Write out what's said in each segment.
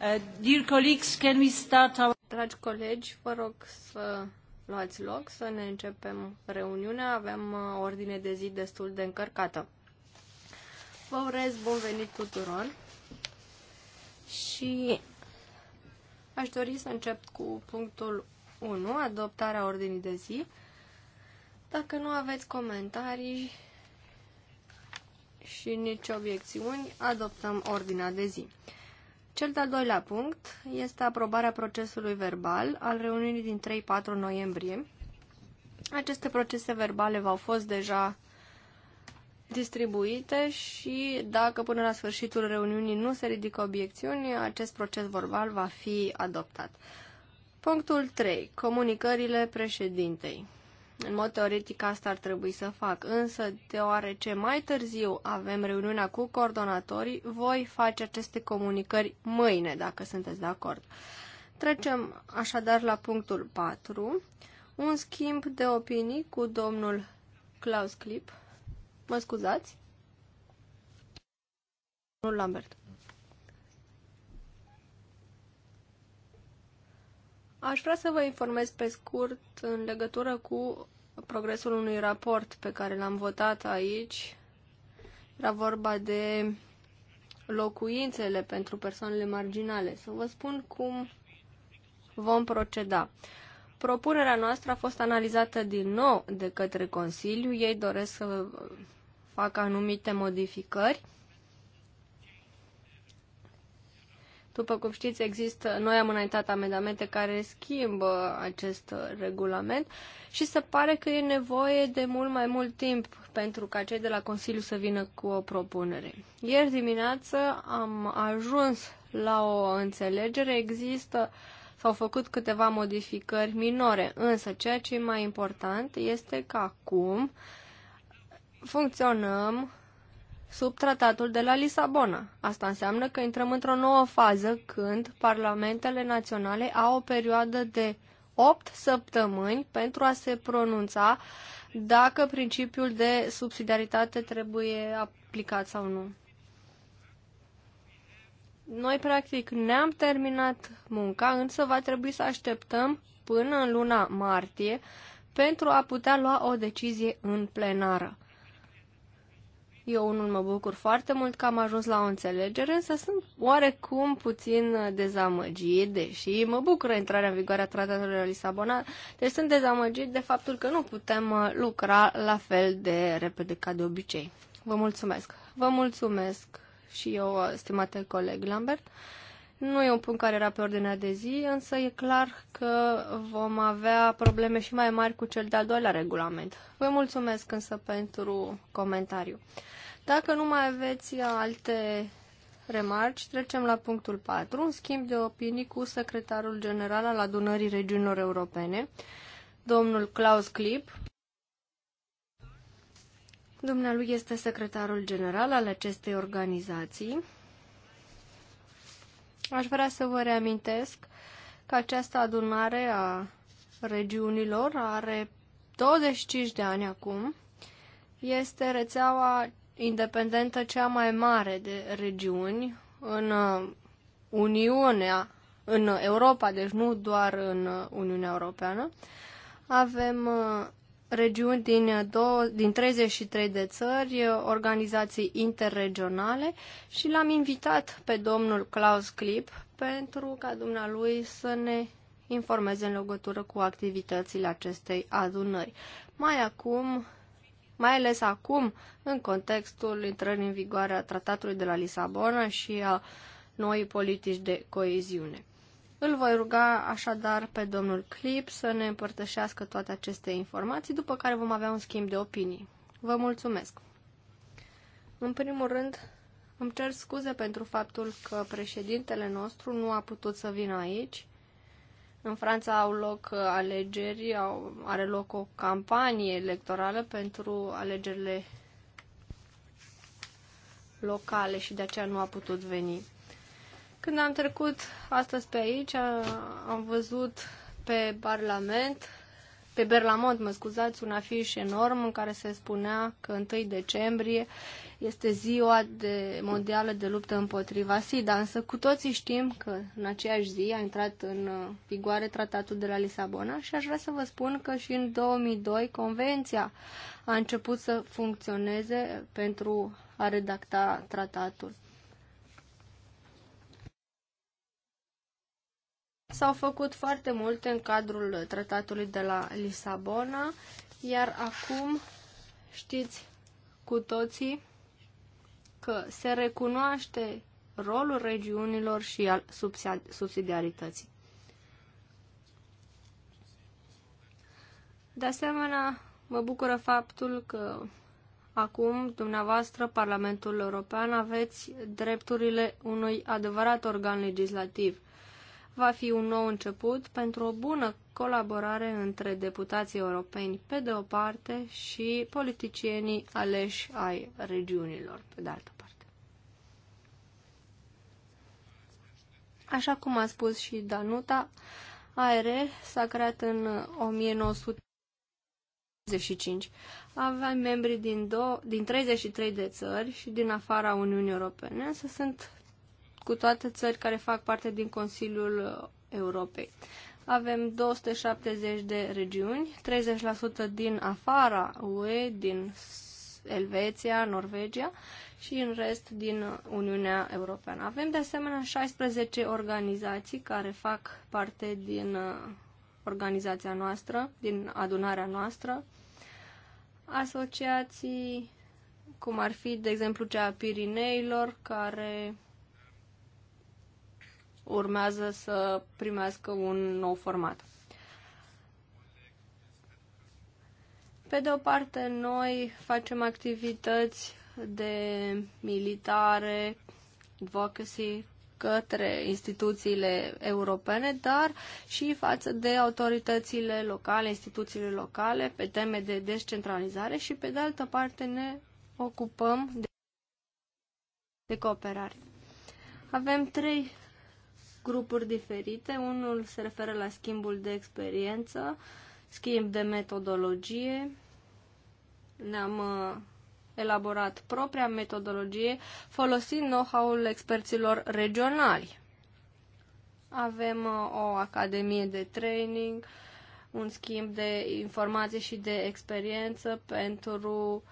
Uh, dear colleagues, can we start our... Dragi colegi, vă rog să luați loc, să ne începem reuniunea. Avem uh, ordine de zi destul de încărcată. Vă urez bun venit tuturor și aș dori să încep cu punctul 1, adoptarea ordinii de zi. Dacă nu aveți comentarii și nici obiecțiuni, adoptăm ordinea de zi. Cel de-al doilea punct este aprobarea procesului verbal al reuniunii din 3-4 noiembrie. Aceste procese verbale v-au fost deja distribuite și dacă până la sfârșitul reuniunii nu se ridică obiecțiuni, acest proces verbal va fi adoptat. Punctul 3. Comunicările președintei. În mod teoretic asta ar trebui să fac, însă deoarece mai târziu avem reuniunea cu coordonatorii, voi face aceste comunicări mâine, dacă sunteți de acord. Trecem așadar la punctul 4, un schimb de opinii cu domnul Klaus Clip. Mă scuzați? Domnul Lambert. Aș vrea să vă informez pe scurt în legătură cu progresul unui raport pe care l-am votat aici. Era vorba de locuințele pentru persoanele marginale. Să vă spun cum vom proceda. Propunerea noastră a fost analizată din nou de către Consiliu. Ei doresc să facă anumite modificări După cum știți, există, noi am înaintat amendamente care schimbă acest regulament și se pare că e nevoie de mult mai mult timp pentru ca cei de la Consiliu să vină cu o propunere. Ieri dimineață am ajuns la o înțelegere, există S-au făcut câteva modificări minore, însă ceea ce e mai important este că acum funcționăm sub tratatul de la Lisabona. Asta înseamnă că intrăm într-o nouă fază când parlamentele naționale au o perioadă de 8 săptămâni pentru a se pronunța dacă principiul de subsidiaritate trebuie aplicat sau nu. Noi, practic, ne-am terminat munca, însă va trebui să așteptăm până în luna martie pentru a putea lua o decizie în plenară. Eu unul mă bucur foarte mult că am ajuns la o înțelegere, însă sunt oarecum puțin dezamăgit, deși mă bucură intrarea în vigoare a tratatului Lisabona, deci sunt dezamăgit de faptul că nu putem uh, lucra la fel de repede ca de obicei. Vă mulțumesc! Vă mulțumesc și eu, uh, stimate coleg Lambert. Nu e un punct care era pe ordinea de zi, însă e clar că vom avea probleme și mai mari cu cel de-al doilea regulament. Vă mulțumesc însă pentru comentariu. Dacă nu mai aveți alte remarci, trecem la punctul 4, un schimb de opinii cu secretarul general al adunării regiunilor europene, domnul Klaus Klipp. Dumnealui este secretarul general al acestei organizații Aș vrea să vă reamintesc că această adunare a regiunilor are 25 de ani acum. Este rețeaua independentă cea mai mare de regiuni în uh, Uniunea, în Europa, deci nu doar în uh, Uniunea Europeană. Avem uh, regiuni din, uh, două, din 33 de țări, uh, organizații interregionale și l-am invitat pe domnul Klaus Klip pentru ca dumnealui să ne informeze în legătură cu activitățile acestei adunări. Mai acum, mai ales acum, în contextul intrării în vigoare a Tratatului de la Lisabona și a noii politici de coeziune. Îl voi ruga așadar pe domnul Clip să ne împărtășească toate aceste informații, după care vom avea un schimb de opinii. Vă mulțumesc! În primul rând, îmi cer scuze pentru faptul că președintele nostru nu a putut să vină aici. În Franța au loc alegeri, au, are loc o campanie electorală pentru alegerile locale și de aceea nu a putut veni. Când am trecut astăzi pe aici, am văzut pe Parlament, pe Berlamont, mă scuzați, un afiș enorm în care se spunea că 1 decembrie este ziua de mondială de luptă împotriva SIDA, însă cu toții știm că în aceeași zi a intrat în uh, vigoare tratatul de la Lisabona și aș vrea să vă spun că și în 2002 convenția a început să funcționeze pentru a redacta tratatul. S-au făcut foarte multe în cadrul tratatului de la Lisabona, iar acum știți cu toții că se recunoaște rolul regiunilor și al subsidiarității. De asemenea, mă bucură faptul că acum, dumneavoastră, Parlamentul European, aveți drepturile unui adevărat organ legislativ – va fi un nou început pentru o bună colaborare între deputații europeni pe de o parte și politicienii aleși ai regiunilor pe de altă parte. Așa cum a spus și Danuta, AR s-a creat în 1985. Avea membri din, do- din 33 de țări și din afara Uniunii Europene, însă sunt cu toate țări care fac parte din Consiliul Europei. Avem 270 de regiuni, 30% din afara UE, din Elveția, Norvegia și în rest din Uniunea Europeană. Avem de asemenea 16 organizații care fac parte din uh, organizația noastră, din adunarea noastră, asociații cum ar fi, de exemplu, cea a Pirineilor, care urmează să primească un nou format. Pe de o parte, noi facem activități de militare, advocacy, către instituțiile europene, dar și față de autoritățile locale, instituțiile locale, pe teme de descentralizare și, pe de altă parte, ne ocupăm de, de cooperare. Avem trei grupuri diferite. Unul se referă la schimbul de experiență, schimb de metodologie. Ne-am uh, elaborat propria metodologie folosind know-how-ul experților regionali. Avem uh, o academie de training, un schimb de informații și de experiență pentru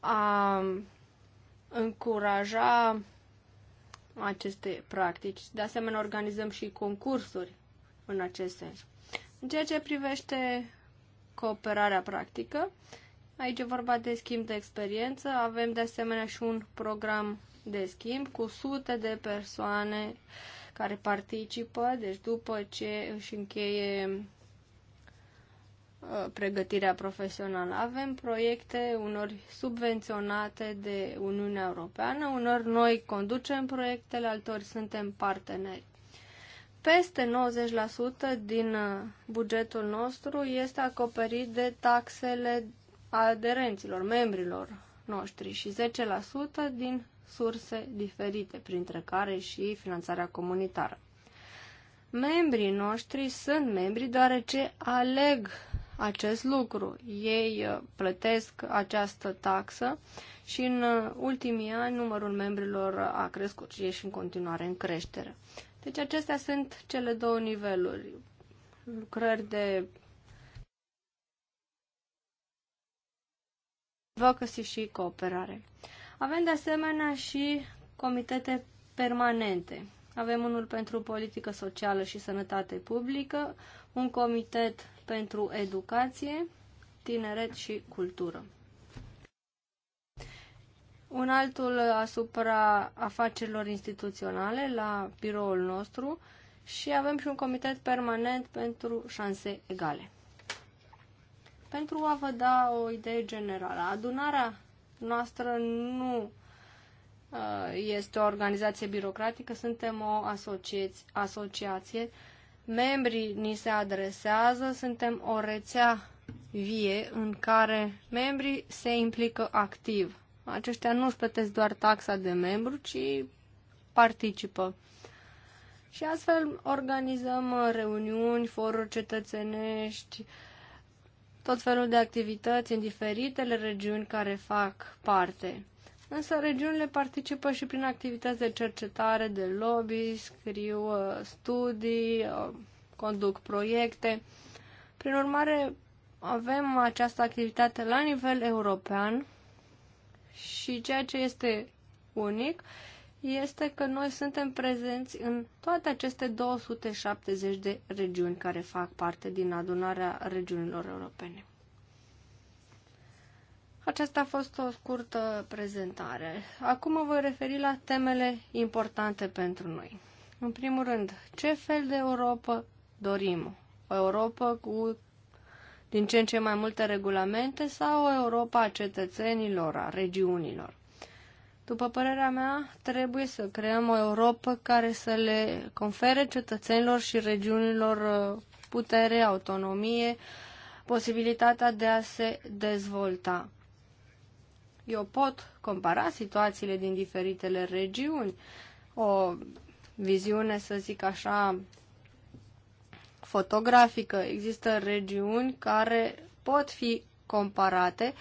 a încuraja aceste practici. De asemenea, organizăm și concursuri în acest sens. În ceea ce privește cooperarea practică, aici e vorba de schimb de experiență. Avem de asemenea și un program de schimb cu sute de persoane care participă, deci după ce își încheie Uh, pregătirea profesională. Avem proiecte unor subvenționate de Uniunea Europeană, unor noi conducem proiectele, altor suntem parteneri. Peste 90% din uh, bugetul nostru este acoperit de taxele aderenților, membrilor noștri și 10% din surse diferite, printre care și finanțarea comunitară. Membrii noștri sunt membri deoarece aleg acest lucru. Ei uh, plătesc această taxă și în uh, ultimii ani numărul membrilor a crescut și e și în continuare în creștere. Deci acestea sunt cele două niveluri. Lucrări de advocacy și cooperare. Avem de asemenea și comitete permanente. Avem unul pentru politică socială și sănătate publică, un comitet pentru educație, tineret și cultură. Un altul asupra afacerilor instituționale la biroul nostru și avem și un comitet permanent pentru șanse egale. Pentru a vă da o idee generală, adunarea noastră nu uh, este o organizație birocratică, suntem o asociație, asociație membrii ni se adresează, suntem o rețea vie în care membrii se implică activ. Aceștia nu își plătesc doar taxa de membru, ci participă. Și astfel organizăm reuniuni, foruri cetățenești, tot felul de activități în diferitele regiuni care fac parte. Însă regiunile participă și prin activități de cercetare, de lobby, scriu uh, studii, uh, conduc proiecte. Prin urmare, avem această activitate la nivel european și ceea ce este unic este că noi suntem prezenți în toate aceste 270 de regiuni care fac parte din adunarea regiunilor europene. Aceasta a fost o scurtă prezentare. Acum mă voi referi la temele importante pentru noi. În primul rând, ce fel de Europa dorim? O Europa cu din ce în ce mai multe regulamente sau o Europa a cetățenilor, a regiunilor? După părerea mea, trebuie să creăm o Europa care să le confere cetățenilor și regiunilor uh, putere, autonomie, posibilitatea de a se dezvolta. Eu pot compara situațiile din diferitele regiuni, o viziune, să zic așa, fotografică. Există regiuni care pot fi comparate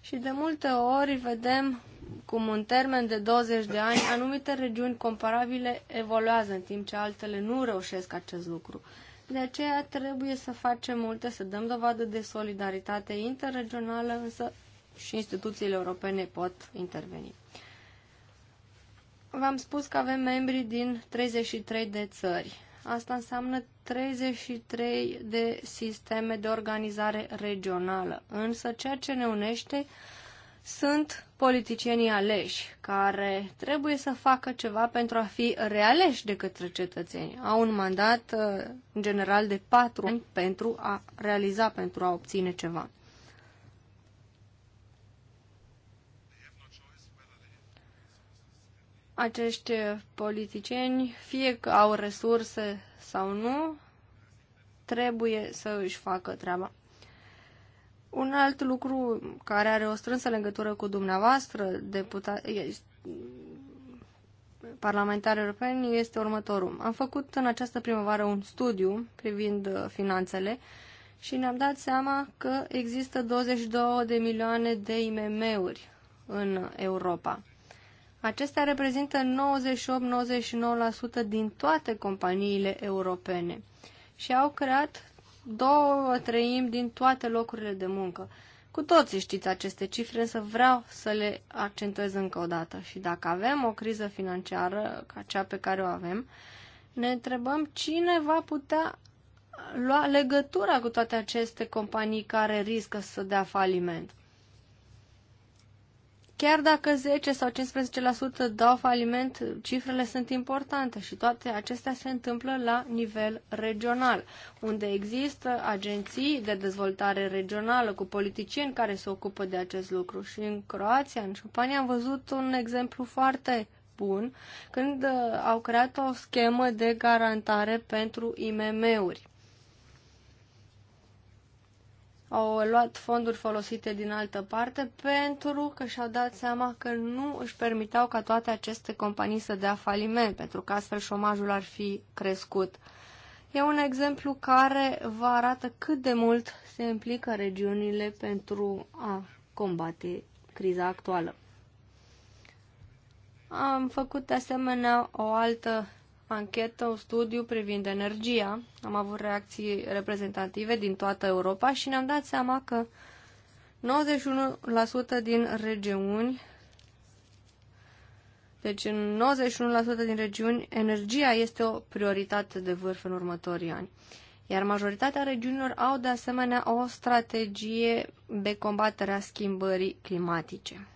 și de multe ori vedem cum în termen de 20 de ani anumite regiuni comparabile evoluează în timp ce altele nu reușesc acest lucru. De aceea trebuie să facem multe, să dăm dovadă de solidaritate interregională, însă și instituțiile europene pot interveni. V-am spus că avem membri din 33 de țări. Asta înseamnă 33 de sisteme de organizare regională. Însă ceea ce ne unește sunt politicienii aleși, care trebuie să facă ceva pentru a fi realeși de către cetățeni. Au un mandat, în uh, general, de patru ani pentru a realiza, pentru a obține ceva. acești politicieni, fie că au resurse sau nu, trebuie să își facă treaba. Un alt lucru care are o strânsă legătură cu dumneavoastră, deputat, parlamentar european, este următorul. Am făcut în această primăvară un studiu privind uh, finanțele și ne-am dat seama că există 22 de milioane de IMM-uri în Europa. Acestea reprezintă 98-99% din toate companiile europene și au creat două treimi din toate locurile de muncă. Cu toții știți aceste cifre, însă vreau să le accentuez încă o dată. Și dacă avem o criză financiară ca cea pe care o avem, ne întrebăm cine va putea lua legătura cu toate aceste companii care riscă să dea faliment. Chiar dacă 10 sau 15% dau faliment, cifrele sunt importante și toate acestea se întâmplă la nivel regional, unde există agenții de dezvoltare regională cu politicieni care se ocupă de acest lucru. Și în Croația, în Spania, am văzut un exemplu foarte bun când uh, au creat o schemă de garantare pentru IMM-uri au luat fonduri folosite din altă parte pentru că și-au dat seama că nu își permiteau ca toate aceste companii să dea faliment, pentru că astfel șomajul ar fi crescut. E un exemplu care vă arată cât de mult se implică regiunile pentru a combate criza actuală. Am făcut de asemenea o altă anchetă, un studiu privind energia. Am avut reacții reprezentative din toată Europa și ne-am dat seama că 91% din regiuni, deci în 91% din regiuni, energia este o prioritate de vârf în următorii ani. Iar majoritatea regiunilor au de asemenea o strategie de combatere a schimbării climatice.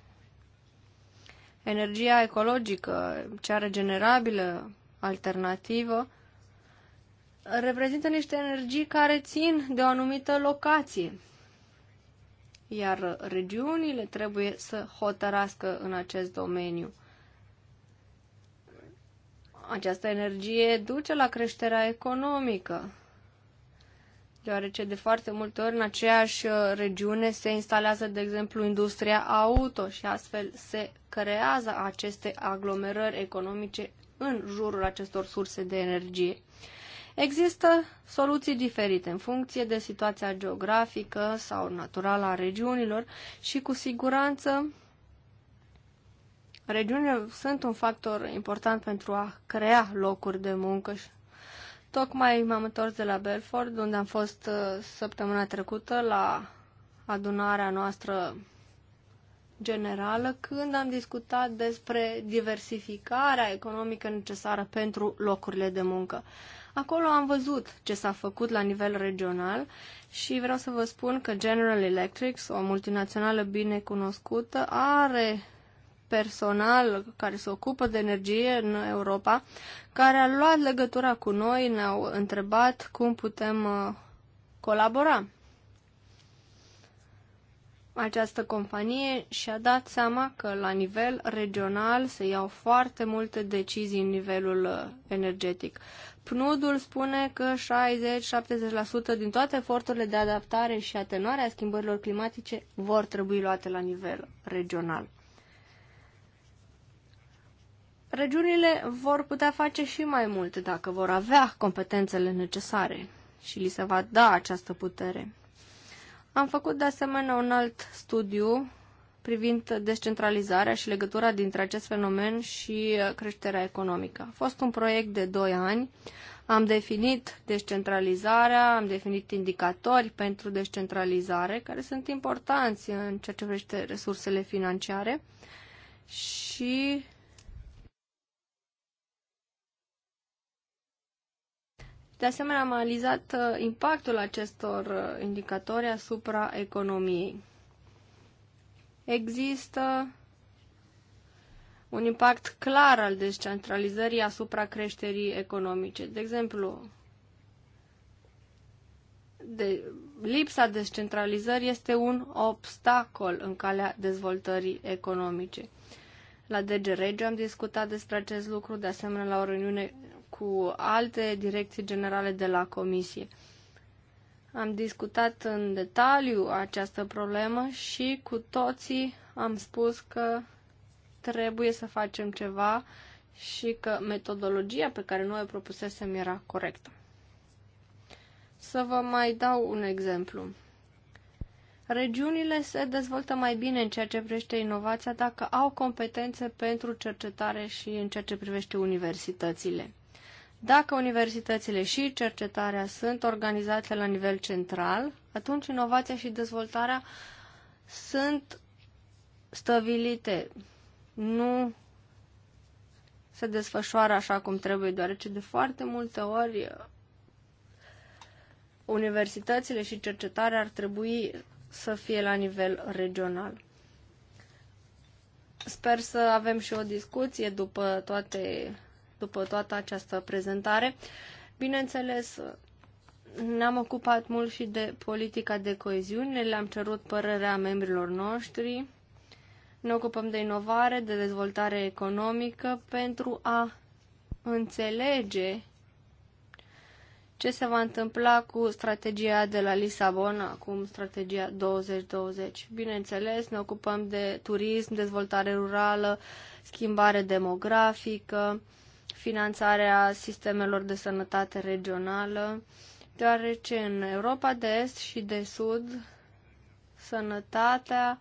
Energia ecologică, cea regenerabilă, alternativă reprezintă niște energii care țin de o anumită locație. Iar regiunile trebuie să hotărască în acest domeniu. Această energie duce la creșterea economică, deoarece de foarte multe ori în aceeași uh, regiune se instalează, de exemplu, industria auto și astfel se creează aceste aglomerări economice în jurul acestor surse de energie. Există soluții diferite în funcție de situația geografică sau naturală a regiunilor și cu siguranță regiunile sunt un factor important pentru a crea locuri de muncă Tocmai m-am întors de la Belford, unde am fost uh, săptămâna trecută la adunarea noastră generală când am discutat despre diversificarea economică necesară pentru locurile de muncă. Acolo am văzut ce s-a făcut la nivel regional și vreau să vă spun că General Electric, o multinațională bine cunoscută, are personal care se ocupă de energie în Europa, care a luat legătura cu noi, ne-au întrebat cum putem uh, colabora această companie și-a dat seama că la nivel regional se iau foarte multe decizii în nivelul uh, energetic. PNUD-ul spune că 60-70% din toate eforturile de adaptare și atenuare a schimbărilor climatice vor trebui luate la nivel regional. Regiunile vor putea face și mai mult dacă vor avea competențele necesare și li se va da această putere. Am făcut de asemenea un alt studiu privind descentralizarea și legătura dintre acest fenomen și uh, creșterea economică. A fost un proiect de 2 ani. Am definit descentralizarea, am definit indicatori pentru descentralizare care sunt importanți în ceea ce privește resursele financiare și De asemenea, am analizat uh, impactul acestor uh, indicatori asupra economiei. Există un impact clar al descentralizării asupra creșterii economice. De exemplu, de, lipsa descentralizării este un obstacol în calea dezvoltării economice. La DG Regio am discutat despre acest lucru, de asemenea la o reuniune cu alte direcții generale de la Comisie. Am discutat în detaliu această problemă și cu toții am spus că trebuie să facem ceva și că metodologia pe care noi o propusesem era corectă. Să vă mai dau un exemplu. Regiunile se dezvoltă mai bine în ceea ce privește inovația dacă au competențe pentru cercetare și în ceea ce privește universitățile. Dacă universitățile și cercetarea sunt organizate la nivel central, atunci inovația și dezvoltarea sunt stabilite, nu se desfășoară așa cum trebuie, deoarece de foarte multe ori universitățile și cercetarea ar trebui să fie la nivel regional. Sper să avem și o discuție după toate după toată această prezentare. Bineînțeles, ne-am ocupat mult și de politica de coeziune, le-am cerut părerea membrilor noștri, ne ocupăm de inovare, de dezvoltare economică pentru a înțelege ce se va întâmpla cu strategia de la Lisabona, acum strategia 2020. Bineînțeles, ne ocupăm de turism, dezvoltare rurală, schimbare demografică, finanțarea sistemelor de sănătate regională, deoarece în Europa de Est și de Sud sănătatea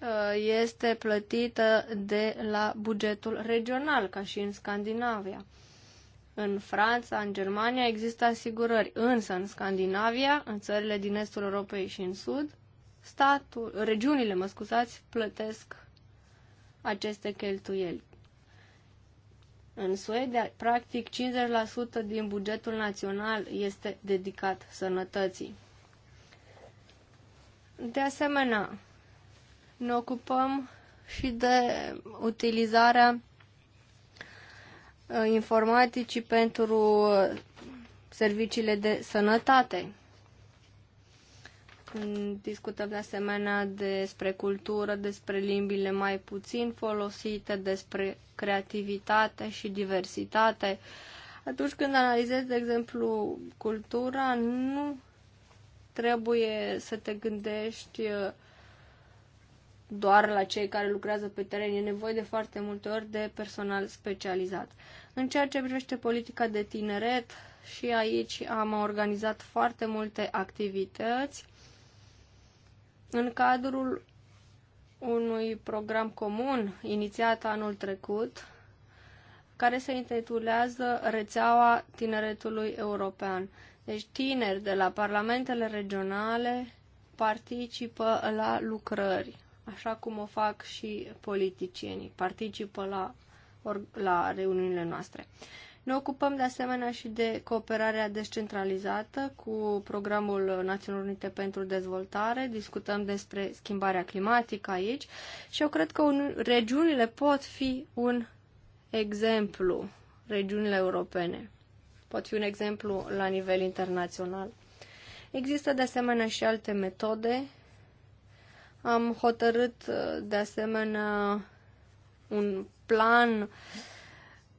uh, este plătită de la bugetul regional, ca și în Scandinavia. În Franța, în Germania există asigurări, însă în Scandinavia, în țările din estul Europei și în sud, statul, regiunile, mă scuzați, plătesc aceste cheltuieli. În Suedia, practic 50% din bugetul național este dedicat sănătății. De asemenea, ne ocupăm și de utilizarea uh, informaticii pentru uh, serviciile de sănătate când discutăm de asemenea despre cultură, despre limbile mai puțin folosite, despre creativitate și diversitate. Atunci când analizezi, de exemplu, cultura, nu trebuie să te gândești uh, doar la cei care lucrează pe teren. E nevoie de foarte multe ori de personal specializat. În ceea ce privește politica de tineret, și aici am organizat foarte multe activități în cadrul unui program comun inițiat anul trecut, care se intitulează Rețeaua Tineretului European. Deci tineri de la parlamentele regionale participă la lucrări, așa cum o fac și politicienii, participă la, la reuniunile noastre. Ne ocupăm de asemenea și de cooperarea descentralizată cu Programul Națiunilor Unite pentru Dezvoltare. Discutăm despre schimbarea climatică aici și eu cred că un, regiunile pot fi un exemplu, regiunile europene pot fi un exemplu la nivel internațional. Există de asemenea și alte metode. Am hotărât de asemenea un plan uh,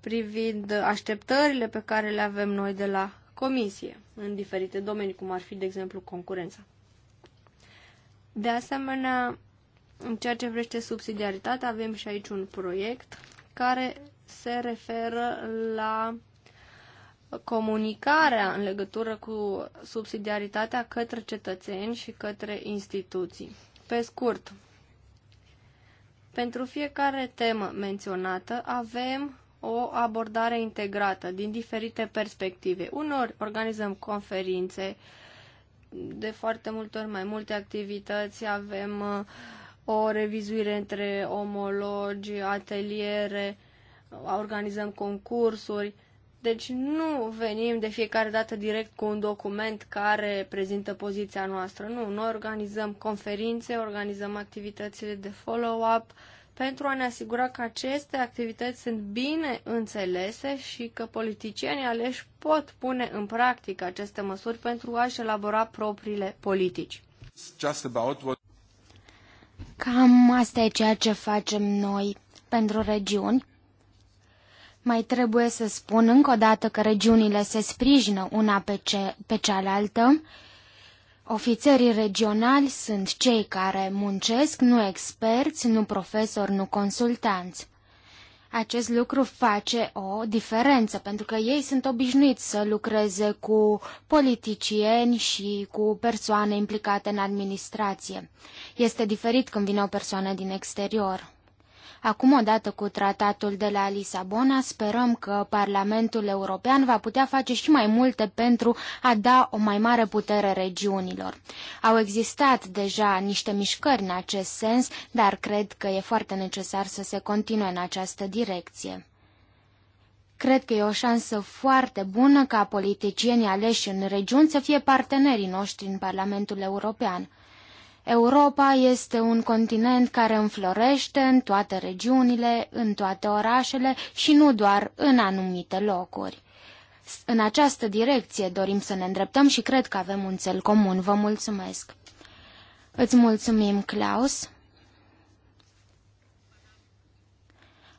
privind așteptările pe care le avem noi de la comisie în diferite domenii, cum ar fi, de exemplu, concurența. De asemenea, în ceea ce vrește subsidiaritatea, avem și aici un proiect care se referă la comunicarea în legătură cu subsidiaritatea către cetățeni și către instituții. Pe scurt, pentru fiecare temă menționată avem o abordare integrată din diferite perspective. Unor organizăm conferințe, de foarte multe ori mai multe activități, avem uh, o revizuire între omologi, ateliere, organizăm concursuri. Deci nu venim de fiecare dată direct cu un document care prezintă poziția noastră. Nu, noi organizăm conferințe, organizăm activitățile de follow-up, pentru a ne asigura că aceste activități sunt bine înțelese și că politicienii aleși pot pune în practică aceste măsuri pentru a-și elabora propriile politici. Cam asta e ceea ce facem noi pentru regiuni. Mai trebuie să spun încă o dată că regiunile se sprijină una pe, ce, pe cealaltă Ofițerii regionali sunt cei care muncesc, nu experți, nu profesori, nu consultanți. Acest lucru face o diferență, pentru că ei sunt obișnuiți să lucreze cu politicieni și cu persoane implicate în administrație. Este diferit când vine o persoană din exterior. Acum, odată cu tratatul de la Lisabona, sperăm că Parlamentul European va putea face și mai multe pentru a da o mai mare putere regiunilor. Au existat deja niște mișcări în acest sens, dar cred că e foarte necesar să se continue în această direcție. Cred că e o șansă foarte bună ca politicienii aleși în regiuni să fie partenerii noștri în Parlamentul European. Europa este un continent care înflorește în toate regiunile, în toate orașele și nu doar în anumite locuri. În această direcție dorim să ne îndreptăm și cred că avem un cel comun. Vă mulțumesc! Îți mulțumim, Claus!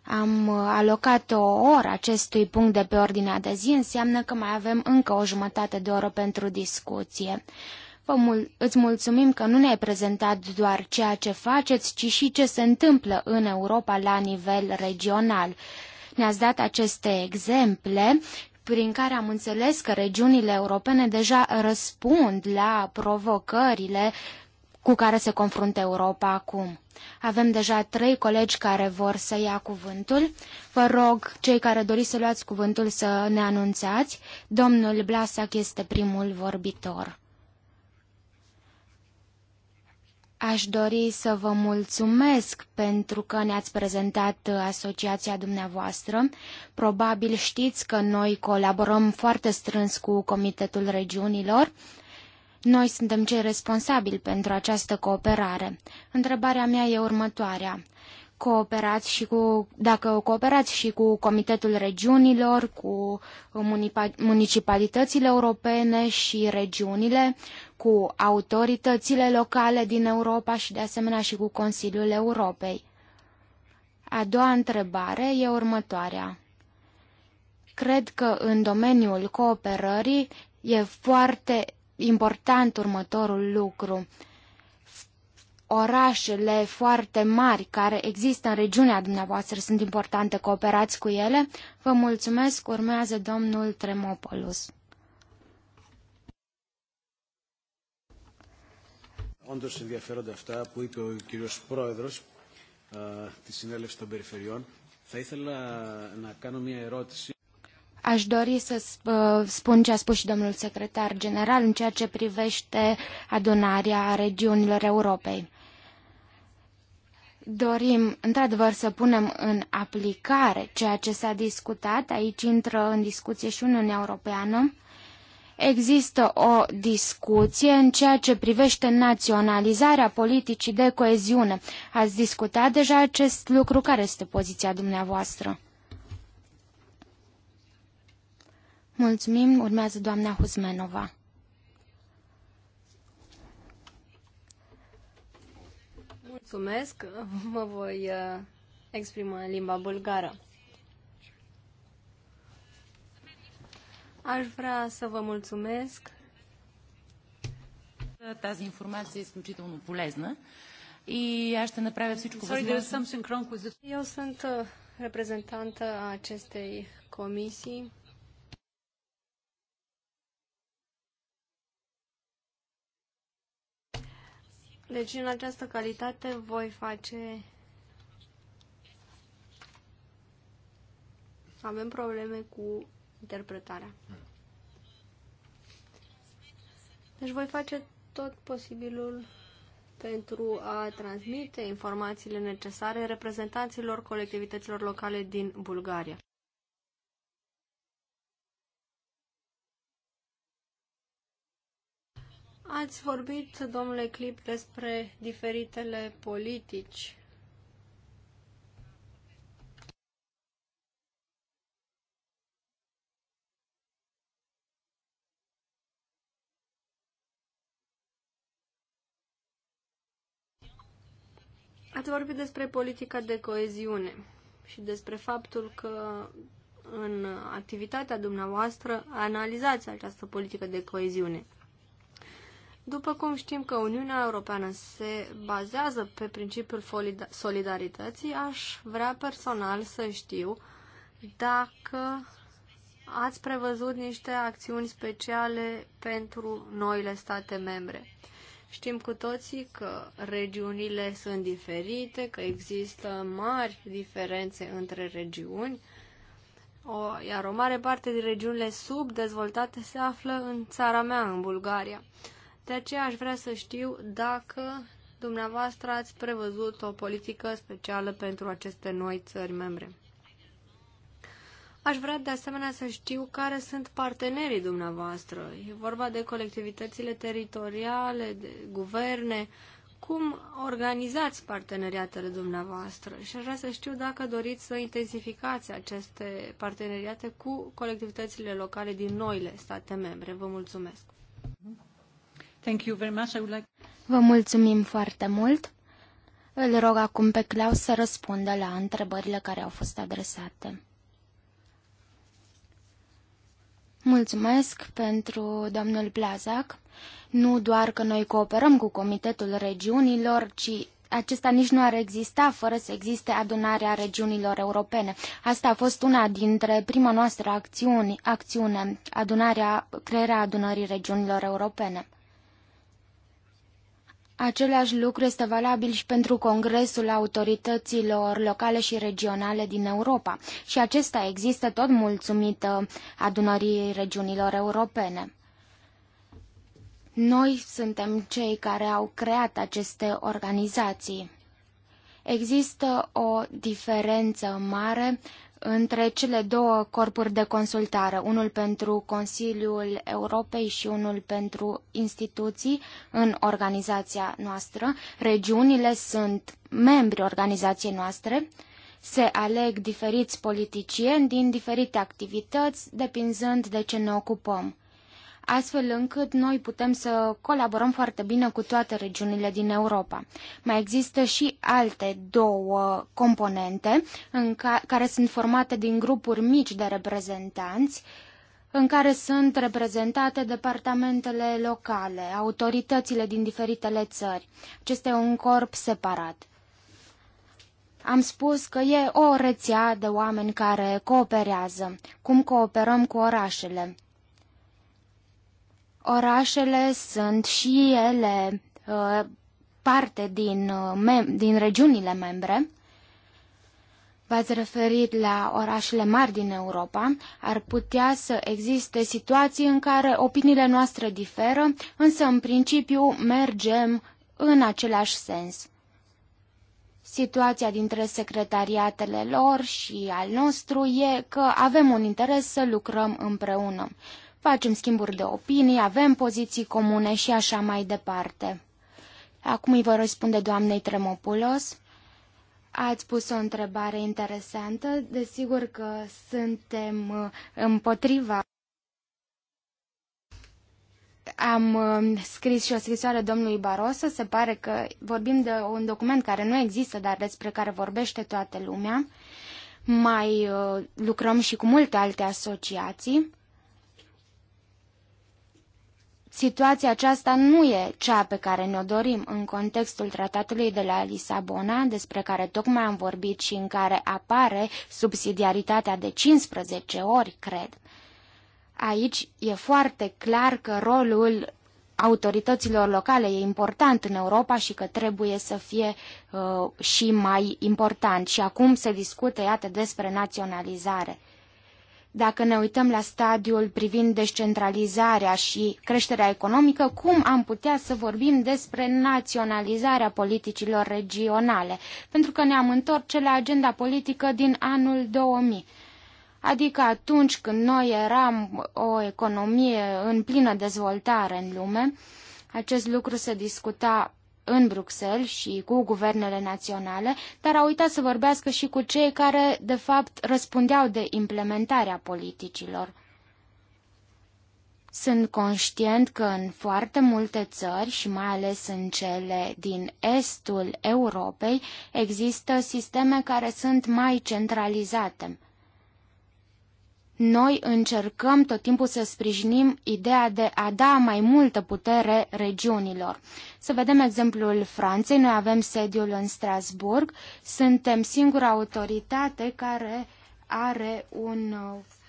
Am alocat o oră acestui punct de pe ordinea de zi, înseamnă că mai avem încă o jumătate de oră pentru discuție. Vă mul- îți mulțumim că nu ne-ai prezentat doar ceea ce faceți, ci și ce se întâmplă în Europa la nivel regional. Ne-ați dat aceste exemple prin care am înțeles că regiunile europene deja răspund la provocările cu care se confruntă Europa acum. Avem deja trei colegi care vor să ia cuvântul. Vă rog, cei care doriți să luați cuvântul, să ne anunțați. Domnul Blasac este primul vorbitor. Aș dori să vă mulțumesc pentru că ne-ați prezentat uh, asociația dumneavoastră. Probabil știți că noi colaborăm foarte strâns cu Comitetul Regiunilor. Noi suntem cei responsabili pentru această cooperare. Întrebarea mea e următoarea. Cooperați și cu, dacă cooperați și cu Comitetul Regiunilor, cu municipalitățile europene și regiunile, cu autoritățile locale din Europa și de asemenea și cu Consiliul Europei. A doua întrebare e următoarea. Cred că în domeniul cooperării e foarte important următorul lucru. Orașele foarte mari care există în regiunea dumneavoastră sunt importante, cooperați cu ele. Vă mulțumesc, urmează domnul Tremopolus. όντως ενδιαφέροντα αυτά που είπε ο κύριος Πρόεδρος α, της Συνέλευσης των Περιφερειών. Θα ήθελα να κάνω μια ερώτηση. Aș dori să ă, spun ce a spus și domnul secretar general în ceea ce privește adunarea regiunilor Europei. Dorim, într-adevăr, să punem în aplicare ceea ce s-a discutat. Aici intră în discuție și Uniunea Europeană există o discuție în ceea ce privește naționalizarea politicii de coeziune. Ați discutat deja acest lucru? Care este poziția dumneavoastră? Mulțumim. Urmează doamna Huzmenova. Mulțumesc. Mă voi uh, exprima în limba bulgară. Aș vrea să vă mulțumesc. Тази информация е изключително полезна и аз ще направя всичко възможно. Eu sunt uh, reprezentantă a acestei comisii. Deci în această calitate voi face... Avem probleme cu interpretarea. Deci voi face tot posibilul pentru a transmite informațiile necesare reprezentanților colectivităților locale din Bulgaria. Ați vorbit, domnule Clip, despre diferitele politici Ați vorbit despre politica de coeziune și despre faptul că în activitatea dumneavoastră analizați această politică de coeziune. După cum știm că Uniunea Europeană se bazează pe principiul solidarității, aș vrea personal să știu dacă ați prevăzut niște acțiuni speciale pentru noile state membre. Știm cu toții că regiunile sunt diferite, că există mari diferențe între regiuni, o, iar o mare parte din regiunile subdezvoltate se află în țara mea, în Bulgaria. De aceea aș vrea să știu dacă dumneavoastră ați prevăzut o politică specială pentru aceste noi țări membre. Aș vrea de asemenea să știu care sunt partenerii dumneavoastră. E vorba de colectivitățile teritoriale, de guverne. Cum organizați parteneriatele dumneavoastră? Și aș vrea să știu dacă doriți să intensificați aceste parteneriate cu colectivitățile locale din noile state membre. Vă mulțumesc! Thank you very much. I would like... Vă mulțumim foarte mult! Îl rog acum pe Claus să răspundă la întrebările care au fost adresate. Mulțumesc pentru domnul Blazac. Nu doar că noi cooperăm cu Comitetul Regiunilor, ci acesta nici nu ar exista fără să existe adunarea regiunilor europene. Asta a fost una dintre prima noastră acțiuni, acțiune, adunarea, crearea adunării regiunilor europene. Același lucru este valabil și pentru Congresul Autorităților Locale și Regionale din Europa și acesta există tot mulțumită adunării regiunilor europene. Noi suntem cei care au creat aceste organizații. Există o diferență mare între cele două corpuri de consultare, unul pentru Consiliul Europei și unul pentru instituții în organizația noastră. Regiunile sunt membri organizației noastre, se aleg diferiți politicieni din diferite activități, depinzând de ce ne ocupăm astfel încât noi putem să colaborăm foarte bine cu toate regiunile din Europa. Mai există și alte două componente în ca- care sunt formate din grupuri mici de reprezentanți, în care sunt reprezentate departamentele locale, autoritățile din diferitele țări. Acesta e un corp separat. Am spus că e o rețea de oameni care cooperează, cum cooperăm cu orașele. Orașele sunt și ele uh, parte din, uh, din regiunile membre. V-ați referit la orașele mari din Europa. Ar putea să existe situații în care opiniile noastre diferă, însă în principiu mergem în același sens. Situația dintre secretariatele lor și al nostru e că avem un interes să lucrăm împreună facem schimburi de opinii, avem poziții comune și așa mai departe. Acum îi voi răspunde doamnei Tremopulos. Ați pus o întrebare interesantă. Desigur că suntem uh, împotriva. Am um, scris și o scrisoare domnului Barroso. Se pare că vorbim de un document care nu există, dar despre care vorbește toată lumea. Mai uh, lucrăm și cu multe alte asociații. Situația aceasta nu e cea pe care ne-o dorim în contextul tratatului de la Lisabona, despre care tocmai am vorbit și în care apare subsidiaritatea de 15 ori, cred. Aici e foarte clar că rolul autorităților locale e important în Europa și că trebuie să fie uh, și mai important. Și acum se discută, iată, despre naționalizare. Dacă ne uităm la stadiul privind descentralizarea și creșterea economică, cum am putea să vorbim despre naționalizarea politicilor regionale? Pentru că ne-am întors la agenda politică din anul 2000. Adică atunci când noi eram o economie în plină dezvoltare în lume, acest lucru se discuta în Bruxelles și cu guvernele naționale, dar a uitat să vorbească și cu cei care, de fapt, răspundeau de implementarea politicilor. Sunt conștient că în foarte multe țări și mai ales în cele din estul Europei există sisteme care sunt mai centralizate noi încercăm tot timpul să sprijinim ideea de a da mai multă putere regiunilor. Să vedem exemplul Franței. Noi avem sediul în Strasburg. Suntem singura autoritate care are un,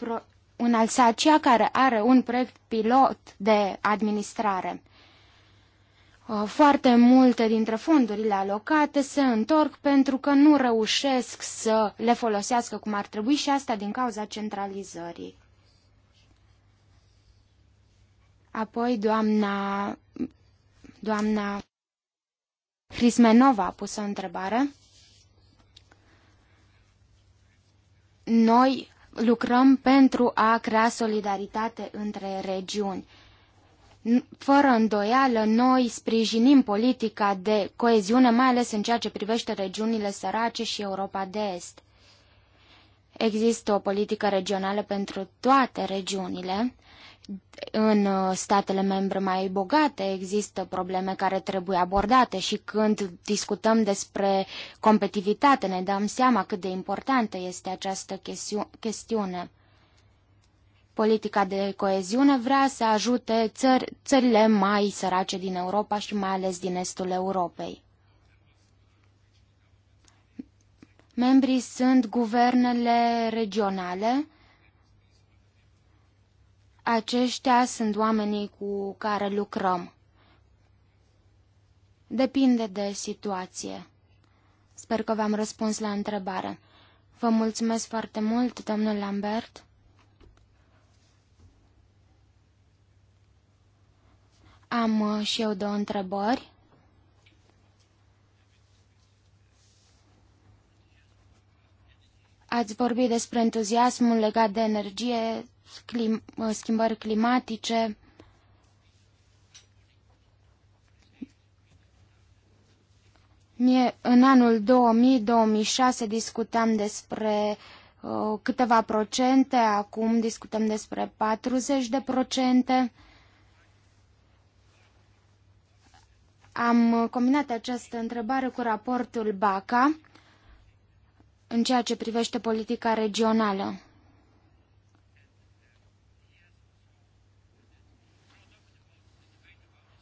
uh, un Alsacia care are un proiect pilot de administrare. Uh, foarte multe dintre fondurile alocate se întorc pentru că nu reușesc să le folosească cum ar trebui și asta din cauza centralizării. Apoi doamna, doamna Hrismenova a pus o întrebare. Noi lucrăm pentru a crea solidaritate între regiuni. Fără îndoială, noi sprijinim politica de coeziune, mai ales în ceea ce privește regiunile sărace și Europa de Est. Există o politică regională pentru toate regiunile. În uh, statele membre mai bogate există probleme care trebuie abordate și când discutăm despre competitivitate ne dăm seama cât de importantă este această chestiune. Politica de coeziune vrea să ajute țăr țările mai sărace din Europa și mai ales din estul Europei. Membrii sunt guvernele regionale. Aceștia sunt oamenii cu care lucrăm. Depinde de situație. Sper că v-am răspuns la întrebare. Vă mulțumesc foarte mult, domnul Lambert. Am uh, și eu două întrebări. Ați vorbit despre entuziasmul legat de energie, clim, uh, schimbări climatice. Mie, în anul 2000-2006 discutam despre uh, câteva procente, acum discutăm despre 40 de procente. Am combinat această întrebare cu raportul BACA în ceea ce privește politica regională.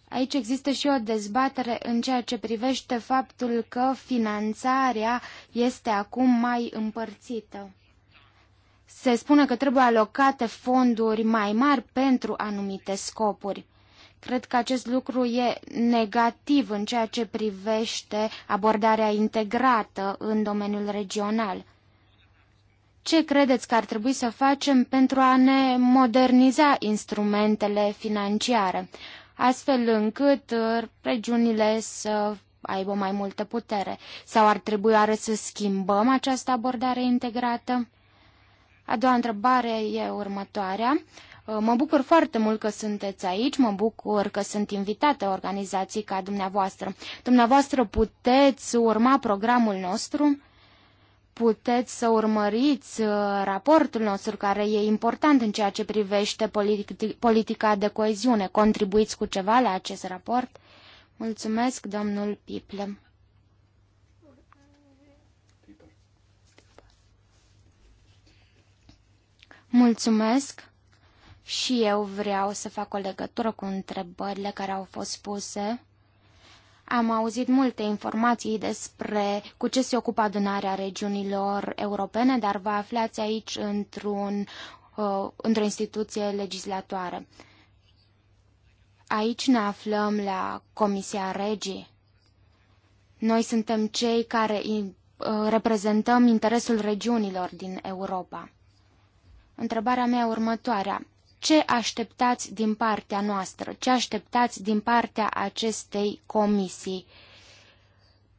Aici există și o dezbatere în ceea ce privește faptul că finanțarea este acum mai împărțită. Se spune că trebuie alocate fonduri mai mari pentru anumite scopuri. Cred că acest lucru e negativ în ceea ce privește abordarea integrată în domeniul regional. Ce credeți că ar trebui să facem pentru a ne moderniza instrumentele financiare, astfel încât uh, regiunile să aibă mai multă putere? Sau ar trebui oare să schimbăm această abordare integrată? A doua întrebare e următoarea. Uh, mă bucur foarte mult că sunteți aici, mă bucur că sunt invitate organizații ca dumneavoastră. Dumneavoastră puteți urma programul nostru, puteți să urmăriți uh, raportul nostru care e important în ceea ce privește politica de coeziune. Contribuiți cu ceva la acest raport? Mulțumesc, domnul Piple. Mulțumesc. Și eu vreau să fac o legătură cu întrebările care au fost puse. Am auzit multe informații despre cu ce se ocupă adunarea regiunilor europene, dar vă aflați aici într-un, uh, într-o instituție legislatoare. Aici ne aflăm la Comisia Regii. Noi suntem cei care uh, reprezentăm interesul regiunilor din Europa. Întrebarea mea următoarea ce așteptați din partea noastră, ce așteptați din partea acestei comisii,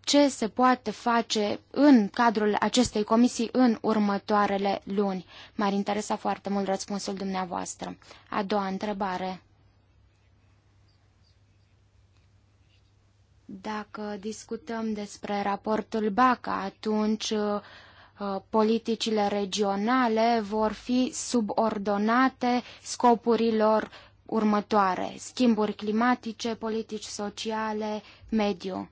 ce se poate face în cadrul acestei comisii în următoarele luni. M-ar interesa foarte mult răspunsul dumneavoastră. A doua întrebare. Dacă discutăm despre raportul BACA, atunci uh, Uh, politicile regionale vor fi subordonate scopurilor următoare, schimburi climatice, politici sociale, mediu.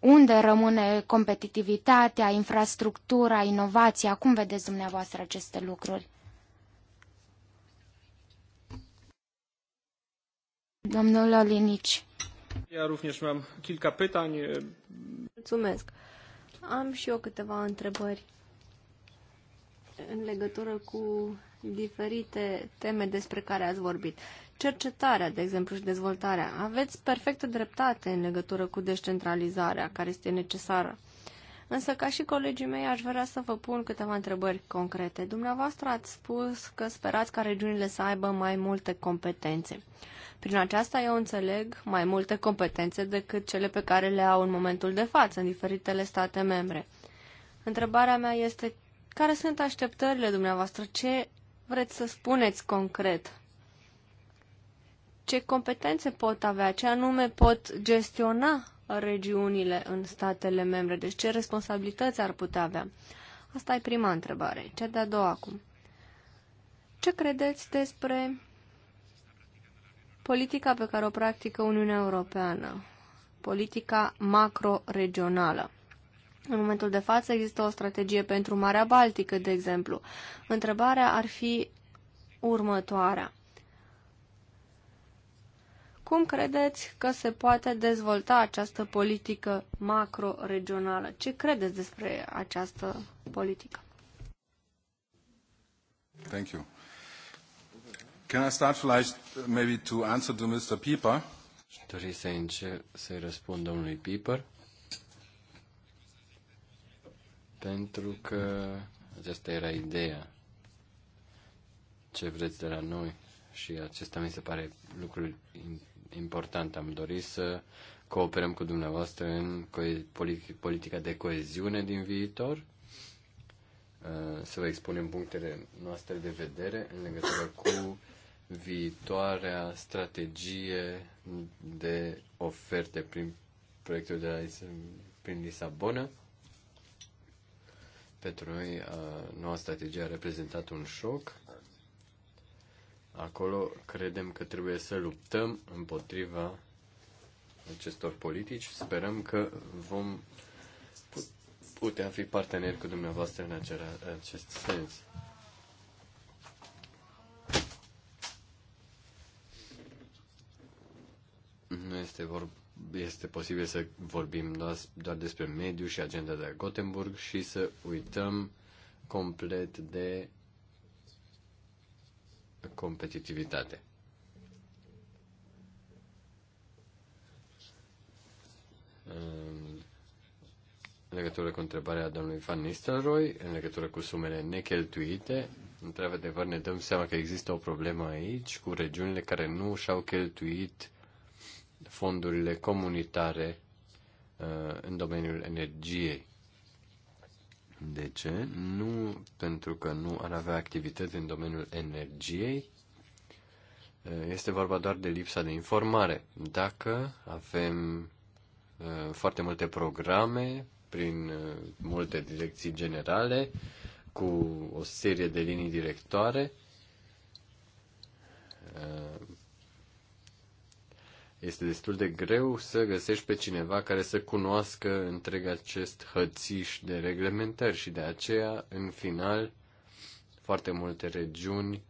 Unde rămâne competitivitatea, infrastructura, inovația? Cum vedeți dumneavoastră aceste lucruri? Domnul Linici. Ja również mam kilka pytań. Mulțumesc. Am și eu câteva întrebări în legătură cu diferite teme despre care ați vorbit. Cercetarea, de exemplu, și dezvoltarea. Aveți perfectă dreptate în legătură cu descentralizarea care este necesară Însă, ca și colegii mei, aș vrea să vă pun câteva întrebări concrete. Dumneavoastră ați spus că sperați ca regiunile să aibă mai multe competențe. Prin aceasta eu înțeleg mai multe competențe decât cele pe care le au în momentul de față în diferitele state membre. Întrebarea mea este care sunt așteptările dumneavoastră? Ce vreți să spuneți concret? Ce competențe pot avea? Ce anume pot gestiona regiunile în statele membre? Deci ce responsabilități ar putea avea? Asta e prima întrebare. Cea de-a doua acum. Ce credeți despre politica pe care o practică Uniunea Europeană? Politica macro-regională. În momentul de față există o strategie pentru Marea Baltică, de exemplu. Întrebarea ar fi următoarea. Cum credeți că se poate dezvolta această politică macro-regională? Ce credeți despre această politică? Thank you. Can I start vielleicht uh, maybe to answer to Mr. Pieper? Dori să încep să răspund domnului Pieper. Pentru că aceasta era ideea. Ce vreți de la noi? Și acesta mi se pare lucrul important. Am dorit să cooperăm cu dumneavoastră în politica de coeziune din viitor, uh, să vă expunem punctele noastre de vedere în legătură cu viitoarea strategie de oferte prin proiectul de la, prin Lisabona. Pentru noi, uh, noua strategie a reprezentat un șoc Acolo credem că trebuie să luptăm împotriva acestor politici. Sperăm că vom putea fi parteneri cu dumneavoastră în acest sens. Nu este, vorba este posibil să vorbim doar, doar despre mediu și agenda de la Gothenburg și să uităm complet de competitivitate. În legătură cu întrebarea domnului Van Nistelrooy, în legătură cu sumele necheltuite, într-adevăr ne dăm seama că există o problemă aici cu regiunile care nu și-au cheltuit fondurile comunitare uh, în domeniul energiei. De ce? Nu pentru că nu ar avea activități în domeniul energiei. Este vorba doar de lipsa de informare. Dacă avem uh, foarte multe programe prin uh, multe direcții generale, cu o serie de linii directoare, uh, este destul de greu să găsești pe cineva care să cunoască întreg acest hățiș de reglementări și de aceea, în final, foarte multe regiuni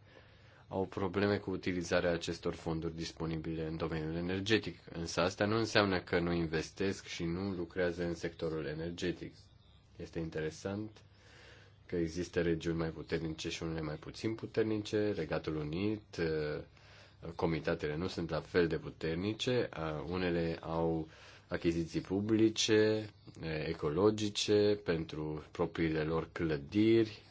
au probleme cu utilizarea acestor fonduri disponibile în domeniul energetic. Însă asta nu înseamnă că nu investesc și nu lucrează în sectorul energetic. Este interesant că există regiuni mai puternice și unele mai puțin puternice, Regatul Unit, comitatele nu sunt la fel de puternice, unele au achiziții publice, ecologice, pentru propriile lor clădiri,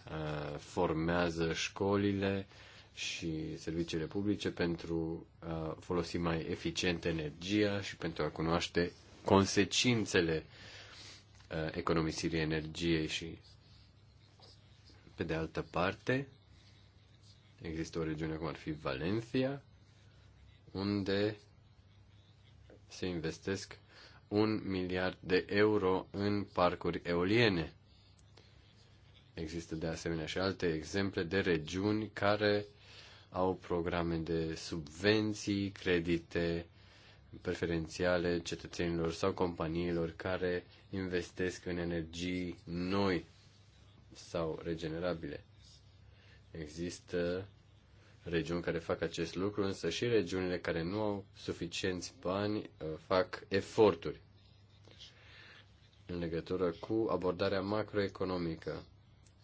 formează școlile și serviciile publice pentru a folosi mai eficient energia și pentru a cunoaște consecințele economisirii energiei și pe de altă parte există o regiune cum ar fi Valencia, unde se investesc un miliard de euro în parcuri eoliene. Există de asemenea și alte exemple de regiuni care au programe de subvenții, credite preferențiale cetățenilor sau companiilor care investesc în energii noi sau regenerabile. Există regiuni care fac acest lucru, însă și regiunile care nu au suficienți bani uh, fac eforturi în legătură cu abordarea macroeconomică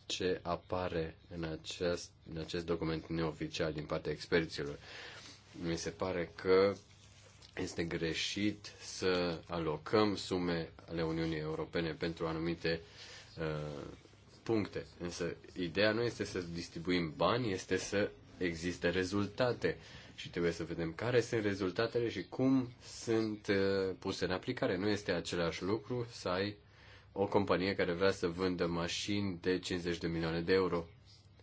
ce apare în acest, în acest document neoficial din partea experților. Mi se pare că este greșit să alocăm sume ale Uniunii Europene pentru anumite uh, puncte. Însă ideea nu este să distribuim bani, este să există rezultate și trebuie să vedem care sunt rezultatele și cum sunt uh, puse în aplicare. Nu este același lucru să ai o companie care vrea să vândă mașini de 50 de milioane de euro.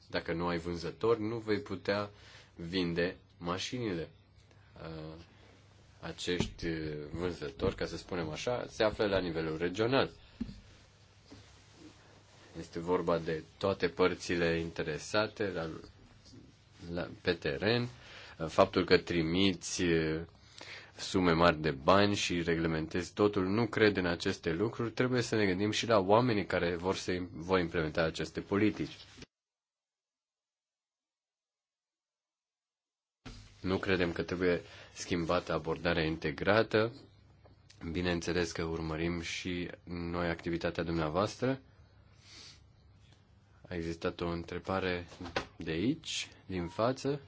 Dacă nu ai vânzători, nu vei putea vinde mașinile. Uh, acești uh, vânzători, ca să spunem așa, se află la nivelul regional. Este vorba de toate părțile interesate, la la, pe teren, uh, faptul că trimiți uh, sume mari de bani și reglementezi totul, nu cred în aceste lucruri, trebuie să ne gândim și la oamenii care vor să vor implementa aceste politici. Nu credem că trebuie schimbată abordarea integrată. Bineînțeles că urmărim și noi activitatea dumneavoastră a existat o întrebare de aici, din față,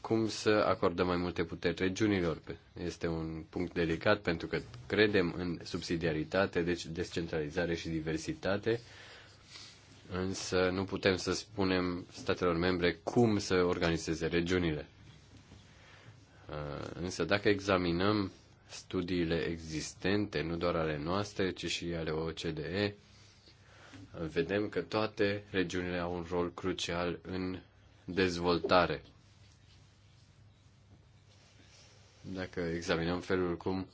cum să acordăm mai multe puteri regiunilor. Este un punct delicat pentru că credem în subsidiaritate, deci descentralizare și diversitate, însă nu putem să spunem statelor membre cum să organizeze regiunile. Însă dacă examinăm studiile existente, nu doar ale noastre, ci și ale OCDE, vedem că toate regiunile au un rol crucial în dezvoltare. Dacă examinăm felul cum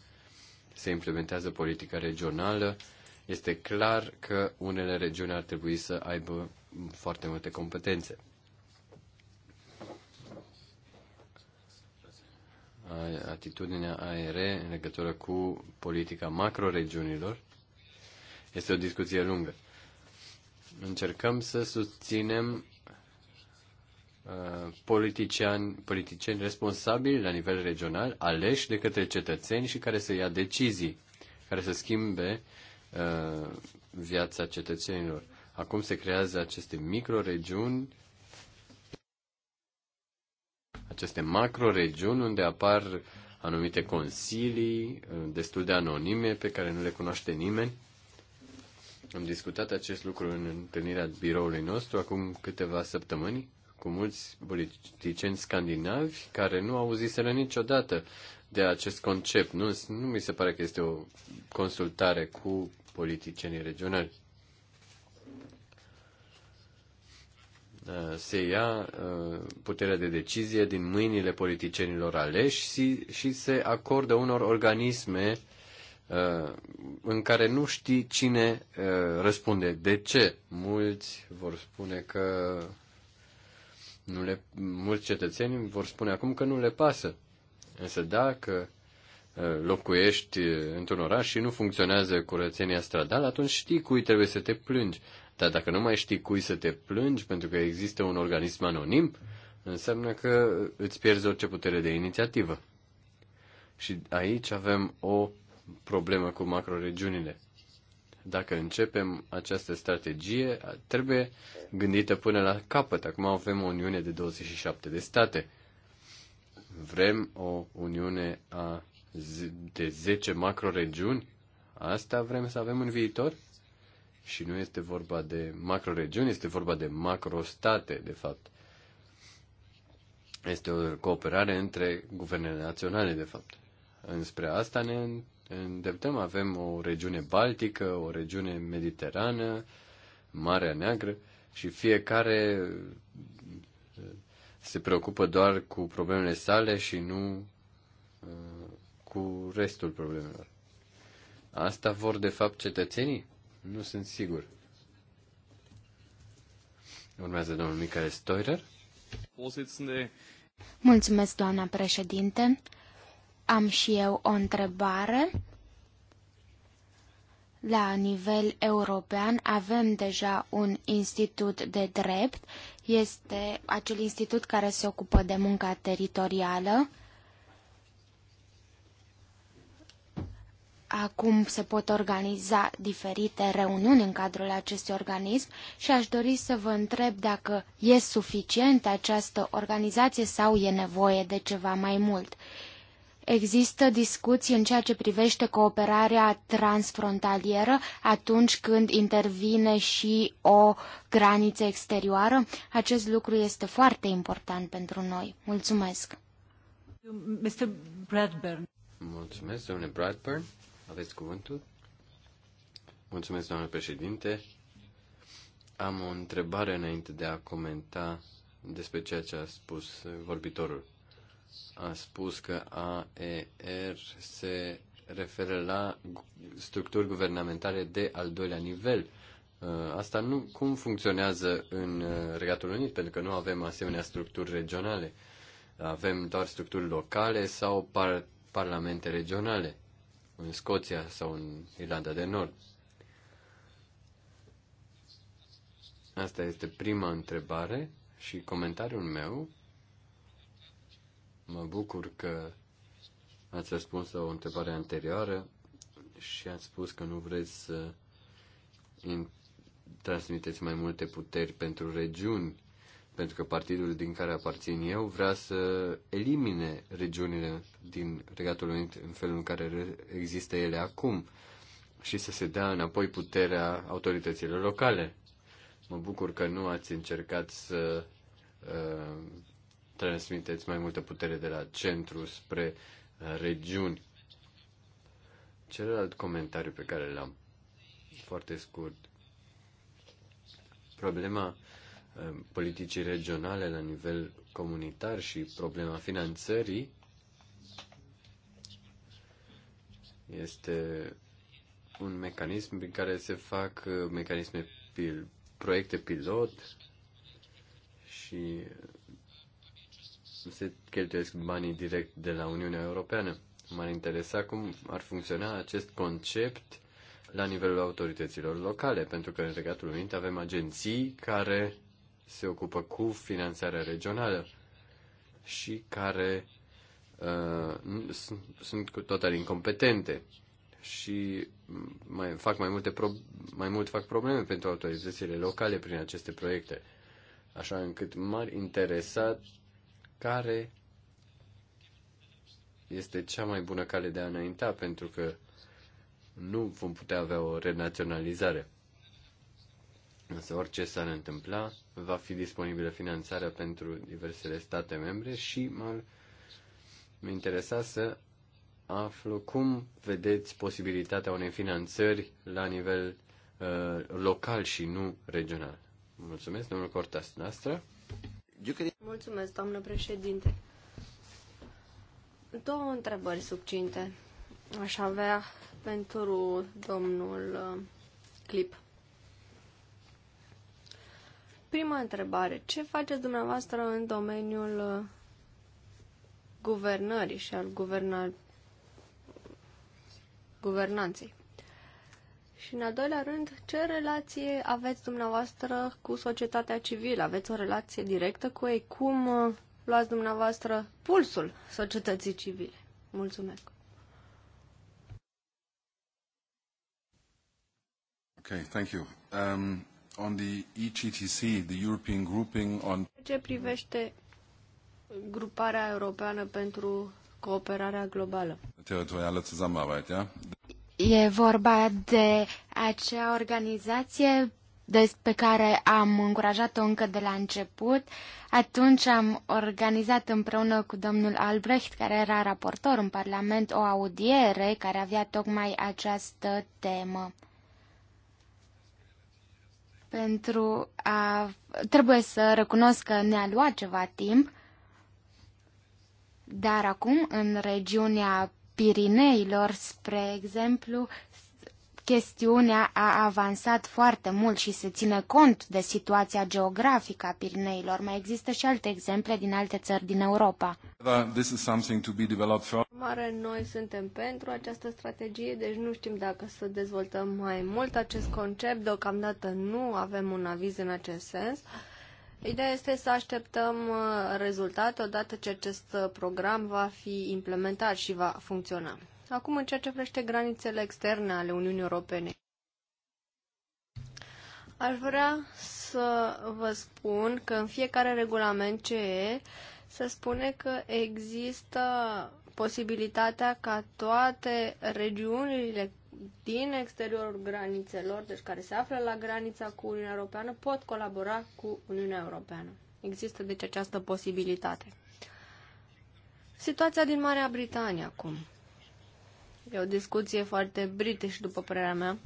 se implementează politica regională, este clar că unele regiuni ar trebui să aibă foarte multe competențe. Atitudinea AR în legătură cu politica macroregiunilor este o discuție lungă. Încercăm să susținem uh, politicieni, politicieni responsabili la nivel regional, aleși de către cetățeni și care să ia decizii, care să schimbe uh, viața cetățenilor. Acum se creează aceste microregiuni, aceste macroregiuni unde apar anumite consilii uh, destul de anonime pe care nu le cunoaște nimeni am discutat acest lucru în întâlnirea biroului nostru acum câteva săptămâni cu mulți politicieni scandinavi care nu auziseră niciodată de acest concept. Nu, nu mi se pare că este o consultare cu politicienii regionali. Se ia uh, puterea de decizie din mâinile politicienilor aleși și se acordă unor organisme în care nu știi cine uh, răspunde. De ce? Mulți vor spune că nu le, mulți cetățeni vor spune acum că nu le pasă. Însă dacă uh, locuiești într-un oraș și nu funcționează curățenia stradală, atunci știi cui trebuie să te plângi. Dar dacă nu mai știi cui să te plângi pentru că există un organism anonim, înseamnă că îți pierzi orice putere de inițiativă. Și aici avem o problemă cu macroregiunile. Dacă începem această strategie, trebuie gândită până la capăt. Acum avem o Uniune de 27 de state. Vrem o Uniune a de 10 macroregiuni? Asta vrem să avem în viitor? Și nu este vorba de macroregiuni, este vorba de macrostate, de fapt. Este o cooperare între guvernele naționale, de fapt. Înspre asta ne îndreptăm. Avem o regiune baltică, o regiune mediterană, Marea Neagră și fiecare uh, se preocupă doar cu problemele sale și nu uh, cu restul problemelor. Asta vor de fapt cetățenii? Nu sunt sigur. Urmează domnul Michael Stoirer. Mulțumesc, doamna președinte. Am și eu o întrebare. La nivel european avem deja un institut de drept, este acel institut care se ocupă de munca teritorială. Acum se pot organiza diferite reuniuni în cadrul acestui organism și aș dori să vă întreb dacă e suficientă această organizație sau e nevoie de ceva mai mult. Există discuții în ceea ce privește cooperarea transfrontalieră atunci când intervine și o graniță exterioară. Acest lucru este foarte important pentru noi. Mulțumesc! Mr. Bradburn. Mulțumesc, domnule Bradburn. Aveți cuvântul? Mulțumesc, doamnă președinte. Am o întrebare înainte de a comenta despre ceea ce a spus vorbitorul a spus că AER se referă la structuri guvernamentale de al doilea nivel. Uh, asta nu cum funcționează în uh, Regatul Unit, pentru că nu avem asemenea structuri regionale. Avem doar structuri locale sau par- parlamente regionale în Scoția sau în Irlanda de Nord. Asta este prima întrebare și comentariul meu Mă bucur că ați răspuns la o întrebare anterioară și ați spus că nu vreți să transmiteți mai multe puteri pentru regiuni, pentru că partidul din care aparțin eu vrea să elimine regiunile din Regatul Unit în felul în care există ele acum și să se dea înapoi puterea autorităților locale. Mă bucur că nu ați încercat să uh, transmiteți mai multă putere de la centru spre uh, regiuni. Celălalt comentariu pe care l-am, foarte scurt, problema uh, politicii regionale la nivel comunitar și problema finanțării este un mecanism prin care se fac uh, mecanisme pil, proiecte pilot și se cheltuiesc banii direct de la Uniunea Europeană. M-ar interesa cum ar funcționa acest concept la nivelul autorităților locale, pentru că în Regatul Unit avem agenții care se ocupă cu finanțarea regională și care uh, sunt cu total incompetente și mai, fac mai multe pro, mai mult fac probleme pentru autoritățile locale prin aceste proiecte. Așa încât m-ar interesa care este cea mai bună cale de a înainta, pentru că nu vom putea avea o renaționalizare. Însă orice s-ar întâmpla, va fi disponibilă finanțarea pentru diversele state membre și mă interesa să aflu cum vedeți posibilitatea unei finanțări la nivel uh, local și nu regional. Mulțumesc, domnul Cortas Nastra. Mulțumesc, doamnă președinte. Două întrebări subcinte aș avea pentru domnul uh, Clip. Prima întrebare. Ce faceți dumneavoastră în domeniul uh, guvernării și al guverna... guvernanței? Și în al doilea rând, ce relație aveți dumneavoastră cu societatea civilă? Aveți o relație directă cu ei? Cum uh, luați dumneavoastră pulsul societății civile? Mulțumesc! Okay, thank you. Um, on the EGTC, the European grouping on... Ce privește gruparea europeană pentru cooperarea globală? Teritorială zusammenarbeit, ja? E vorba de acea organizație despre care am încurajat-o încă de la început. Atunci am organizat împreună cu domnul Albrecht, care era raportor în Parlament, o audiere care avea tocmai această temă. Pentru a... Trebuie să recunosc că ne-a luat ceva timp, dar acum, în regiunea Pirineilor, spre exemplu, chestiunea a avansat foarte mult și se ține cont de situația geografică a Pirineilor. Mai există și alte exemple din alte țări din Europa. Mare, noi suntem pentru această strategie, deci nu știm dacă să dezvoltăm mai mult acest concept. Deocamdată nu avem un aviz în acest sens. Uh, Ideea este să așteptăm uh, rezultate odată ce acest uh, program va fi implementat și va funcționa. Acum, în ceea ce vrește granițele externe ale Uniunii Europene, aș vrea să vă spun că în fiecare regulament CE se spune că există posibilitatea ca toate regiunile din exteriorul granițelor, deci care se află la granița cu Uniunea Europeană, pot colabora cu Uniunea Europeană. Există deci această posibilitate. Situația din Marea Britanie acum. E o discuție foarte british, după părerea mea.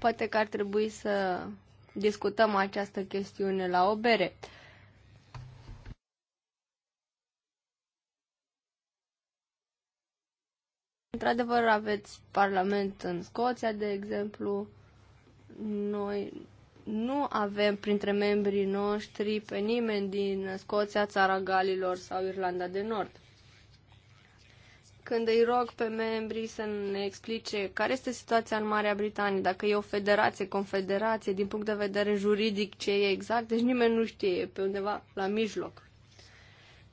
Poate că ar trebui să discutăm această chestiune la o bere. Uh, Într-adevăr, aveți parlament în Scoția, de exemplu. Noi nu avem printre membrii noștri pe nimeni din Scoția, Țara Galilor sau Irlanda de Nord. Când îi rog pe membrii să ne explice care este situația în Marea Britanie, dacă e o federație, confederație, din punct de vedere juridic ce e exact, deci nimeni nu știe, pe undeva la mijloc.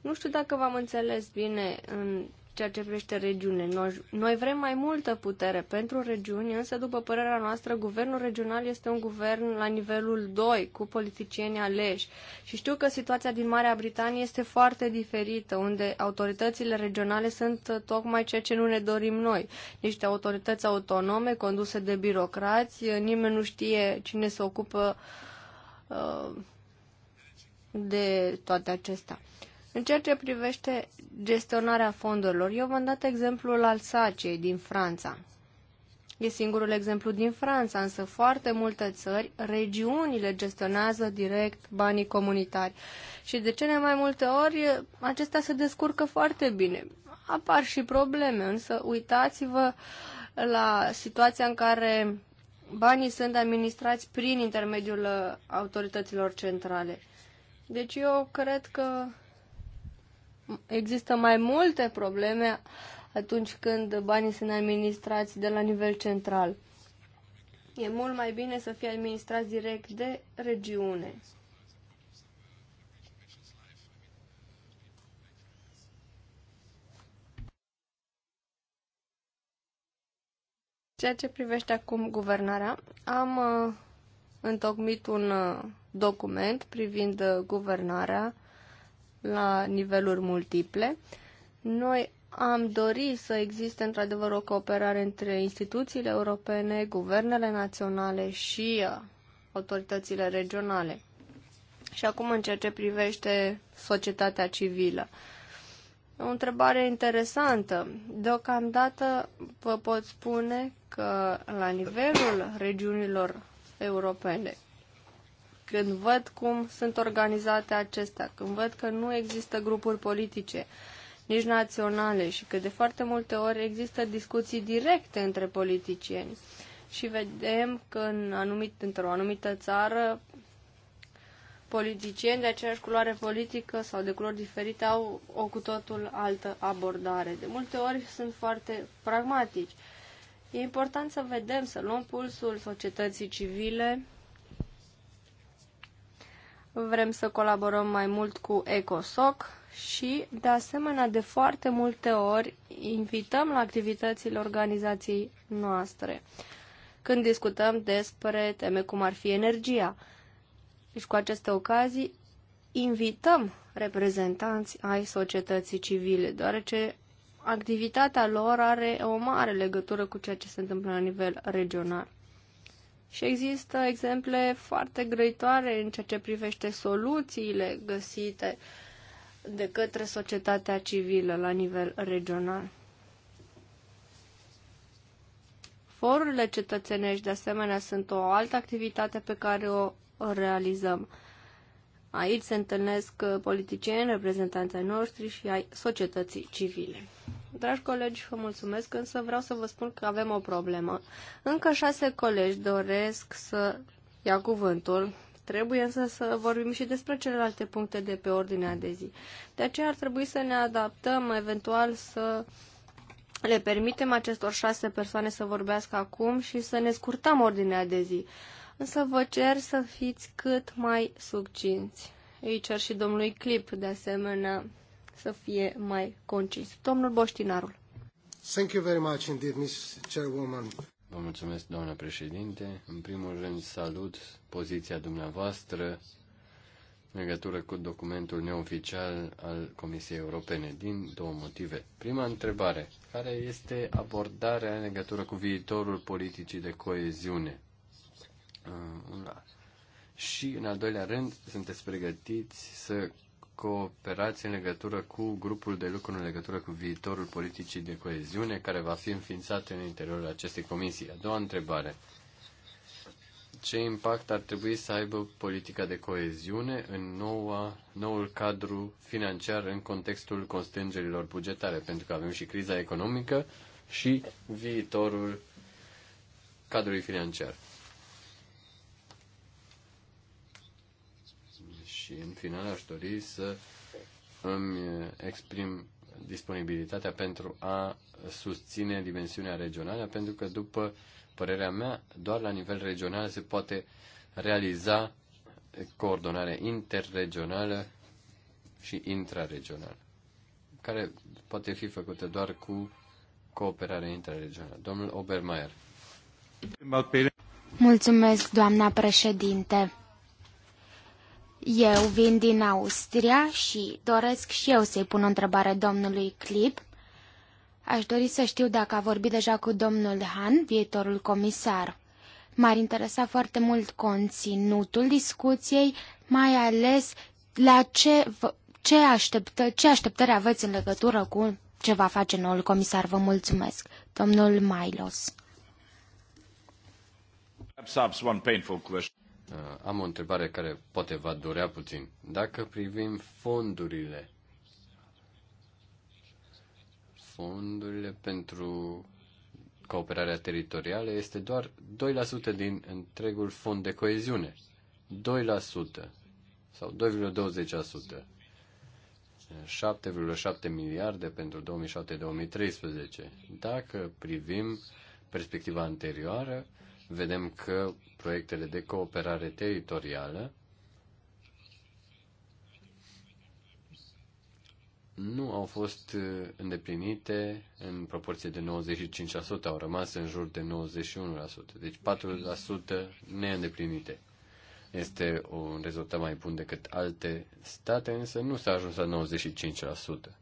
Nu știu dacă v-am înțeles bine în ceea ce privește regiune. Noi, vrem mai multă putere pentru regiuni, însă, după părerea noastră, guvernul regional este un guvern la nivelul 2, cu politicieni aleși. Și știu că situația din Marea Britanie este foarte diferită, unde autoritățile regionale sunt uh, tocmai ceea ce nu ne dorim noi. Niște autorități autonome, conduse de birocrați, uh, nimeni nu știe cine se ocupă uh, de toate acestea. În ceea ce privește gestionarea fondurilor, eu v-am dat exemplul Alsaciei din Franța. E singurul exemplu din Franța, însă foarte multe țări, regiunile gestionează direct banii comunitari. Și de cele mai multe ori, acestea se descurcă foarte bine. Apar și probleme, însă uitați-vă la situația în care banii sunt administrați prin intermediul uh, autorităților centrale. Deci eu cred că există mai multe probleme atunci când banii sunt administrați de la nivel central. E mult mai bine să fie administrați direct de regiune. Ceea ce privește acum guvernarea, am uh, întocmit un uh, document privind uh, guvernarea la niveluri multiple. Noi am dorit să existe într-adevăr o cooperare între instituțiile europene, guvernele naționale și uh, autoritățile regionale. Și acum în ceea ce privește societatea civilă. O întrebare interesantă. Deocamdată vă pot spune că la nivelul regiunilor europene când văd cum sunt organizate acestea, când văd că nu există grupuri politice, nici naționale și că de foarte multe ori există discuții directe între politicieni și vedem că în anumit, într-o anumită țară politicieni de aceeași culoare politică sau de culori diferite au o cu totul altă abordare. De multe ori sunt foarte pragmatici. E important să vedem, să luăm pulsul societății civile Vrem să colaborăm mai mult cu ECOSOC și, de asemenea, de foarte multe ori invităm la activitățile organizației noastre când discutăm despre teme cum ar fi energia. Deci, cu aceste ocazii, invităm reprezentanți ai societății civile, deoarece activitatea lor are o mare legătură cu ceea ce se întâmplă la nivel regional. Și există exemple foarte grăitoare în ceea ce privește soluțiile găsite de către societatea civilă la nivel regional. Forurile cetățenești, de asemenea, sunt o altă activitate pe care o realizăm. Aici se întâlnesc uh, politicieni, reprezentanții noștri și ai societății civile. Dragi colegi, vă mulțumesc, însă vreau să vă spun că avem o problemă. Încă șase colegi doresc să ia cuvântul. Trebuie însă să vorbim și despre celelalte puncte de pe ordinea de zi. De aceea ar trebui să ne adaptăm, eventual să le permitem acestor șase persoane să vorbească acum și să ne scurtăm ordinea de zi însă vă cer să fiți cât mai succinți. Îi cer și domnului Clip, de asemenea, să fie mai concis. Domnul Boștinarul. Thank you very much indeed, Miss Chairwoman. Vă mulțumesc, doamnă președinte. În primul rând, salut poziția dumneavoastră în legătură cu documentul neoficial al Comisiei Europene, din două motive. Prima întrebare, care este abordarea în legătură cu viitorul politicii de coeziune? Uh, și, în al doilea rând, sunteți pregătiți să cooperați în legătură cu grupul de lucru în legătură cu viitorul politicii de coeziune care va fi înființat în interiorul acestei comisii. A doua întrebare. Ce impact ar trebui să aibă politica de coeziune în noua, noul cadru financiar în contextul constrângerilor bugetare? Pentru că avem și criza economică și viitorul cadrului financiar. Și în final aș dori să îmi exprim disponibilitatea pentru a susține dimensiunea regională, pentru că, după părerea mea, doar la nivel regional se poate realiza coordonare interregională și intraregională, care poate fi făcută doar cu cooperare intraregională. Domnul Obermeier. Mulțumesc, doamna președinte. Eu vin din Austria și doresc și eu să-i pun o întrebare domnului Clip. Aș dori să știu dacă a vorbit deja cu domnul Han, viitorul comisar. M-ar interesa foarte mult conținutul discuției, mai ales la ce, ce, așteptă, ce așteptări aveți în legătură cu ce va face noul comisar. Vă mulțumesc. Domnul Mailos. Uh, am o întrebare care poate va dorea puțin. Dacă privim fondurile, fondurile pentru cooperarea teritorială este doar 2% din întregul fond de coeziune. 2% sau 2,20%. 7,7 miliarde pentru 2007-2013. Dacă privim perspectiva anterioară, vedem că proiectele de cooperare teritorială nu au fost uh, îndeplinite în proporție de 95%, au rămas în jur de 91%, deci 4% neîndeplinite. Este un rezultat mai bun decât alte state, însă nu s-a ajuns la 95%.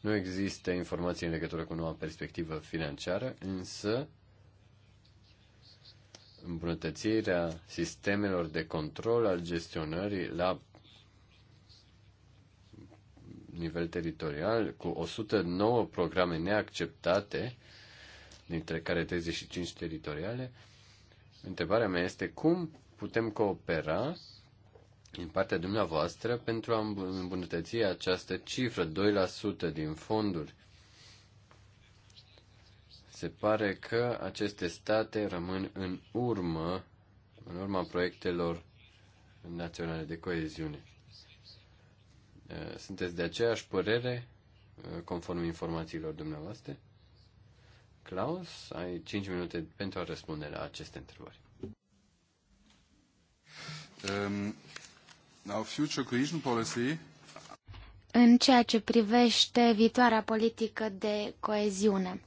Nu există informații în legătură cu noua perspectivă financiară, însă îmbunătățirea sistemelor de control al gestionării la nivel teritorial cu 109 programe neacceptate, dintre care 35 teritoriale. Întrebarea mea este cum putem coopera din partea dumneavoastră pentru a îmbunătăți această cifră, 2% din fonduri se pare că aceste state rămân în urmă, în urma proiectelor naționale de coeziune. Eh, sunteți de aceeași părere, eh, conform informațiilor dumneavoastră? Claus, ai 5 minute pentru a răspunde la aceste întrebări. Um, now future cohesion policy. În ceea ce privește viitoarea politică de coeziune.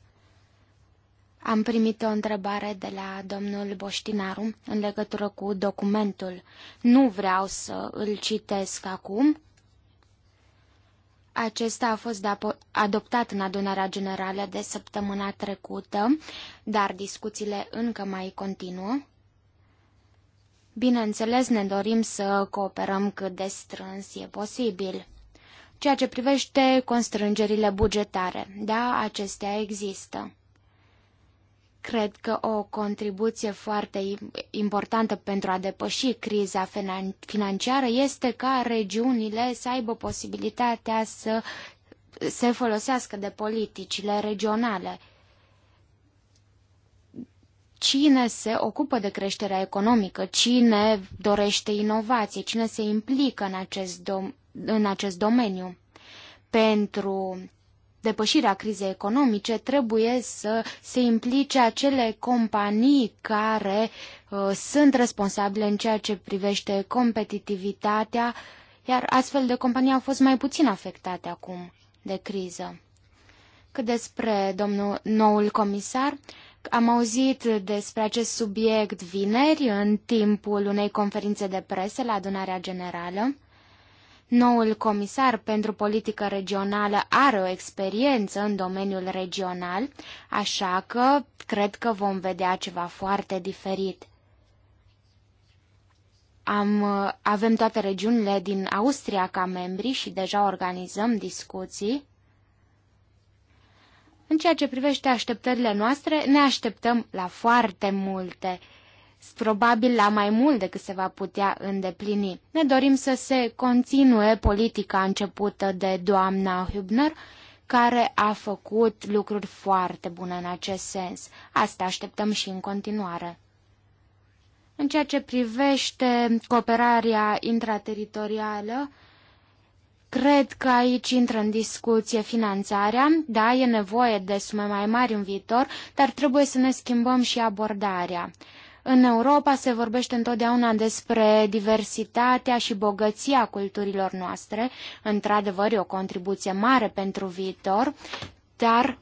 Am primit o întrebare de la domnul Boștinaru în legătură cu documentul. Nu vreau să îl citesc acum. Acesta a fost adoptat în adunarea generală de săptămâna trecută, dar discuțiile încă mai continuă. Bineînțeles, ne dorim să cooperăm cât de strâns e posibil. Ceea ce privește constrângerile bugetare, da, acestea există. Cred că o contribuție foarte importantă pentru a depăși criza financiară este ca regiunile să aibă posibilitatea să se folosească de politicile regionale. Cine se ocupă de creșterea economică, cine dorește inovație, cine se implică în acest, dom- în acest domeniu pentru depășirea crizei economice, trebuie să se implice acele companii care uh, sunt responsabile în ceea ce privește competitivitatea, iar astfel de companii au fost mai puțin afectate acum de criză. Cât despre domnul noul comisar, am auzit despre acest subiect vineri în timpul unei conferințe de presă la adunarea generală. Noul comisar pentru politică regională are o experiență în domeniul regional, așa că cred că vom vedea ceva foarte diferit. Am, avem toate regiunile din Austria ca membri și deja organizăm discuții. În ceea ce privește așteptările noastre, ne așteptăm la foarte multe probabil la mai mult decât se va putea îndeplini. Ne dorim să se continue politica începută de doamna Hübner, care a făcut lucruri foarte bune în acest sens. Asta așteptăm și în continuare. În ceea ce privește cooperarea intrateritorială, Cred că aici intră în discuție finanțarea, da, e nevoie de sume mai mari în viitor, dar trebuie să ne schimbăm și abordarea. În Europa se vorbește întotdeauna despre diversitatea și bogăția culturilor noastre. Într-adevăr, e o contribuție mare pentru viitor, dar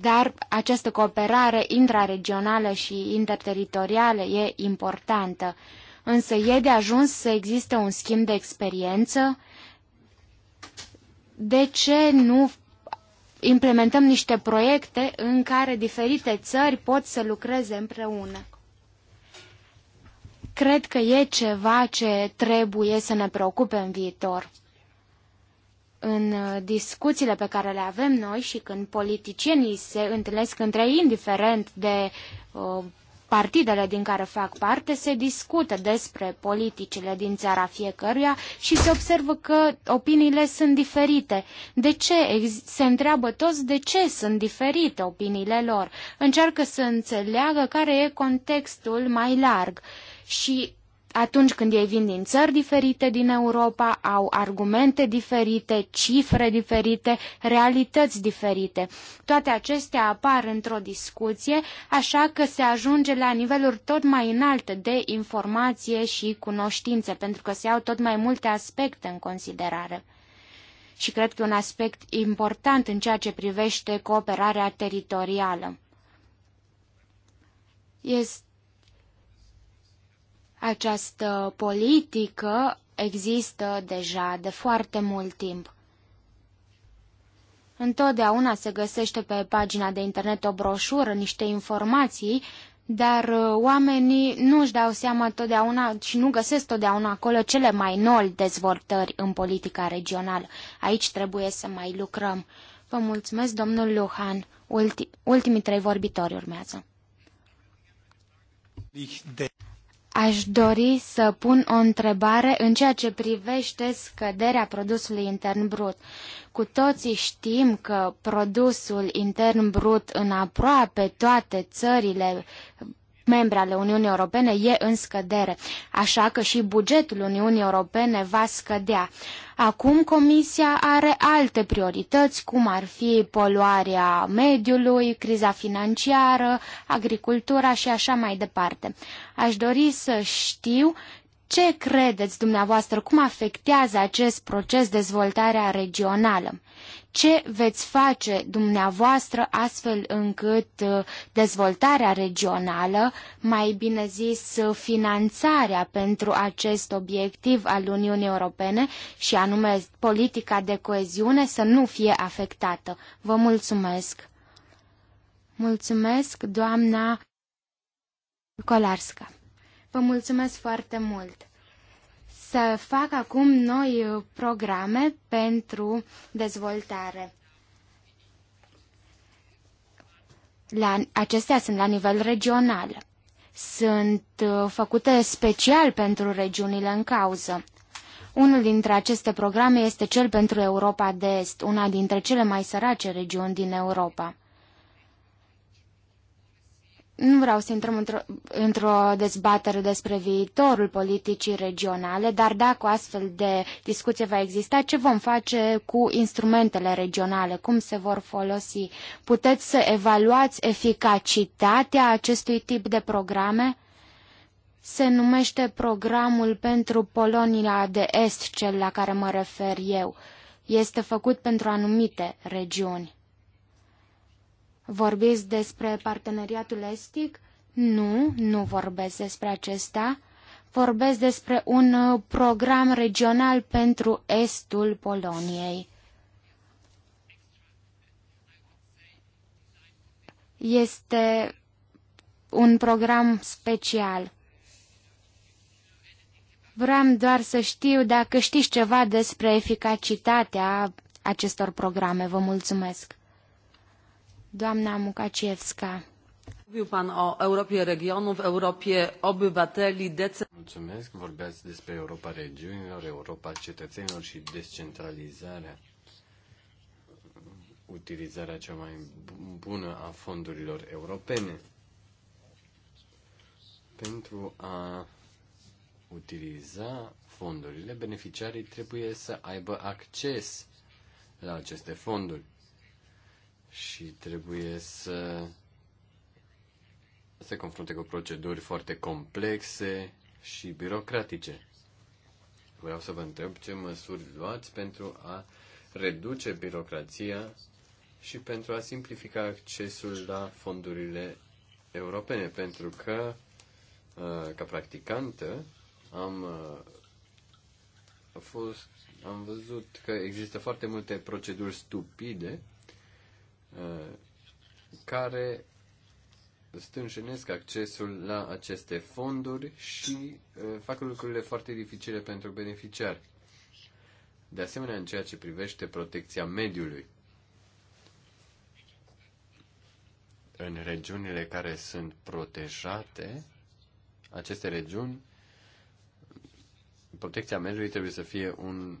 dar această cooperare intraregională și interteritorială e importantă. Însă e de ajuns să existe un schimb de experiență. De ce nu implementăm niște proiecte în care diferite țări pot să lucreze împreună. Cred că e ceva ce trebuie să ne preocupe în viitor. În uh, discuțiile pe care le avem noi și când politicienii se întâlnesc între ei, indiferent de uh, partidele din care fac parte se discută despre politicile din țara fiecăruia și se observă că opiniile sunt diferite. De ce? Se întreabă toți de ce sunt diferite opiniile lor. Încearcă să înțeleagă care e contextul mai larg. Și atunci când ei vin din țări diferite din Europa, au argumente diferite, cifre diferite, realități diferite. Toate acestea apar într-o discuție, așa că se ajunge la niveluri tot mai înalte de informație și cunoștințe, pentru că se au tot mai multe aspecte în considerare. Și cred că un aspect important în ceea ce privește cooperarea teritorială. Este această politică există deja de foarte mult timp. Întotdeauna se găsește pe pagina de internet o broșură, niște informații, dar uh, oamenii nu își dau seama totdeauna și nu găsesc totdeauna acolo cele mai noi dezvoltări în politica regională. Aici trebuie să mai lucrăm. Vă mulțumesc, domnul Luhan. Ulti ultimii trei vorbitori urmează. Deci, Aș dori să pun o întrebare în ceea ce privește scăderea produsului intern brut. Cu toții știm că produsul intern brut în aproape toate țările membre ale Uniunii Europene e în scădere, așa că și bugetul Uniunii Europene va scădea. Acum Comisia are alte priorități, cum ar fi poluarea mediului, criza financiară, agricultura și așa mai departe. Aș dori să știu ce credeți dumneavoastră, cum afectează acest proces dezvoltarea regională? Ce veți face dumneavoastră astfel încât uh, dezvoltarea regională, mai bine zis uh, finanțarea pentru acest obiectiv al Uniunii Europene și anume politica de coeziune să nu fie afectată? Vă mulțumesc! Mulțumesc, doamna Colarska. Vă mulțumesc foarte mult! să facă acum noi programe pentru dezvoltare. La, acestea sunt la nivel regional. Sunt uh, făcute special pentru regiunile în cauză. Unul dintre aceste programe este cel pentru Europa de Est, una dintre cele mai sărace regiuni din Europa. Nu vreau să intrăm într-o, într, dezbatere despre viitorul politicii regionale, dar dacă o astfel de discuție va exista, ce vom face cu instrumentele regionale? Cum se vor folosi? Puteți să evaluați eficacitatea acestui tip de programe? Se numește programul pentru Polonia de Est, cel la care mă refer eu. Este făcut pentru anumite regiuni. Vorbiți despre parteneriatul estic? Nu, nu vorbesc despre acesta. Vorbesc despre un uh, program regional pentru estul Poloniei. Este un program special. Vreau doar să știu dacă știți ceva despre eficacitatea acestor programe. Vă mulțumesc! Doamna Mukacievska. Mówił Pan o Europie regionów, Europie obywateli, Mulțumesc, vorbeați despre Europa regiunilor, Europa cetățenilor și descentralizarea utilizarea cea mai bună a fondurilor europene pentru a utiliza fondurile, beneficiarii trebuie să aibă acces la aceste fonduri și trebuie să se confrunte cu proceduri foarte complexe și birocratice. Vreau să vă întreb ce măsuri luați pentru a reduce birocrația și pentru a simplifica accesul la fondurile europene, pentru că, uh, ca practicantă, am uh, a fost, am văzut că există foarte multe proceduri stupide Uh, care stânjenesc accesul la aceste fonduri și uh, fac lucrurile foarte dificile pentru beneficiari. De asemenea, în ceea ce privește protecția mediului, în regiunile care sunt protejate, aceste regiuni, protecția mediului trebuie să fie un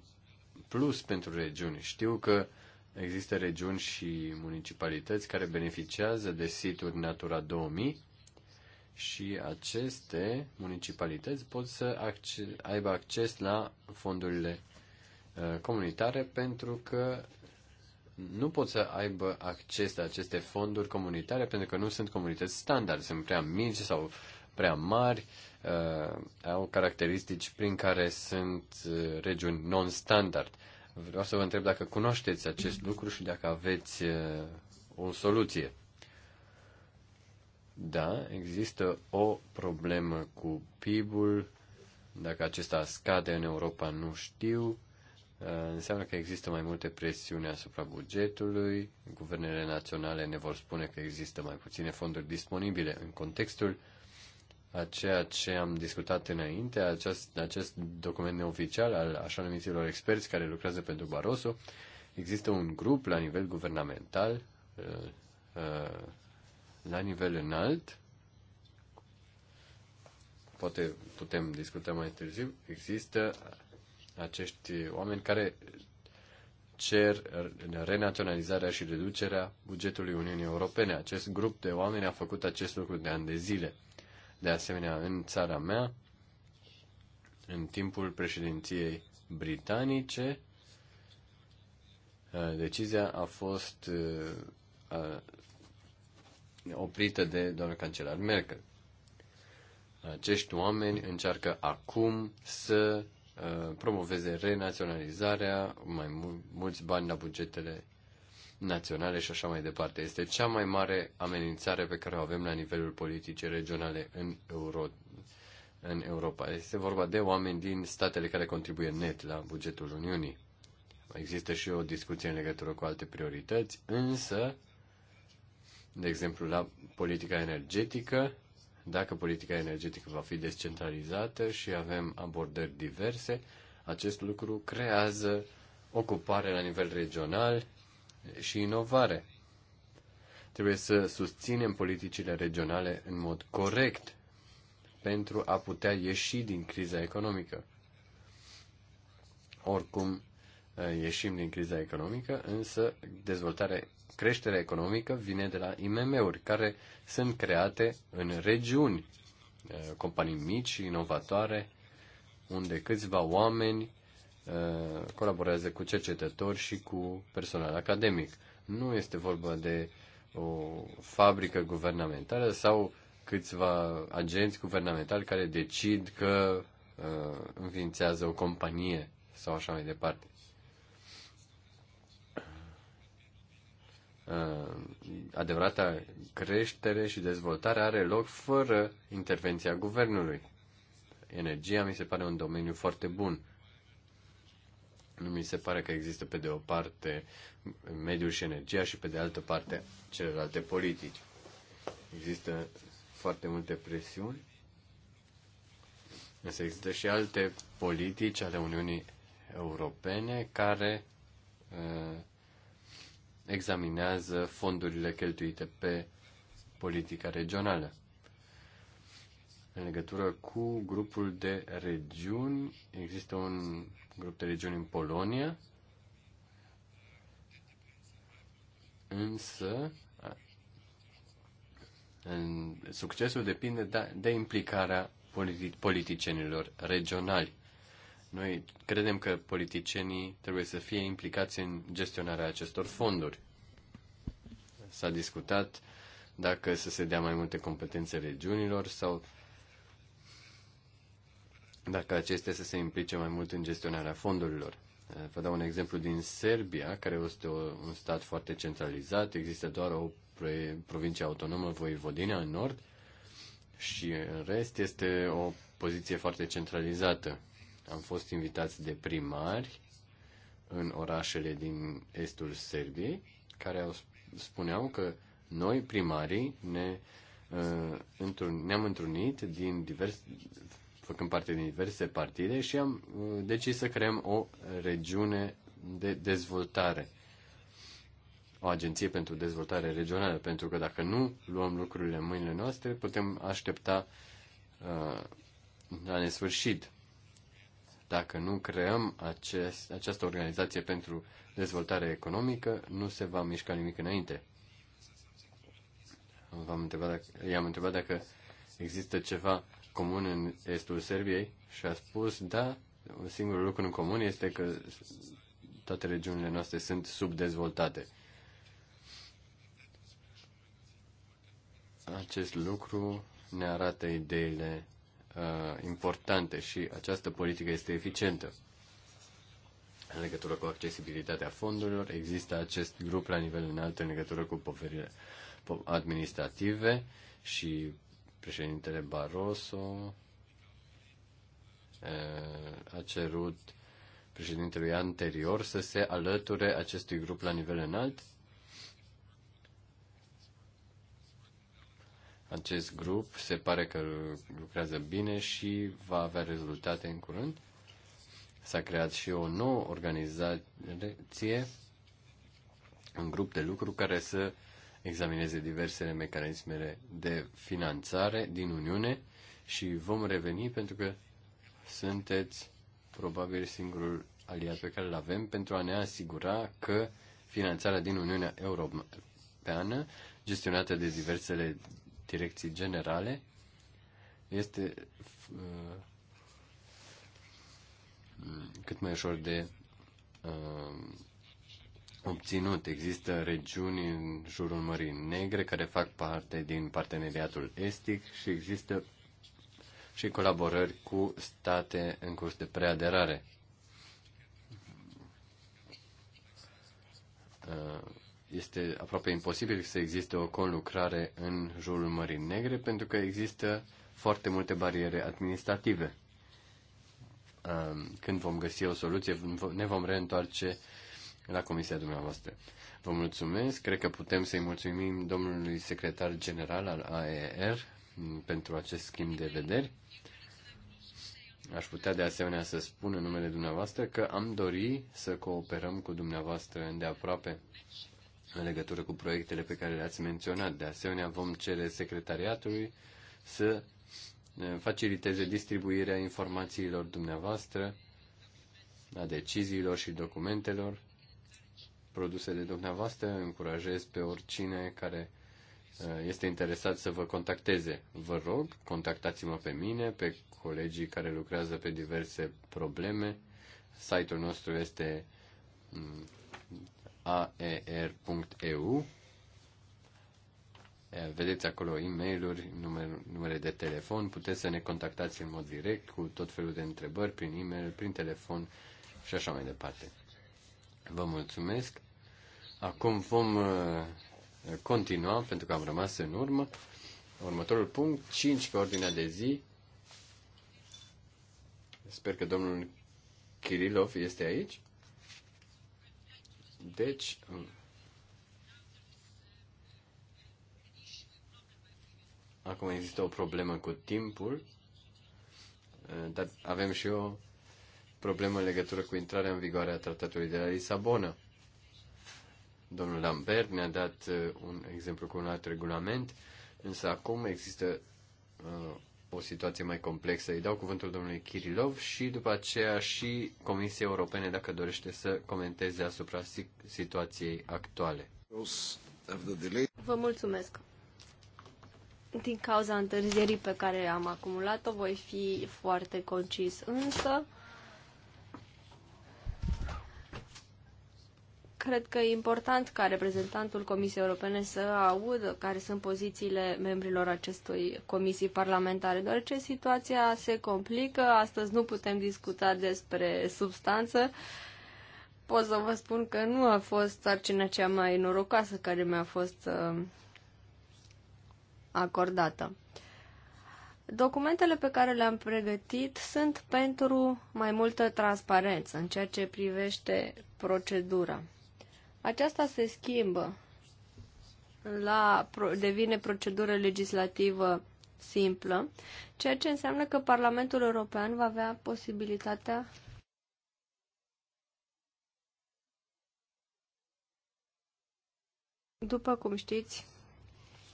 plus pentru regiuni. Știu că Există regiuni și municipalități care beneficiază de situri Natura 2000 și aceste municipalități pot să acce- aibă acces la fondurile uh, comunitare pentru că nu pot să aibă acces la aceste fonduri comunitare pentru că nu sunt comunități standard, sunt prea mici sau prea mari, uh, au caracteristici prin care sunt uh, regiuni non-standard. Vreau să vă întreb dacă cunoașteți acest lucru și dacă aveți uh, o soluție. Da, există o problemă cu PIB-ul. Dacă acesta scade în Europa, nu știu. Uh, înseamnă că există mai multe presiuni asupra bugetului. Guvernele naționale ne vor spune că există mai puține fonduri disponibile. În contextul uh, a ceea ce am discutat înainte, acest, acest document neoficial al așa numiților experți care lucrează pentru Barroso, există un grup la nivel guvernamental, uh, uh, la nivel înalt, poate putem discuta mai târziu, există acești oameni care cer renaționalizarea și reducerea bugetului Uniunii Europene. Acest grup de oameni a făcut acest lucru de ani de zile. De asemenea, în țara mea, în timpul președinției britanice, decizia a fost oprită de doamna cancelar Merkel. Acești oameni încearcă acum să promoveze renaționalizarea, mai mulți bani la bugetele naționale și așa mai departe. Este cea mai mare amenințare pe care o avem la nivelul politicii regionale în, Euro, în Europa. Este vorba de oameni din statele care contribuie net la bugetul Uniunii. Există și o discuție în legătură cu alte priorități, însă, de exemplu, la politica energetică, dacă politica energetică va fi descentralizată și avem abordări diverse, acest lucru creează ocupare la nivel regional și inovare. Trebuie să susținem politicile regionale în mod corect pentru a putea ieși din criza economică. Oricum, eh, ieșim din criza economică, însă dezvoltare, creșterea economică vine de la IMM-uri, care sunt create în regiuni, eh, companii mici, inovatoare, unde câțiva oameni Uh, colaborează cu cercetători și cu personal academic. Nu este vorba de o fabrică guvernamentală sau câțiva agenți guvernamentali care decid că uh, înființează o companie sau așa mai departe. Uh, adevărata creștere și dezvoltare are loc fără intervenția guvernului. Energia mi se pare un domeniu foarte bun nu mi se pare că există pe de o parte mediul și energia și pe de altă parte celelalte politici. Există foarte multe presiuni, însă există și alte politici ale Uniunii Europene care uh, examinează fondurile cheltuite pe politica regională. În legătură cu grupul de regiuni, există un grup de regiuni în Polonia, însă în, succesul depinde de, da, de implicarea politi, politicienilor regionali. Noi credem că politicienii trebuie să fie implicați în gestionarea acestor fonduri. S-a discutat dacă să se dea mai multe competențe regiunilor sau dacă acestea să se implice mai mult în gestionarea fondurilor. Vă dau un exemplu din Serbia, care este un stat foarte centralizat, există doar o provincie autonomă, Voivodina, în nord, și în rest este o poziție foarte centralizată. Am fost invitați de primari în orașele din estul Serbiei, care au, spuneau că noi, primarii, ne, uh, ne-am întrunit din divers, făcând parte din diverse partide și am uh, decis să creăm o regiune de dezvoltare, o agenție pentru dezvoltare regională, pentru că dacă nu luăm lucrurile în mâinile noastre, putem aștepta uh, la nesfârșit. Dacă nu creăm acest, această organizație pentru dezvoltare economică, nu se va mișca nimic înainte. V-am întrebat dacă, i-am întrebat dacă există ceva comun în estul Serbiei și a spus, da, un singur lucru în comun este că toate regiunile noastre sunt subdezvoltate. Acest lucru ne arată ideile uh, importante și această politică este eficientă. În legătură cu accesibilitatea fondurilor, există acest grup la nivel înalt în legătură cu poverile administrative și Președintele Barroso a cerut președintelui anterior să se alăture acestui grup la nivel înalt. Acest grup se pare că lucrează bine și va avea rezultate în curând. S-a creat și o nouă organizație, un grup de lucru care să examineze diversele mecanismele de finanțare din Uniune și vom reveni pentru că sunteți probabil singurul aliat pe care îl avem pentru a ne asigura că finanțarea din Uniunea Europeană, gestionată de diversele direcții generale, este uh, cât mai ușor de uh, obținut. Există regiuni în jurul Mării Negre care fac parte din parteneriatul estic și există și colaborări cu state în curs de preaderare. Uh, este aproape imposibil să existe o conlucrare în jurul Mării Negre pentru că există foarte multe bariere administrative. Uh, când vom găsi o soluție, ne vom reîntoarce la comisia dumneavoastră. Vă mulțumesc. Cred că putem să-i mulțumim domnului secretar general al AER pentru acest schimb de vederi. Aș putea de asemenea să spun în numele dumneavoastră că am dori să cooperăm cu dumneavoastră îndeaproape în legătură cu proiectele pe care le-ați menționat. De asemenea, vom cere secretariatului să eh, faciliteze distribuirea informațiilor dumneavoastră, a deciziilor și documentelor produsele dumneavoastră. Încurajez pe oricine care uh, este interesat să vă contacteze. Vă rog, contactați-mă pe mine, pe colegii care lucrează pe diverse probleme. Site-ul nostru este mm, aer.eu. Eh, vedeți acolo e-mail-uri, numere, numere de telefon, puteți să ne contactați în mod direct cu tot felul de întrebări prin e-mail, prin telefon și așa mai departe. Vă mulțumesc. Acum vom uh, continua, pentru că am rămas în urmă. Următorul punct, 5 pe ordinea de zi. Sper că domnul Kirilov este aici. Deci, um, acum există o problemă cu timpul, uh, dar avem și o problemă în legătură cu intrarea în vigoare a tratatului de la Lisabona. Domnul Lambert ne-a dat uh, un exemplu cu un alt regulament, însă acum există uh, o situație mai complexă. Îi dau cuvântul domnului Kirilov și după aceea și Comisia Europene dacă dorește să comenteze asupra situației actuale. Vă mulțumesc. Din cauza întârzierii pe care am acumulat-o, voi fi foarte concis, însă cred că e important ca reprezentantul Comisiei Europene să audă care sunt pozițiile membrilor acestui comisii parlamentare, deoarece situația se complică. Astăzi nu putem discuta despre substanță. Pot să vă spun că nu a fost sarcina cea mai norocoasă care mi-a fost uh, acordată. Documentele pe care le-am pregătit sunt pentru mai multă transparență în ceea ce privește procedura. Aceasta se schimbă. La, devine procedură legislativă simplă, ceea ce înseamnă că Parlamentul European va avea posibilitatea După cum știți,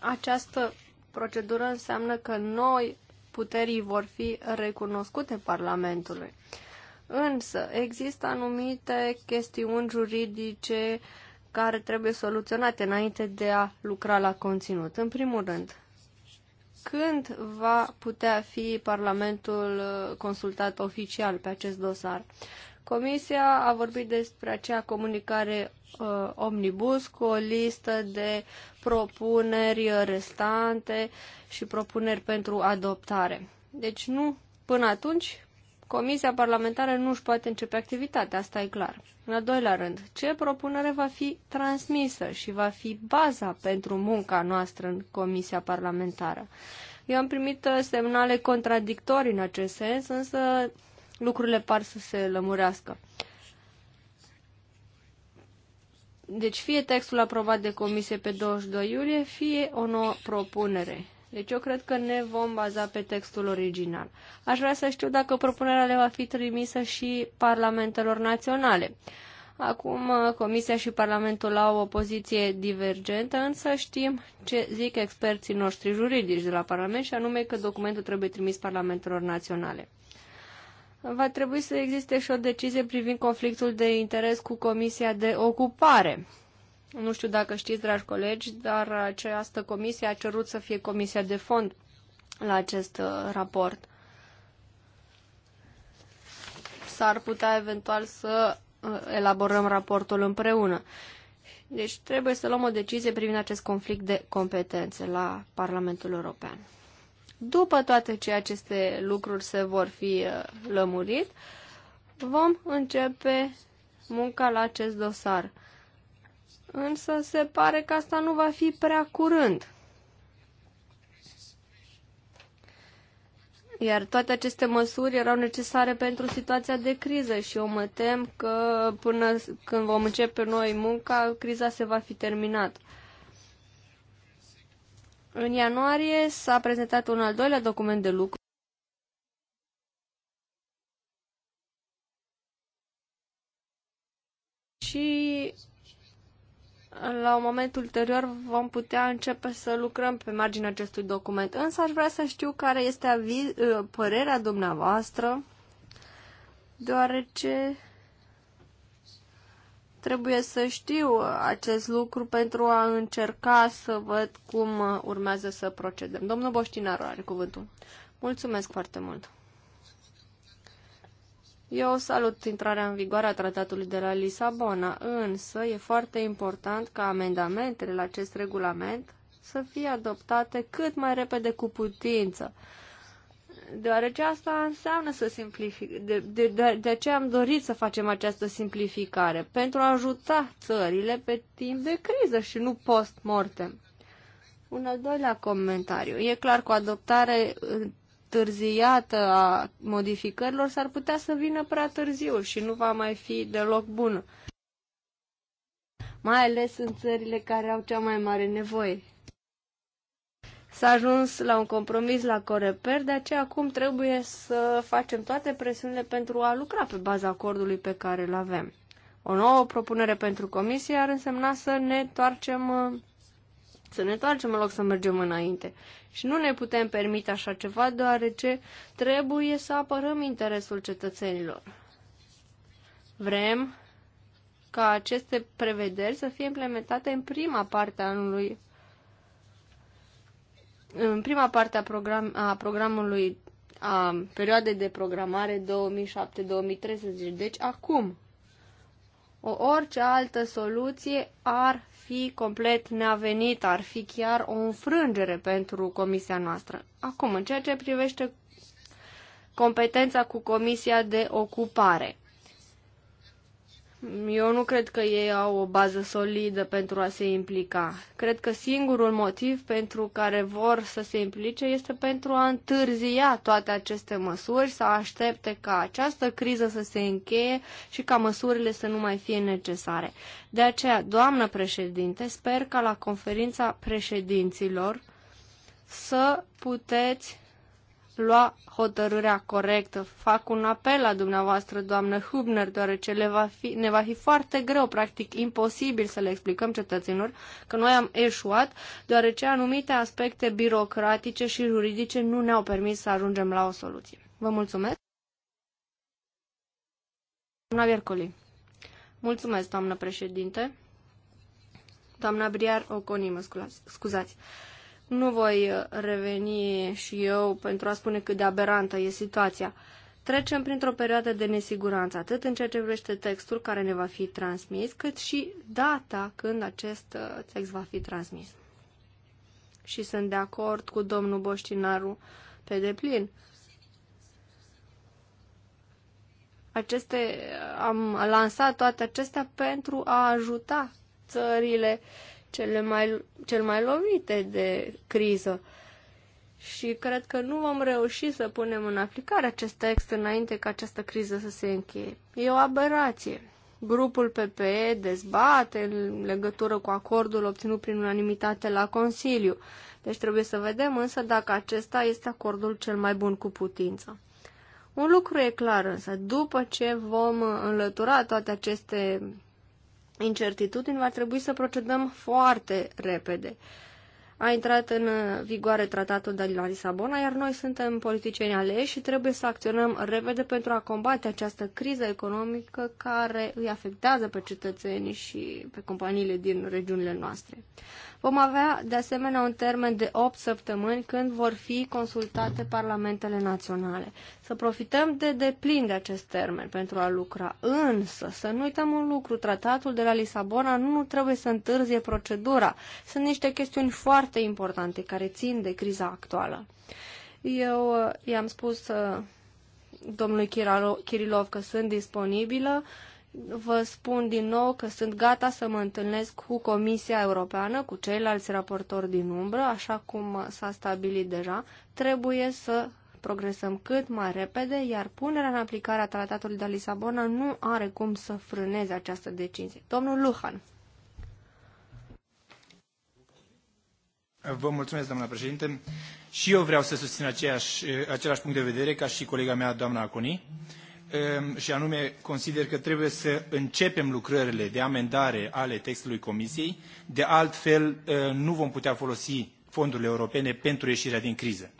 această procedură înseamnă că noi puterii vor fi recunoscute Parlamentului. Însă există anumite chestiuni juridice care trebuie soluționate înainte de a lucra la conținut. În primul rând, când va putea fi Parlamentul uh, consultat oficial pe acest dosar? Comisia a vorbit despre acea comunicare uh, omnibus cu o listă de propuneri restante și propuneri pentru adoptare. Deci nu până atunci Comisia parlamentară nu își poate începe activitatea, asta e clar. În al doilea rând, ce propunere va fi transmisă și va fi baza pentru munca noastră în Comisia parlamentară? Eu am primit uh, semnale contradictorii în acest sens, însă lucrurile par să se lămurească. Deci fie textul aprobat de comisie pe 22 iulie, fie o nouă propunere. Deci eu cred că ne vom baza pe textul original. Aș vrea să știu dacă propunerea le va fi trimisă și parlamentelor naționale. Acum uh, Comisia și Parlamentul au o poziție divergentă, însă știm ce zic experții noștri juridici de la Parlament și anume că documentul trebuie trimis Parlamentelor naționale. Va trebui să existe și o decizie privind conflictul de interes cu Comisia de Ocupare. Nu știu dacă știți, dragi colegi, dar această comisie a cerut să fie comisia de fond la acest uh, raport. S-ar putea eventual să uh, elaborăm raportul împreună. Deci trebuie să luăm o decizie privind acest conflict de competențe la Parlamentul European. După toate ce aceste lucruri se vor fi uh, lămurit, vom începe munca la acest dosar. Însă se pare că asta nu va fi prea curând. Iar toate aceste măsuri erau necesare pentru situația de criză și eu mă tem că până când vom începe noi munca, criza se va fi terminat. În ianuarie s-a prezentat un al doilea document de lucru. Și la un moment ulterior vom putea începe să lucrăm pe marginea acestui document. Însă aș vrea să știu care este aviz, ă, părerea dumneavoastră, deoarece trebuie să știu acest lucru pentru a încerca să văd cum urmează să procedăm. Domnul Boștinaru are cuvântul. Mulțumesc foarte mult! Eu salut intrarea în vigoare a tratatului de la Lisabona, însă e foarte important ca amendamentele la acest regulament să fie adoptate cât mai repede cu putință, deoarece asta înseamnă să simplific... De, de, de, de aceea am dorit să facem această simplificare, pentru a ajuta țările pe timp de criză și nu post-mortem. Un al doilea comentariu. E clar, cu adoptare întârziată a modificărilor s-ar putea să vină prea târziu și nu va mai fi deloc bună. Mai ales în țările care au cea mai mare nevoie. S-a ajuns la un compromis la Coreper, de aceea acum trebuie să facem toate presiunile pentru a lucra pe baza acordului pe care îl avem. O nouă propunere pentru comisie ar însemna să ne întoarcem uh, să ne întoarcem în loc să mergem înainte. Și nu ne putem permite așa ceva, deoarece trebuie să apărăm interesul cetățenilor. Vrem ca aceste prevederi să fie implementate în prima parte a anului în prima parte a, program, a programului a perioadei de programare 2007-2013. Deci acum, o orice altă soluție ar fi complet neavenit, ar fi chiar o înfrângere pentru comisia noastră. Acum, în ceea ce privește competența cu Comisia de Ocupare. Eu nu cred că ei au o bază solidă pentru a se implica. Cred că singurul motiv pentru care vor să se implice este pentru a întârzia toate aceste măsuri, să aștepte ca această criză să se încheie și ca măsurile să nu mai fie necesare. De aceea, doamnă președinte, sper ca la conferința președinților să puteți lua hotărârea corectă. Fac un apel la dumneavoastră, doamnă Hubner, deoarece le va fi, ne va fi foarte greu, practic imposibil să le explicăm cetățenilor că noi am eșuat, deoarece anumite aspecte birocratice și juridice nu ne-au permis să ajungem la o soluție. Vă mulțumesc! Doamna Viercoli. Mulțumesc, doamnă președinte. Doamna Briar Oconi, mă scuzați. Nu voi uh, reveni și eu pentru a spune cât de aberantă e situația. Trecem printr-o perioadă de nesiguranță, atât în ceea ce privește textul care ne va fi transmis, cât și data când acest uh, text va fi transmis. Și sunt de acord cu domnul Boștinaru pe deplin. Aceste, am lansat toate acestea pentru a ajuta țările uh, cele mai, cel mai lovite de criză. Și cred că nu vom reuși să punem în aplicare acest text înainte ca această criză să se încheie. E o aberație. Grupul PPE dezbate în legătură cu acordul obținut prin unanimitate la Consiliu. Deci trebuie să vedem însă dacă acesta este acordul cel mai bun cu putință. Un lucru e clar însă, după ce vom înlătura toate aceste incertitudini, va trebui să procedăm foarte repede. A intrat în vigoare tratatul de la Lisabona, iar noi suntem politicieni aleși și trebuie să acționăm repede pentru a combate această criză economică care îi afectează pe cetățenii și pe companiile din regiunile noastre. Vom avea, de asemenea, un termen de 8 săptămâni când vor fi consultate parlamentele naționale să profităm de deplin de acest termen pentru a lucra. Însă, să nu uităm un lucru, tratatul de la Lisabona nu trebuie să întârzie procedura. Sunt niște chestiuni foarte importante care țin de criza actuală. Eu uh, i-am spus uh, domnului Kirilov că sunt disponibilă. Vă spun din nou că sunt gata să mă întâlnesc cu Comisia Europeană, cu ceilalți raportori din umbră, așa cum s-a stabilit deja. Trebuie să progresăm cât mai repede, iar punerea în aplicare a tratatului de Lisabona nu are cum să frâneze această decizie. Domnul Luhan. Vă mulțumesc, doamna președinte. Și eu vreau să susțin aceeași, același punct de vedere ca și colega mea, doamna Aconi, ehm, și anume consider că trebuie să începem lucrările de amendare ale textului Comisiei, de altfel ehm, nu vom putea folosi fondurile europene pentru ieșirea din criză.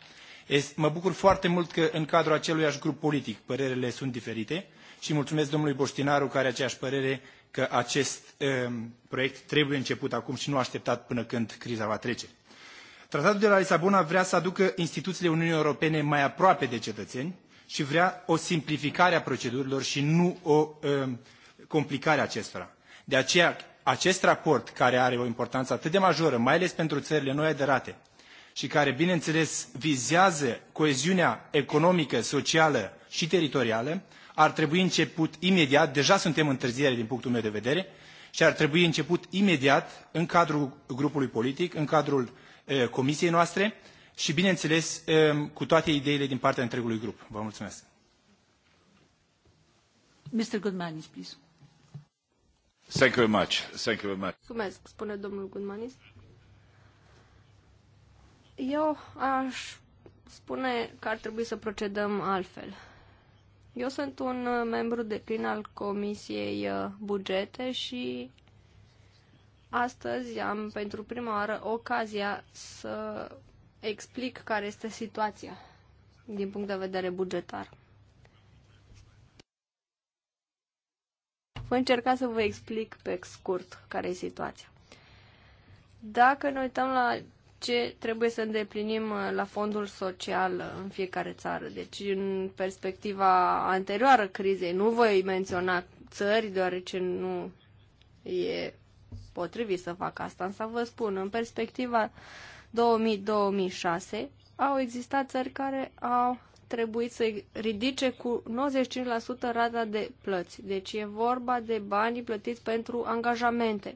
Mă bucur foarte mult că în cadrul aceluiași grup politic părerele sunt diferite și mulțumesc domnului Boștinaru care are aceeași părere că acest um, proiect trebuie început acum și nu așteptat până când criza va trece. Tratatul de la Lisabona vrea să aducă instituțiile Uniunii Europene mai aproape de cetățeni și vrea o simplificare a procedurilor și nu o um, complicare a acestora. De aceea, acest raport, care are o importanță atât de majoră, mai ales pentru țările noi aderate, și care, bineînțeles, vizează coeziunea economică, socială și teritorială, ar trebui început imediat, deja suntem întârziere din punctul meu de vedere, și ar trebui început imediat în cadrul grupului politic, în cadrul e, eh, comisiei noastre și, bineînțeles, e, eh, cu toate ideile din partea întregului grup. Vă mulțumesc. Mr. Goodmanis, please. Thank you very much. Thank you very much. Mulțumesc, spune domnul Goodmanis. Eu aș spune că ar trebui să procedăm altfel. Eu sunt un uh, membru de plin al Comisiei uh, Bugete și astăzi am pentru prima oară ocazia să explic care este situația din punct de vedere bugetar. Voi încerca să vă explic pe scurt care e situația. Dacă ne uităm la ce trebuie să îndeplinim uh, la fondul social uh, în fiecare țară. Deci, în perspectiva anterioară crizei, nu voi menționa țări, deoarece nu e potrivit să fac asta, însă vă spun, în perspectiva 2000-2006 au existat țări care au trebuit să ridice cu 95% rata de plăți. Deci e vorba de banii plătiți pentru angajamente.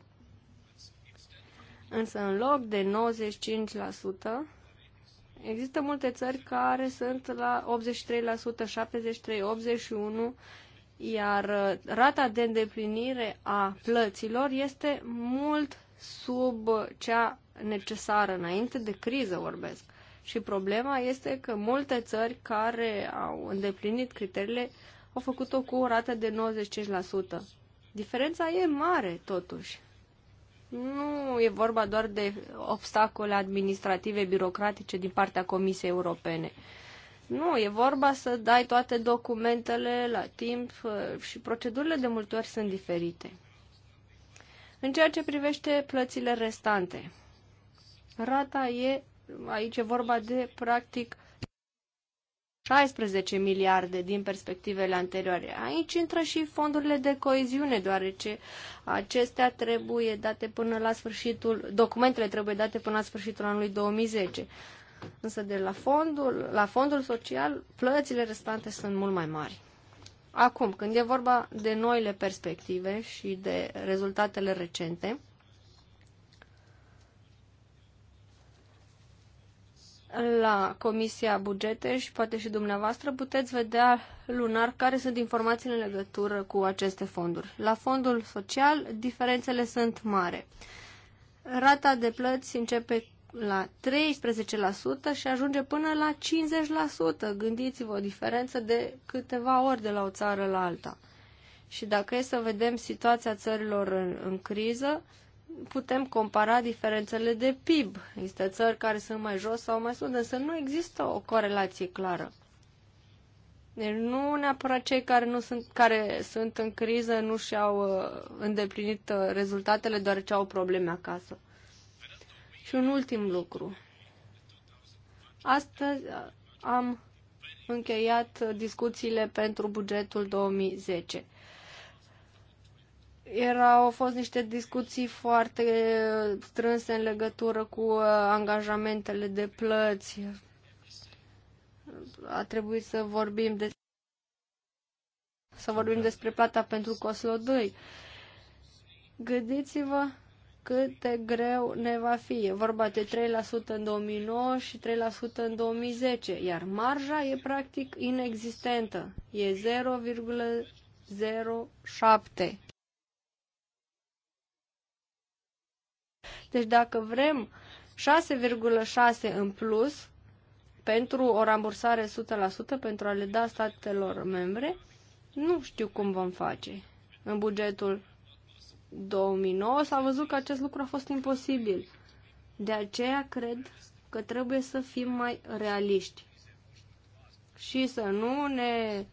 Însă în loc de 95%, există multe țări care sunt la 83%, 73%, 81%, iar uh, rata de îndeplinire a plăților este mult sub uh, cea necesară, înainte de criză vorbesc. Și problema este că multe țări care au îndeplinit criteriile au făcut-o cu o rată de 95%. Diferența e mare, totuși. Nu e vorba doar de obstacole administrative, birocratice din partea Comisiei Europene. Nu, e vorba să dai toate documentele la timp uh, și procedurile de multe ori sunt diferite. În ceea ce privește plățile restante, rata e, aici e vorba de practic 16 miliarde din perspectivele anterioare. Aici intră și fondurile de coeziune, deoarece acestea trebuie date până la sfârșitul, documentele trebuie date până la sfârșitul anului 2010. Însă de la fondul, la fondul social, plățile restante sunt mult mai mari. Acum, când e vorba de noile perspective și de rezultatele recente, la Comisia Bugete și poate și dumneavoastră puteți vedea lunar care sunt informațiile în legătură cu aceste fonduri. La fondul social, diferențele sunt mari. Rata de plăți începe la 13% și ajunge până la 50%. Gândiți-vă o diferență de câteva ori de la o țară la alta. Și dacă e să vedem situația țărilor în, în criză, uh, putem compara diferențele de PIB. Există țări care sunt mai jos sau mai sus, însă nu există o corelație clară. Deci nu neapărat cei care, nu sunt, care sunt în criză nu și-au uh, îndeplinit uh, rezultatele deoarece au probleme acasă. Și un ultim lucru. Astăzi uh, am încheiat discuțiile pentru bugetul 2010. Erau, au fost niște discuții foarte strânse în legătură cu uh, angajamentele de plăți. A trebuit să vorbim de să vorbim despre plata pentru Coslo 2. Gândiți-vă cât de greu ne va fi. E vorba de 3% în 2009 și 3% în 2010, iar marja e practic inexistentă. E 0,07 Deci dacă vrem 6,6 în plus pentru o rambursare 100% pentru a le da statelor membre, nu știu cum vom face. În bugetul 2009 s-a văzut că acest lucru a fost imposibil. De aceea cred că trebuie să fim mai realiști și să nu ne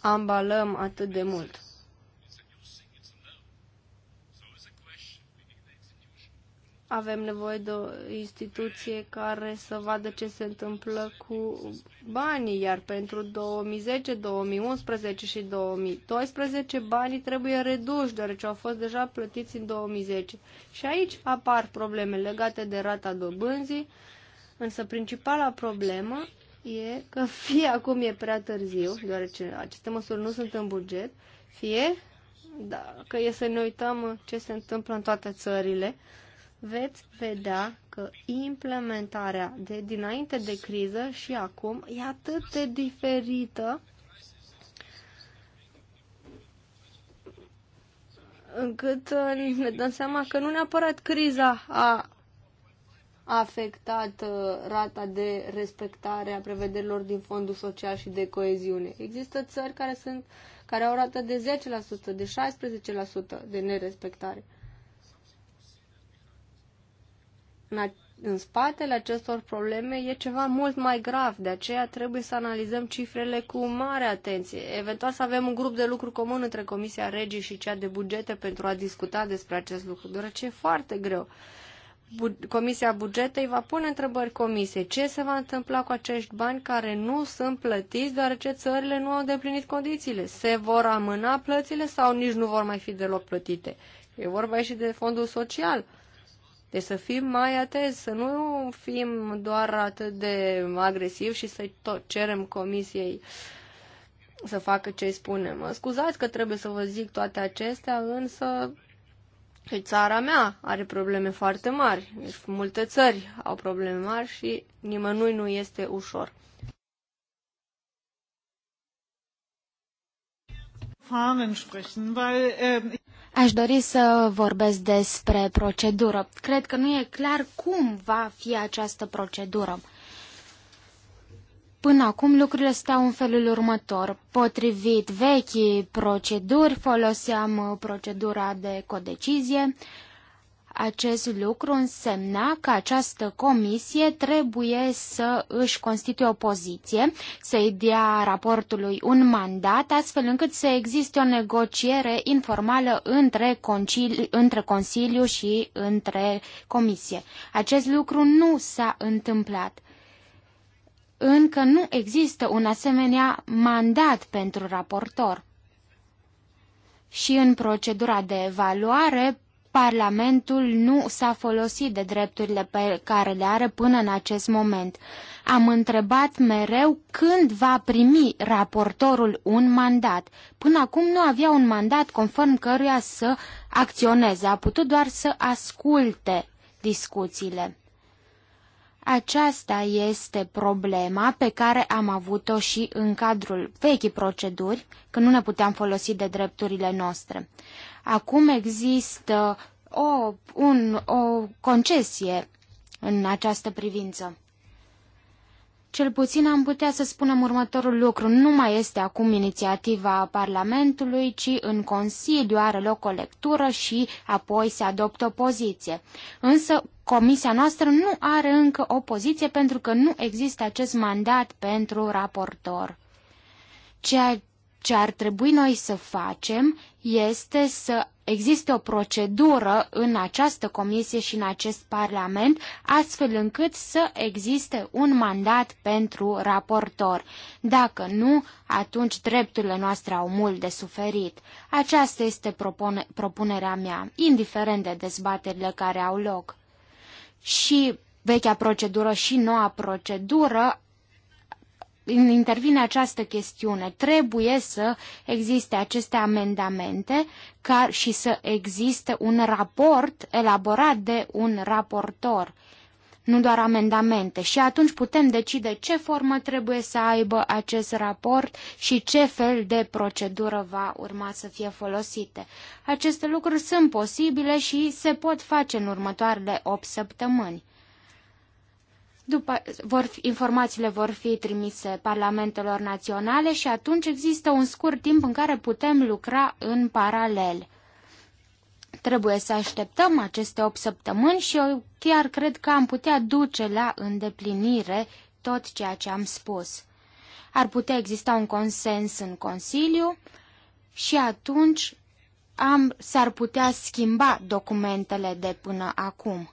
ambalăm atât de mult. avem nevoie de o instituție care să vadă ce se întâmplă cu banii, iar pentru 2010, 2011 și 2012 banii trebuie reduși, deoarece au fost deja plătiți în 2010. Și aici apar probleme legate de rata dobânzii, însă principala problemă e că fie acum e prea târziu, deoarece aceste măsuri nu sunt în buget, fie, dacă e să ne uităm ce se întâmplă în toate țările, veți vedea că implementarea de dinainte de criză și acum e atât de diferită încât uh, ne dăm seama că nu neapărat criza a afectat uh, rata de respectare a prevederilor din fondul social și de coeziune. Există țări care, sunt, care au rată de 10%, de 16% de nerespectare. în, în spatele acestor probleme e ceva mult mai grav, de aceea trebuie să analizăm cifrele cu mare atenție. Eventual să avem un grup de lucru comun între Comisia Regii și cea de bugete pentru a discuta despre acest lucru, deoarece e foarte greu. Comisia Bugetei va pune întrebări comisiei. Ce se va întâmpla cu acești bani care nu sunt plătiți deoarece țările nu au deplinit condițiile? Se vor amâna plățile sau nici nu vor mai fi deloc plătite? E vorba și de fondul social. Deci să fim mai atenți, să nu fim doar atât de agresivi și să tot cerem comisiei să facă ce spunem. Scuzați că trebuie să vă zic toate acestea, însă țara mea are probleme foarte mari. Deci multe țări au probleme mari și nimănui nu este ușor. sprechen, weil, äh... Aș dori să vorbesc despre procedură. Cred că nu e clar cum va fi această procedură. Până acum lucrurile stau în felul următor. Potrivit vechii proceduri, foloseam procedura de codecizie, acest lucru însemna că această comisie trebuie să își constituie o poziție, să-i dea raportului un mandat, astfel încât să existe o negociere informală între, concili, între Consiliu și între Comisie. Acest lucru nu s-a întâmplat încă nu există un asemenea mandat pentru raportor. Și în procedura de evaluare, Parlamentul nu s-a folosit de drepturile pe care le are până în acest moment. Am întrebat mereu când va primi raportorul un mandat. Până acum nu avea un mandat conform căruia să acționeze, a putut doar să asculte discuțiile. Aceasta este problema pe care am avut-o și în cadrul vechii proceduri, când nu ne puteam folosi de drepturile noastre. Acum există o, un, o concesie în această privință. Cel puțin am putea să spunem următorul lucru. Nu mai este acum inițiativa Parlamentului, ci în Consiliu are loc o lectură și apoi se adoptă o poziție. Însă Comisia noastră nu are încă o poziție pentru că nu există acest mandat pentru raportor. Ceea ce ar trebui noi să facem este să existe o procedură în această comisie și în acest parlament, astfel încât să existe un mandat pentru raportor. Dacă nu, atunci drepturile noastre au mult de suferit. Aceasta este propone- propunerea mea, indiferent de dezbaterile care au loc. Și vechea procedură și noua procedură intervine această chestiune. Trebuie să existe aceste amendamente ca și să existe un raport elaborat de un raportor, nu doar amendamente. Și atunci putem decide ce formă trebuie să aibă acest raport și ce fel de procedură va urma să fie folosite. Aceste lucruri sunt posibile și se pot face în următoarele 8 săptămâni. După, vor, informațiile vor fi trimise parlamentelor naționale și atunci există un scurt timp în care putem lucra în paralel. Trebuie să așteptăm aceste 8 săptămâni și eu chiar cred că am putea duce la îndeplinire tot ceea ce am spus. Ar putea exista un consens în Consiliu și atunci am, s-ar putea schimba documentele de până acum.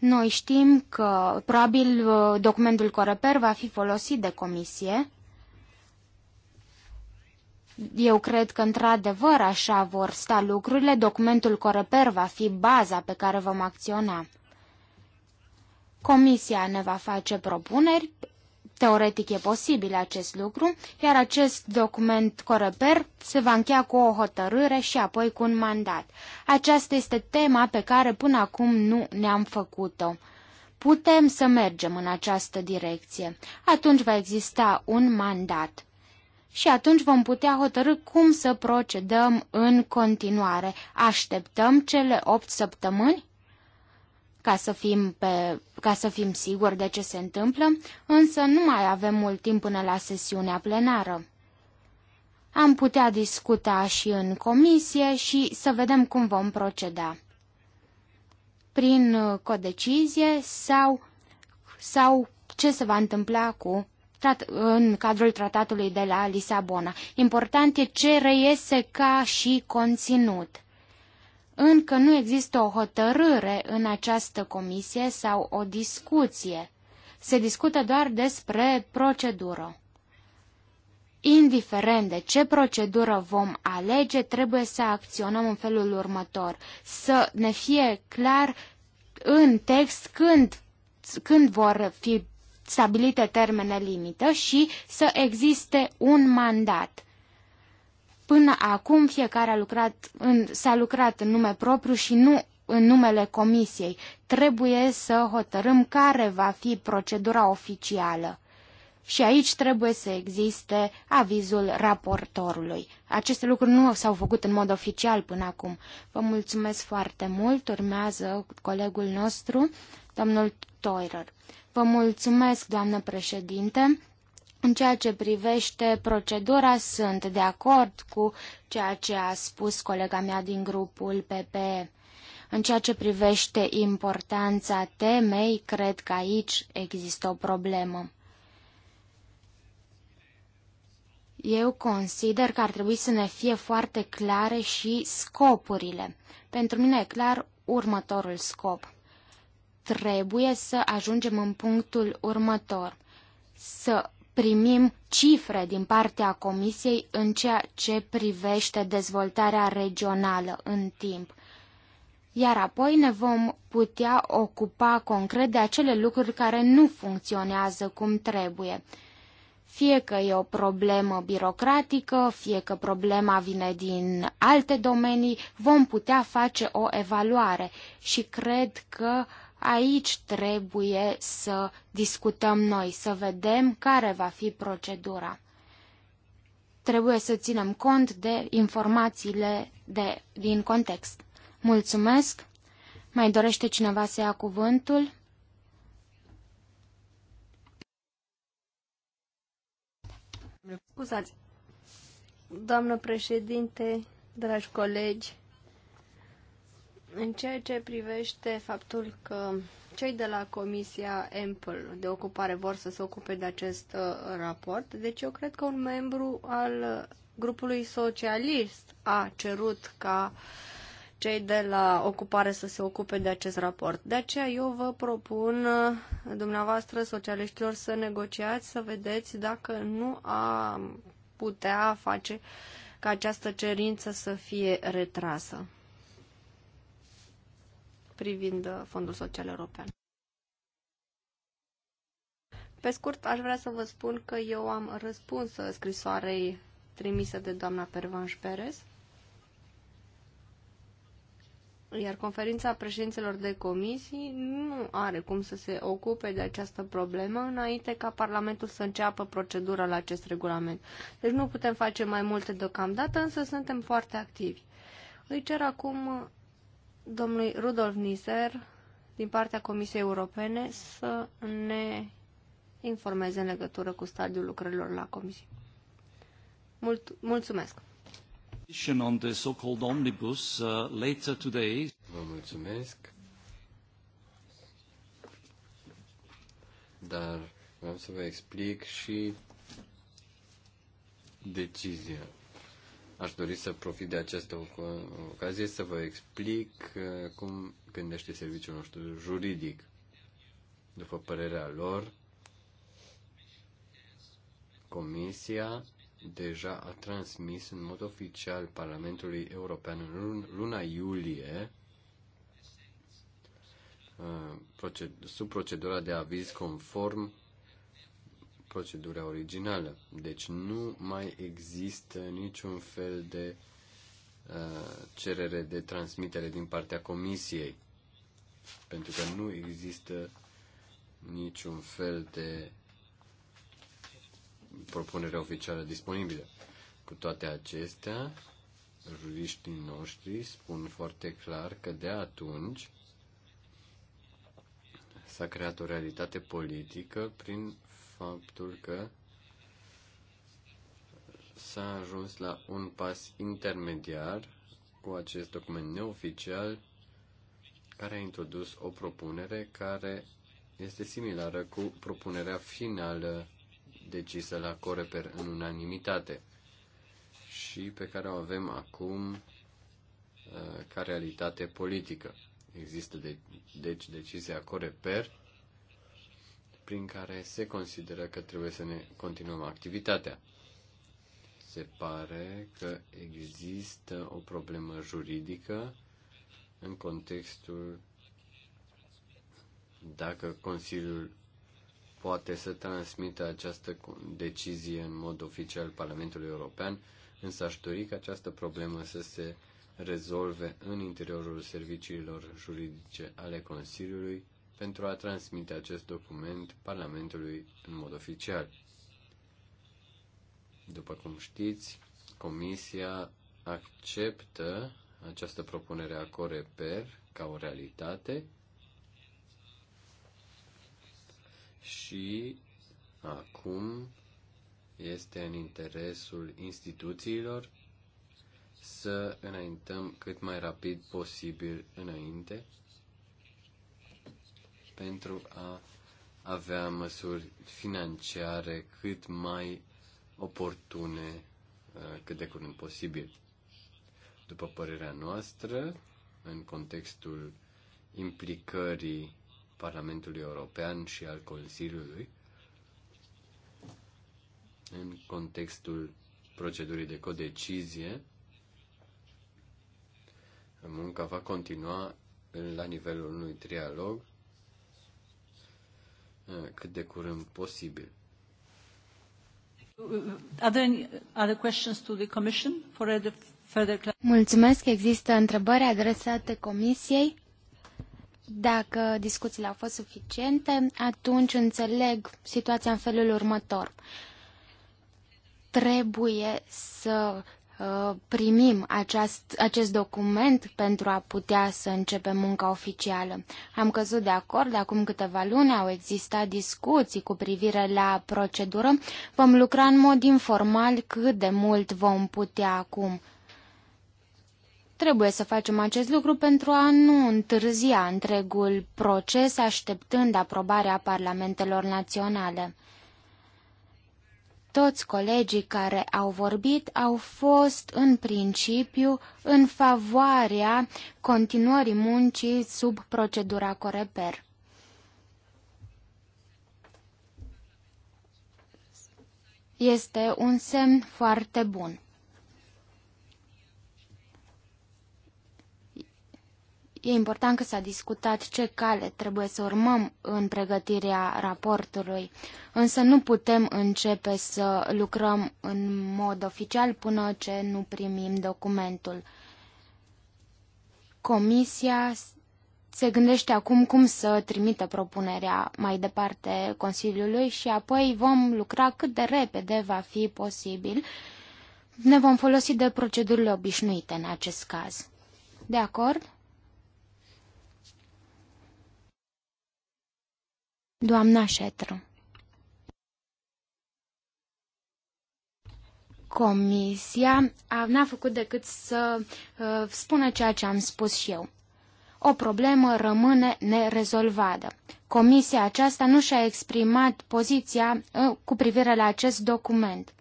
Noi știm că probabil documentul Coreper va fi folosit de comisie. Eu cred că într-adevăr așa vor sta lucrurile, documentul Coreper va fi baza pe care vom acționa. Comisia ne va face propuneri, Teoretic e posibil acest lucru, iar acest document Coreper se va încheia cu o hotărâre și apoi cu un mandat. Aceasta este tema pe care până acum nu ne-am făcut-o. Putem să mergem în această direcție. Atunci va exista un mandat. Și atunci vom putea hotărâ cum să procedăm în continuare. Așteptăm cele opt săptămâni? ca să, fim pe, ca să fim siguri de ce se întâmplă, însă nu mai avem mult timp până la sesiunea plenară. Am putea discuta și în comisie și să vedem cum vom proceda. Prin uh, codecizie sau, sau ce se va întâmpla cu în cadrul tratatului de la Lisabona. Important e ce reiese ca și conținut. Încă nu există o hotărâre în această comisie sau o discuție. Se discută doar despre procedură. Indiferent de ce procedură vom alege, trebuie să acționăm în felul următor. Să ne fie clar în text când, când vor fi stabilite termene limită și să existe un mandat. Până acum fiecare a lucrat în, s-a lucrat în nume propriu și nu în numele comisiei. Trebuie să hotărâm care va fi procedura oficială. Și aici trebuie să existe avizul raportorului. Aceste lucruri nu s-au făcut în mod oficial până acum. Vă mulțumesc foarte mult. Urmează colegul nostru, domnul Toirer. Vă mulțumesc, doamnă președinte. În ceea ce privește procedura, sunt de acord cu ceea ce a spus colega mea din grupul PPE. În ceea ce privește importanța temei, cred că aici există o problemă. Eu consider că ar trebui să ne fie foarte clare și scopurile. Pentru mine e clar următorul scop. Trebuie să ajungem în punctul următor. Să primim cifre din partea Comisiei în ceea ce privește dezvoltarea regională în timp. Iar apoi ne vom putea ocupa concret de acele lucruri care nu funcționează cum trebuie. Fie că e o problemă birocratică, fie că problema vine din alte domenii, vom putea face o evaluare și cred că uh, Aici trebuie să discutăm noi, să vedem care va fi procedura. Trebuie să ținem cont de informațiile de, din context. Mulțumesc! Mai dorește cineva să ia cuvântul? Scuzați, doamnă președinte, dragi colegi, în ceea ce privește faptul că cei de la Comisia Ample de ocupare vor să se ocupe de acest uh, raport, deci eu cred că un membru al grupului socialist a cerut ca cei de la ocupare să se ocupe de acest raport. De aceea eu vă propun, uh, dumneavoastră, socialiștilor, să negociați, să vedeți dacă nu a putea face ca această cerință să fie retrasă privind uh, Fondul Social European. Pe scurt, aș vrea să vă spun că eu am răspuns uh, scrisoarei trimisă de doamna Pervanș Perez, iar conferința președinților de comisii nu are cum să se ocupe de această problemă înainte ca Parlamentul să înceapă procedura la acest regulament. Deci nu putem face mai multe deocamdată, însă suntem foarte activi. Îi cer acum domnului Rudolf Niser din partea Comisiei Europene să ne informeze în legătură cu stadiul lucrărilor la Comisie. Mult, mulțumesc! On the so-called omnibus uh, later today. Vă mulțumesc. Dar vreau să vă explic și decizia Aș dori să profit de această ocazie să vă explic uh, cum gândește serviciul nostru juridic. După părerea lor, Comisia deja a transmis în mod oficial Parlamentului European în luna iulie uh, sub procedura de aviz conform procedura originală. Deci nu mai există niciun fel de uh, cerere de transmitere din partea comisiei, pentru că nu există niciun fel de propunere oficială disponibilă. Cu toate acestea, juriștii noștri spun foarte clar că de atunci s-a creat o realitate politică prin faptul că s-a ajuns la un pas intermediar cu acest document neoficial care a introdus o propunere care este similară cu propunerea finală decisă la Coreper în unanimitate și pe care o avem acum uh, ca realitate politică. Există de, deci decizia Coreper prin care se consideră că trebuie să ne continuăm activitatea. Se pare că există o problemă juridică în contextul dacă Consiliul poate să transmită această decizie în mod oficial Parlamentului European, însă aș dori ca această problemă să se rezolve în interiorul serviciilor juridice ale Consiliului pentru a transmite acest document Parlamentului în mod oficial. După cum știți, Comisia acceptă această propunere a Coreper ca o realitate și acum este în interesul instituțiilor să înaintăm cât mai rapid posibil înainte pentru a avea măsuri financiare cât mai oportune uh, cât de curând posibil. După părerea noastră, în contextul implicării Parlamentului European și al Consiliului, în contextul procedurii de codecizie, munca va continua la nivelul unui trialog Ah, cât de curând posibil. Mulțumesc. Există întrebări adresate Comisiei? Dacă discuțiile au fost suficiente, atunci înțeleg situația în felul următor. Trebuie să Uh, primim aceast, acest document pentru a putea să începem munca oficială. Am căzut de acord, acum câteva luni au existat discuții cu privire la procedură. Vom lucra în mod informal cât de mult vom putea acum. Trebuie să facem acest lucru pentru a nu întârzia întregul proces așteptând aprobarea parlamentelor naționale. Toți colegii care au vorbit au fost, în principiu, în favoarea continuării muncii sub procedura Coreper. Este un semn foarte bun. E important că s-a discutat ce cale trebuie să urmăm în pregătirea raportului, însă nu putem începe să lucrăm în mod oficial până ce nu primim documentul. Comisia se gândește acum cum să trimită propunerea mai departe Consiliului și apoi vom lucra cât de repede va fi posibil. Ne vom folosi de procedurile obișnuite în acest caz. De acord? Doamna Șetru Comisia n-a făcut decât să uh, spună ceea ce am spus și eu. O problemă rămâne nerezolvată. Comisia aceasta nu și-a exprimat poziția uh, cu privire la acest document.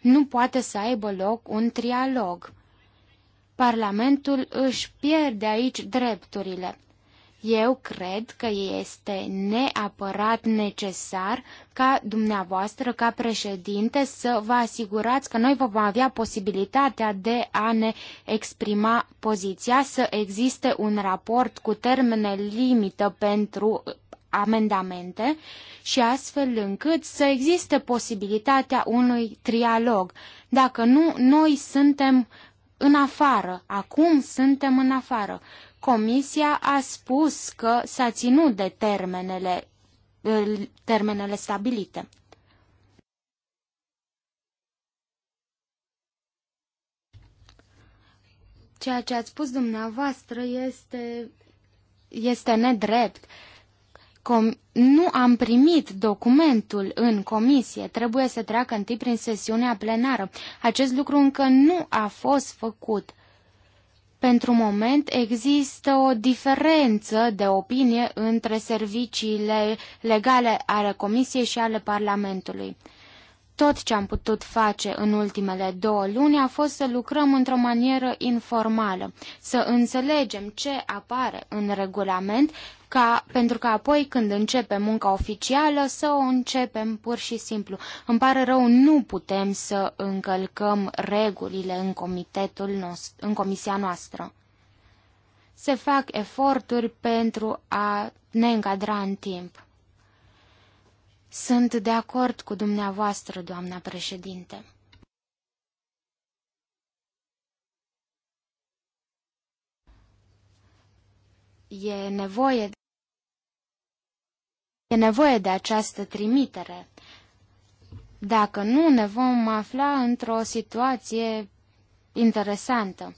Nu poate să aibă loc un trialog. Parlamentul își pierde aici drepturile. Eu cred că este neapărat necesar ca dumneavoastră, ca președinte, să vă asigurați că noi vom avea posibilitatea de a ne exprima poziția, să existe un raport cu termene limită pentru amendamente și astfel încât să existe posibilitatea unui trialog. Dacă nu, noi suntem în afară, acum suntem în afară. Comisia a spus că s-a ținut de termenele, termenele stabilite. Ceea ce ați spus dumneavoastră este, este nedrept. Com nu am primit documentul în comisie, trebuie să treacă întâi prin sesiunea plenară. Acest lucru încă nu a fost făcut. Pentru moment există o diferență de opinie între serviciile legale ale Comisiei și ale Parlamentului. Tot ce am putut face în ultimele două luni a fost să lucrăm într-o manieră informală, să înțelegem ce apare în regulament, ca, pentru că apoi când începem munca oficială să o începem pur și simplu. Îmi pare rău, nu putem să încălcăm regulile în, comitetul nostru, în comisia noastră. Se fac eforturi pentru a ne încadra în timp. Sunt de acord cu dumneavoastră, doamna președinte. E nevoie, e nevoie de această trimitere. Dacă nu, ne vom afla într-o situație interesantă.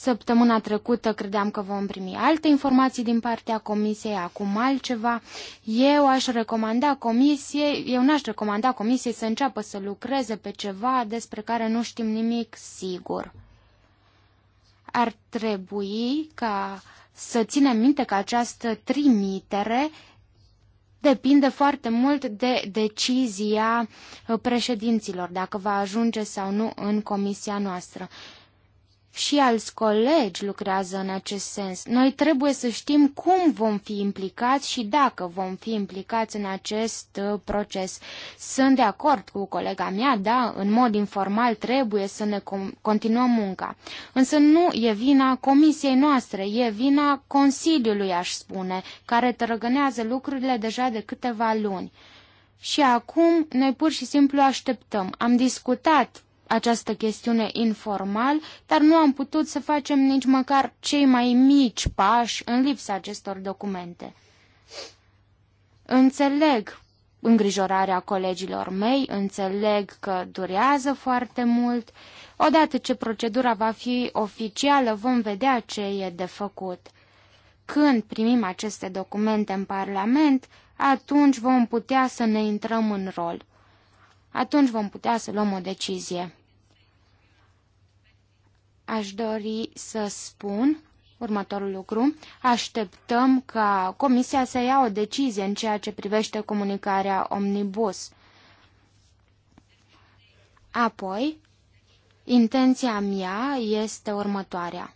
Săptămâna trecută credeam că vom primi alte informații din partea comisiei, acum altceva. Eu aș recomanda comisiei, eu n-aș recomanda comisiei să înceapă să lucreze pe ceva despre care nu știm nimic sigur. Ar trebui ca să ținem minte că această trimitere depinde foarte mult de decizia președinților, dacă va ajunge sau nu în comisia noastră și alți colegi lucrează în acest sens. Noi trebuie să știm cum vom fi implicați și dacă vom fi implicați în acest uh, proces. Sunt de acord cu colega mea, da, în mod informal trebuie să ne continuăm munca. Însă nu e vina comisiei noastre, e vina Consiliului, aș spune, care tărăgânează lucrurile deja de câteva luni. Și acum noi pur și simplu așteptăm. Am discutat această chestiune informal, dar nu am putut să facem nici măcar cei mai mici pași în lipsa acestor documente. Înțeleg îngrijorarea colegilor mei, înțeleg că durează foarte mult. Odată ce procedura va fi oficială, vom vedea ce e de făcut. Când primim aceste documente în Parlament, atunci vom putea să ne intrăm în rol. Atunci vom putea să luăm o decizie aș dori să spun următorul lucru. Așteptăm ca Comisia să ia o decizie în ceea ce privește comunicarea omnibus. Apoi, intenția mea este următoarea.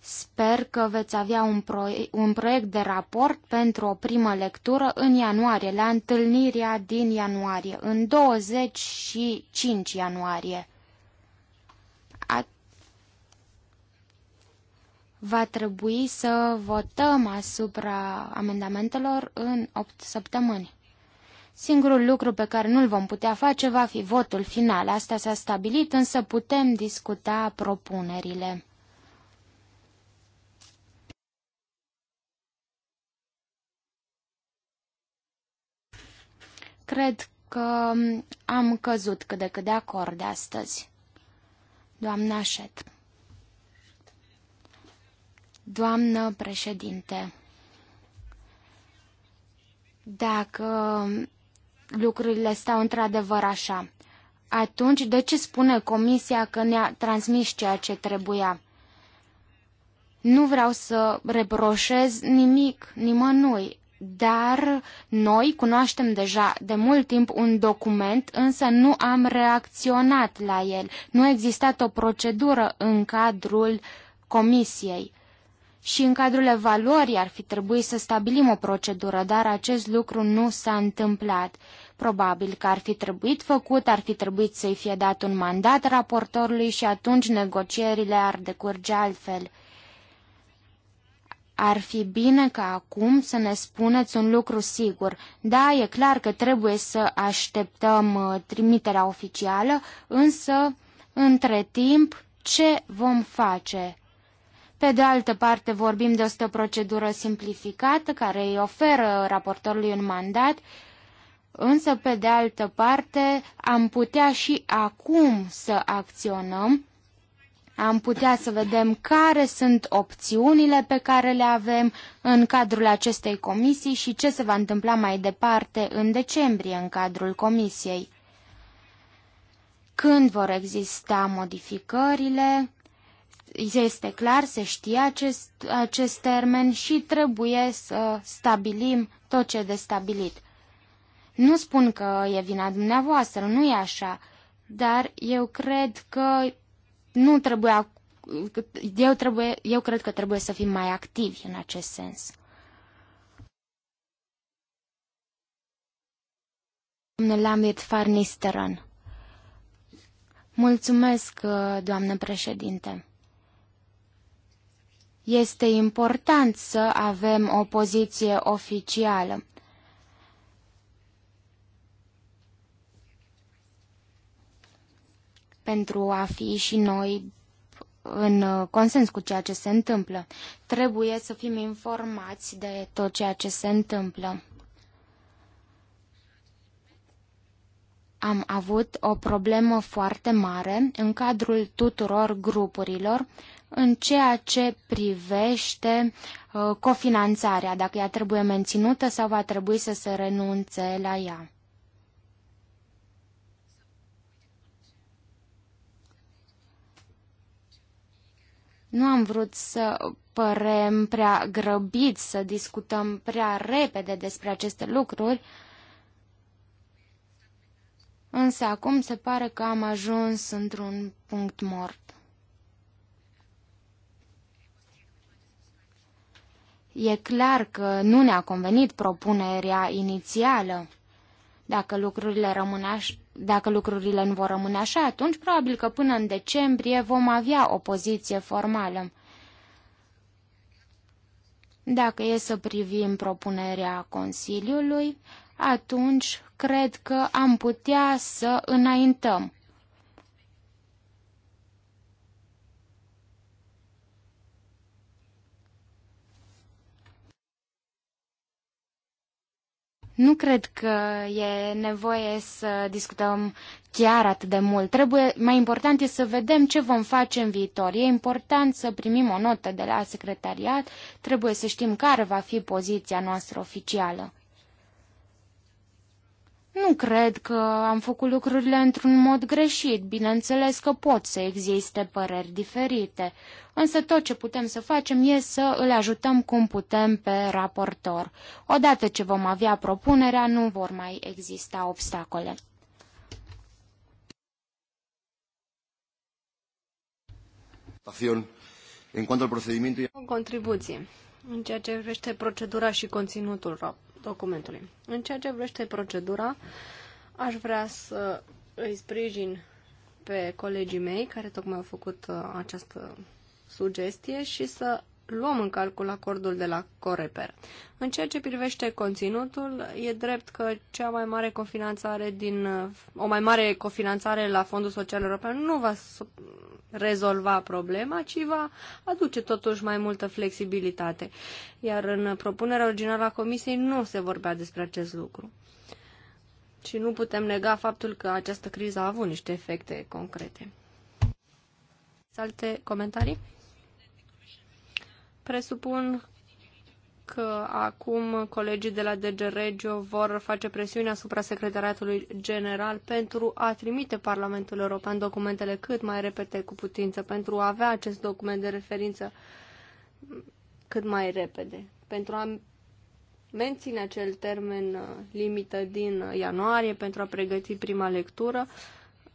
Sper că veți avea un, proie un proiect de raport pentru o primă lectură în ianuarie, la întâlnirea din ianuarie, în 25 ianuarie. Va trebui să votăm asupra amendamentelor în 8 săptămâni. Singurul lucru pe care nu-l vom putea face va fi votul final. Asta s-a stabilit, însă putem discuta propunerile. Cred că am căzut cât de cât de acord de astăzi. Doamna Șet. Doamnă președinte, dacă lucrurile stau într-adevăr așa, atunci de ce spune Comisia că ne-a transmis ceea ce trebuia? Nu vreau să reproșez nimic nimănui, dar noi cunoaștem deja de mult timp un document, însă nu am reacționat la el. Nu a existat o procedură în cadrul Comisiei și în cadrul evaluării ar fi trebuit să stabilim o procedură, dar acest lucru nu s-a întâmplat. Probabil că ar fi trebuit făcut, ar fi trebuit să-i fie dat un mandat raportorului și atunci negocierile ar decurge altfel. Ar fi bine ca acum să ne spuneți un lucru sigur. Da, e clar că trebuie să așteptăm uh, trimiterea oficială, însă, între timp, ce vom face? Pe de altă parte, vorbim de o procedură simplificată care îi oferă raportorului un mandat, însă, pe de altă parte, am putea și acum să acționăm am putea să vedem care sunt opțiunile pe care le avem în cadrul acestei comisii și ce se va întâmpla mai departe în decembrie în cadrul comisiei. Când vor exista modificările? este clar, se știe acest, acest termen și trebuie să stabilim tot ce de stabilit. Nu spun că e vina dumneavoastră, nu e așa, dar eu cred că nu trebuie, eu, trebuie, eu cred că trebuie să fim mai activi în acest sens. Domnul Lambert Farnisteran. Mulțumesc, doamnă președinte. Este important să avem o poziție oficială. pentru a fi și noi în consens cu ceea ce se întâmplă. Trebuie să fim informați de tot ceea ce se întâmplă. Am avut o problemă foarte mare în cadrul tuturor grupurilor în ceea ce privește uh, cofinanțarea, dacă ea trebuie menținută sau va trebui să se renunțe la ea. Nu am vrut să părem prea grăbiți, să discutăm prea repede despre aceste lucruri, însă acum se pare că am ajuns într-un punct mort. E clar că nu ne-a convenit propunerea inițială. Dacă lucrurile, rămâne aș... Dacă lucrurile nu vor rămâne așa, atunci probabil că până în decembrie vom avea o poziție formală. Dacă e să privim propunerea Consiliului, atunci cred că am putea să înaintăm. Nu cred că e nevoie să discutăm chiar atât de mult. Trebuie, mai important e să vedem ce vom face în viitor. E important să primim o notă de la secretariat, trebuie să știm care va fi poziția noastră oficială. Nu cred că am făcut lucrurile într-un mod greșit. Bineînțeles că pot să existe păreri diferite, însă tot ce putem să facem e să îl ajutăm cum putem pe raportor. Odată ce vom avea propunerea, nu vor mai exista obstacole. În Contribuție. În ceea ce privește procedura și conținutul documentului. În ceea ce vrește procedura, aș vrea să îi sprijin pe colegii mei care tocmai au făcut uh, această sugestie și să luăm în calcul acordul de la Coreper. În ceea ce privește conținutul, e drept că cea mai mare cofinanțare din, o mai mare cofinanțare la Fondul Social European nu va rezolva problema, ci va aduce totuși mai multă flexibilitate. Iar în propunerea originală a Comisiei nu se vorbea despre acest lucru. Și nu putem nega faptul că această criză a avut niște efecte concrete. Alte comentarii? Presupun că acum colegii de la DG Regio vor face presiune asupra Secretariatului General pentru a trimite Parlamentul European documentele cât mai repede cu putință, pentru a avea acest document de referință cât mai repede, pentru a menține acel termen uh, limită din uh, ianuarie, pentru a pregăti prima lectură.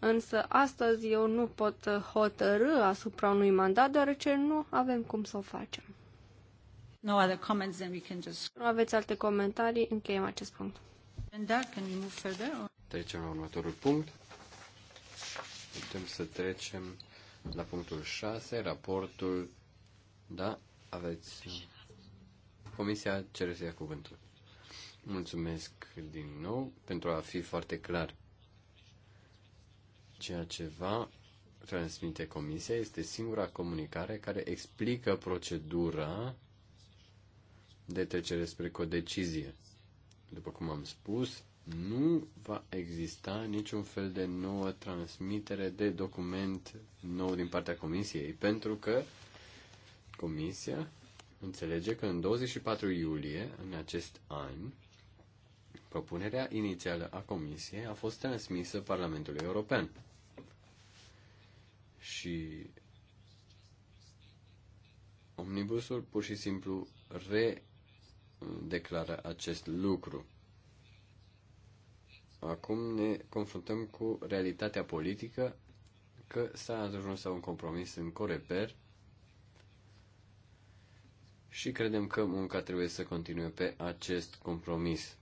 Însă astăzi eu nu pot uh, hotărâ asupra unui mandat, deoarece nu avem cum să o facem. No other comments, then we can just... Nu aveți alte comentarii, încheiem acest punct. And that, can we move further? Or... Trecem la următorul punct. Putem să trecem la punctul 6, raportul... Da, aveți... Comisia cere să ia cuvântul. Mulțumesc din nou pentru a fi foarte clar. Ceea ce va transmite Comisia este singura comunicare care explică procedura de trecere spre codecizie. După cum am spus, nu va exista niciun fel de nouă transmitere de document nou din partea Comisiei, pentru că Comisia înțelege că în 24 iulie în acest an, propunerea inițială a Comisiei a fost transmisă Parlamentului European. Și omnibusul pur și simplu re declară acest lucru. Acum ne confruntăm cu realitatea politică că s-a ajuns la un compromis în Coreper și credem că munca trebuie să continue pe acest compromis.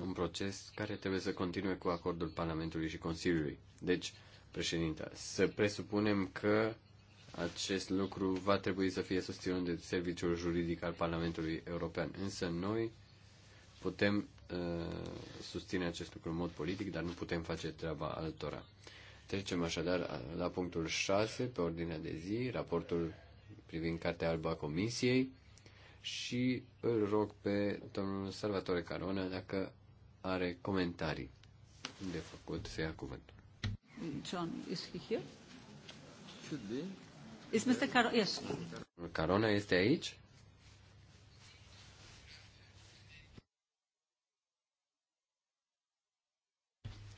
Un proces care trebuie să continue cu acordul Parlamentului și Consiliului. Deci, președinte, să presupunem că acest lucru va trebui să fie susținut de Serviciul Juridic al Parlamentului European. Însă noi putem uh, susține acest lucru în mod politic, dar nu putem face treaba altora. Trecem așadar la punctul 6 pe ordinea de zi, raportul privind Cartea Albă a Comisiei și îl rog pe domnul Salvatore Carona dacă are comentarii de făcut să ia cuvântul. John, is he here? Should be. Is Mr. Car- yes. Carona este aici?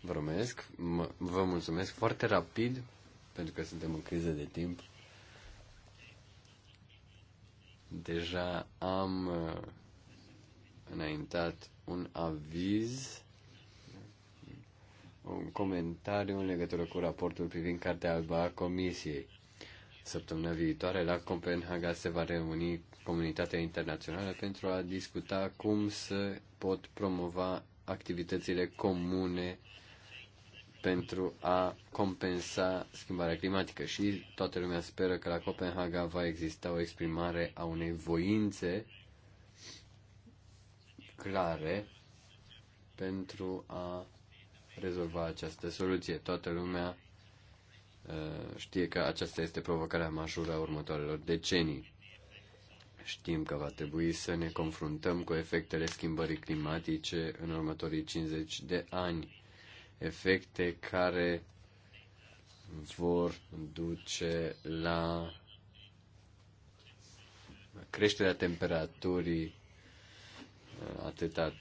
Vă mulțumesc, vă mulțumesc foarte rapid, pentru că suntem în criză de timp. Deja am uh, înaintat un aviz, un comentariu în legătură cu raportul privind Cartea Albă a Comisiei. Săptămâna viitoare la Copenhaga se va reuni comunitatea internațională pentru a discuta cum să pot promova activitățile comune pentru a compensa schimbarea climatică și toată lumea speră că la Copenhaga va exista o exprimare a unei voințe clare pentru a rezolva această soluție. Toată lumea Eh, știe că aceasta este provocarea majoră a următoarelor decenii. Știm că va trebui să ne confruntăm cu efectele schimbării climatice în următorii 50 de ani, efecte care vor duce la creșterea temperaturii eh, atât a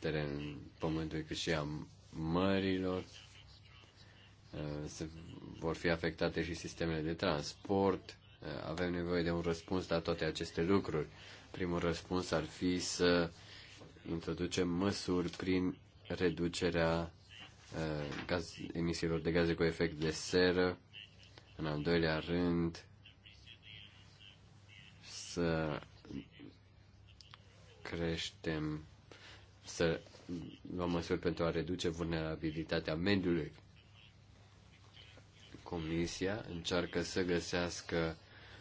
terenului pământului cât și a mărilor. Eh, se vor fi afectate și sistemele de transport. Eh, avem nevoie de un răspuns la toate aceste lucruri. Primul răspuns ar fi să introducem măsuri prin reducerea eh, gaz, emisiilor de gaze cu efect de seră. În al doilea rând, să creștem, să luăm măsuri pentru a reduce vulnerabilitatea mediului. Comisia încearcă să găsească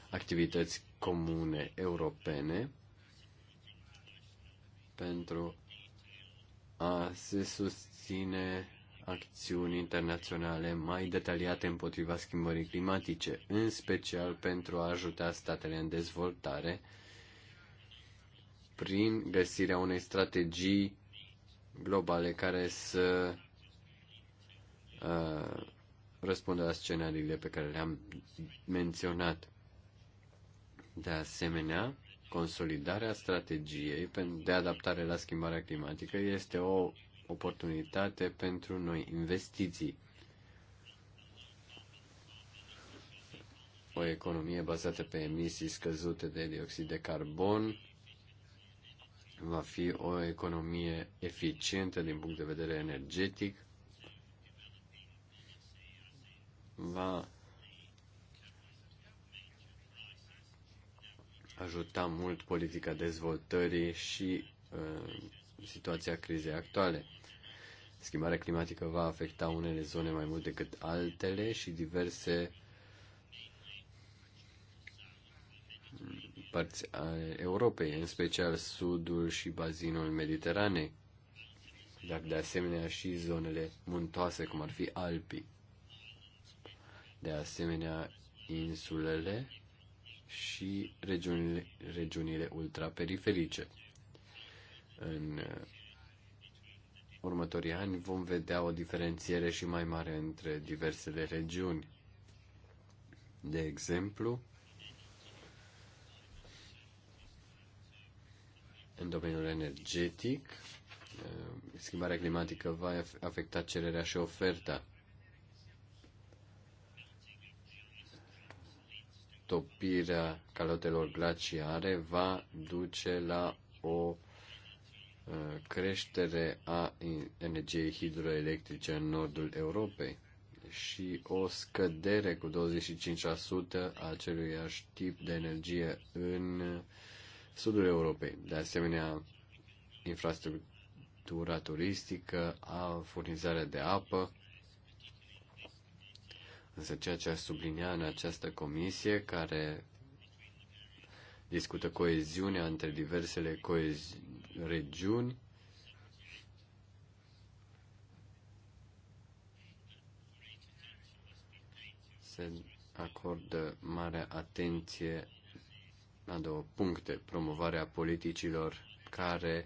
activități comune europene pentru a se susține acțiuni internaționale mai detaliate împotriva schimbării climatice, în special pentru a ajuta statele în dezvoltare prin găsirea unei strategii globale care să uh, răspundă la scenariile pe care le-am menționat. De asemenea, consolidarea strategiei de adaptare la schimbarea climatică este o oportunitate pentru noi investiții. O economie bazată pe emisii scăzute de dioxid de carbon va fi o economie eficientă din punct de vedere energetic, va ajuta mult politica dezvoltării și uh, situația crizei actuale. Schimbarea climatică va afecta unele zone mai mult decât altele și diverse mm, părți ale Europei, în special sudul și bazinul Mediteranei, dar de asemenea și zonele muntoase, cum ar fi Alpii de asemenea insulele și regiunile, regiunile ultraperiferice. În uh, următorii ani vom vedea o diferențiere și mai mare între diversele regiuni. De exemplu, în domeniul energetic, uh, schimbarea climatică va afecta cererea și oferta topirea calotelor glaciare va duce la o uh, creștere a energiei hidroelectrice în nordul Europei și o scădere cu 25% a acelui tip de energie în sudul Europei. De asemenea, infrastructura turistică, a furnizarea de apă, Însă ceea ce aș sublinia în această comisie, care discută coeziunea între diversele coezi- regiuni, se acordă mare atenție la două puncte. Promovarea politicilor care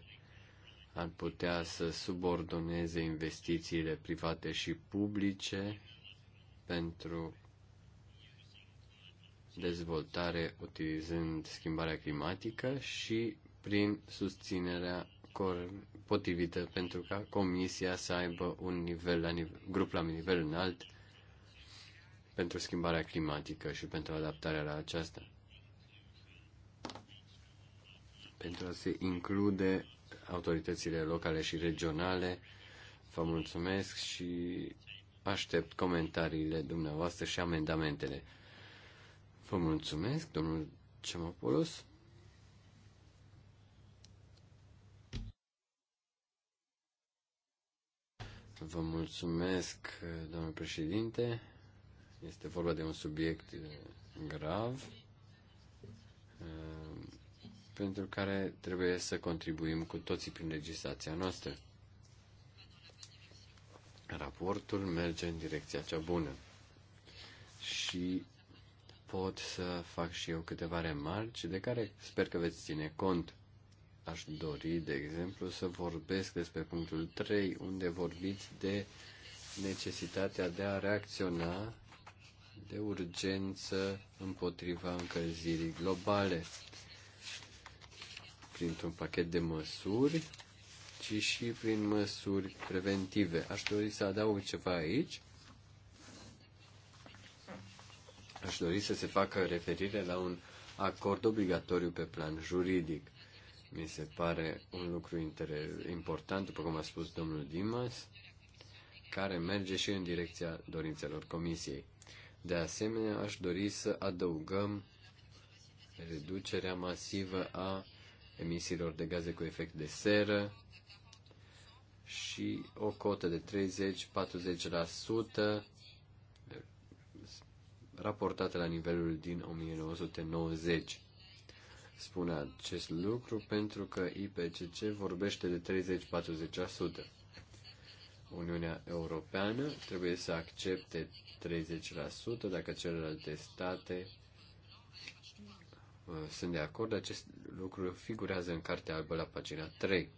ar putea să subordoneze investițiile private și publice pentru dezvoltare utilizând schimbarea climatică și prin susținerea potrivită pentru ca Comisia să aibă un nivel la nivel, grup la nivel înalt pentru schimbarea climatică și pentru adaptarea la aceasta. Pentru a se include autoritățile locale și regionale, vă mulțumesc și aștept comentariile dumneavoastră și amendamentele. Vă mulțumesc, domnul Cemopoulos. Vă mulțumesc, domnul președinte. Este vorba de un subiect uh, grav uh, pentru care trebuie să contribuim cu toții prin legislația noastră raportul merge în direcția cea bună. Și pot să fac și eu câteva remarci de care sper că veți ține cont. Aș dori, de exemplu, să vorbesc despre punctul 3, unde vorbiți de necesitatea de a reacționa de urgență împotriva încălzirii globale printr-un pachet de măsuri ci și prin măsuri preventive. Aș dori să adaug ceva aici. Aș dori să se facă referire la un acord obligatoriu pe plan juridic. Mi se pare un lucru inter- important, după cum a spus domnul Dimas, care merge și în direcția dorințelor comisiei. De asemenea, aș dori să adăugăm reducerea masivă a emisiilor de gaze cu efect de seră și o cotă de 30-40% raportată la nivelul din 1990. Spune acest lucru pentru că IPCC vorbește de 30-40%. Uniunea Europeană trebuie să accepte 30% dacă celelalte state uh, sunt de acord. Acest lucru figurează în Cartea Albă la pagina 3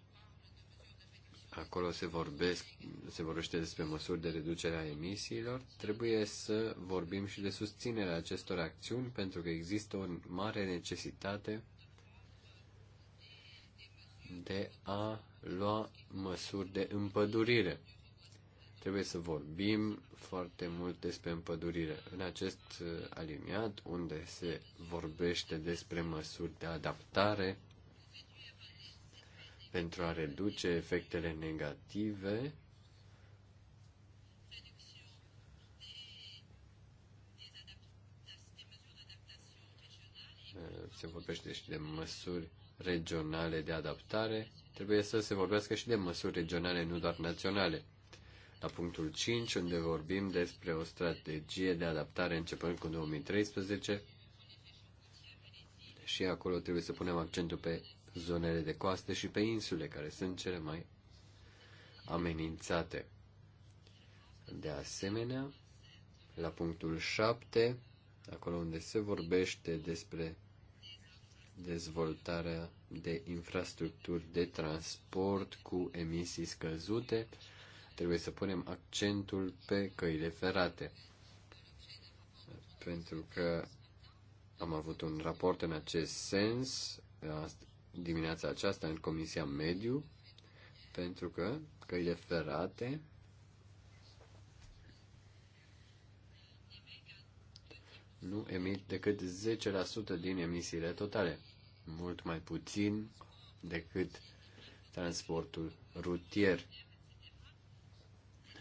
acolo se, vorbesc, se vorbește despre măsuri de reducere a emisiilor, trebuie să vorbim și de susținerea acestor acțiuni, pentru că există o mare necesitate de a lua măsuri de împădurire. Trebuie să vorbim foarte mult despre împădurire. În acest uh, aliniat, unde se vorbește despre măsuri de adaptare pentru a reduce efectele negative se vorbește și de măsuri regionale de adaptare, trebuie să se vorbească și de măsuri regionale, nu doar naționale. La punctul 5, unde vorbim despre o strategie de adaptare începând cu 2013, și acolo trebuie să punem accentul pe zonele de coastă și pe insule, care sunt cele mai amenințate. De asemenea, la punctul 7, acolo unde se vorbește despre dezvoltarea de infrastructuri de transport cu emisii scăzute, trebuie să punem accentul pe căile ferate. Pentru că am avut un raport în acest sens uh, dimineața aceasta în Comisia Mediu, pentru că căile ferate nu emit decât 10% din emisiile totale, mult mai puțin decât transportul rutier.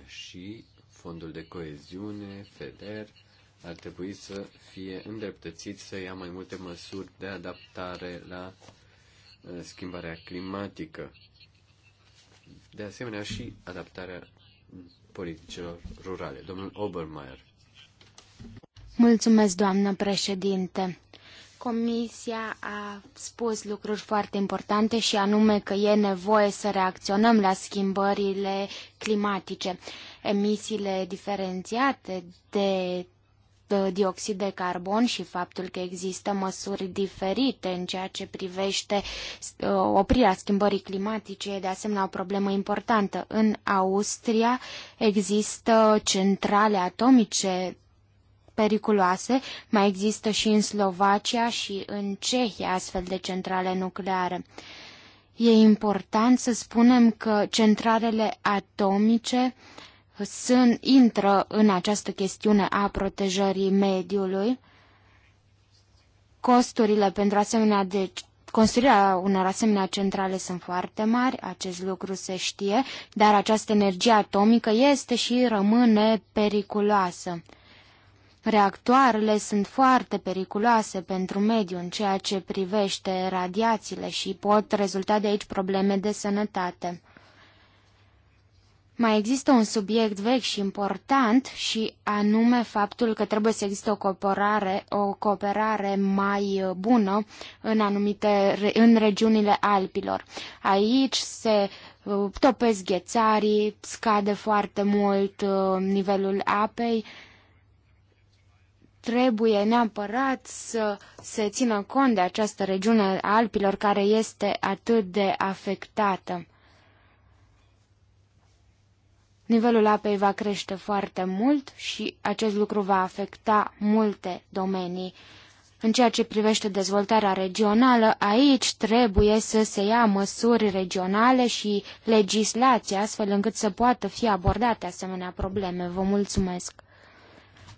Și fondul de coeziune, FEDER, ar trebui să fie îndreptățit să ia mai multe măsuri de adaptare la uh, schimbarea climatică. De asemenea și adaptarea politicilor rurale. Domnul Obermeier. Mulțumesc, doamnă președinte. Comisia a spus lucruri foarte importante și anume că e nevoie să reacționăm la schimbările climatice. Emisiile diferențiate de Uh, dioxid de carbon și faptul că există măsuri diferite în ceea ce privește uh, oprirea schimbării climatice e de asemenea o problemă importantă. În Austria există centrale atomice periculoase, mai există și în Slovacia și în Cehia astfel de centrale nucleare. E important să spunem că centralele atomice uh, sunt, intră în această chestiune a protejării mediului. Costurile pentru asemenea deci, construirea unor asemenea centrale sunt foarte mari, acest lucru se știe, dar această energie atomică este și rămâne periculoasă. Reactoarele sunt foarte periculoase pentru mediu în ceea ce privește radiațiile și pot rezulta de aici probleme de sănătate. Mai există un subiect vechi și important și anume faptul că trebuie să existe o cooperare, o cooperare mai bună în anumite în regiunile Alpilor. Aici se uh, topesc ghețarii, scade foarte mult uh, nivelul apei. Trebuie neapărat să se țină cont de această regiune a Alpilor care este atât de afectată. Nivelul apei va crește foarte mult și acest lucru va afecta multe domenii. În ceea ce privește dezvoltarea regională, aici trebuie să se ia măsuri regionale și legislație astfel încât să poată fi abordate asemenea probleme. Vă mulțumesc!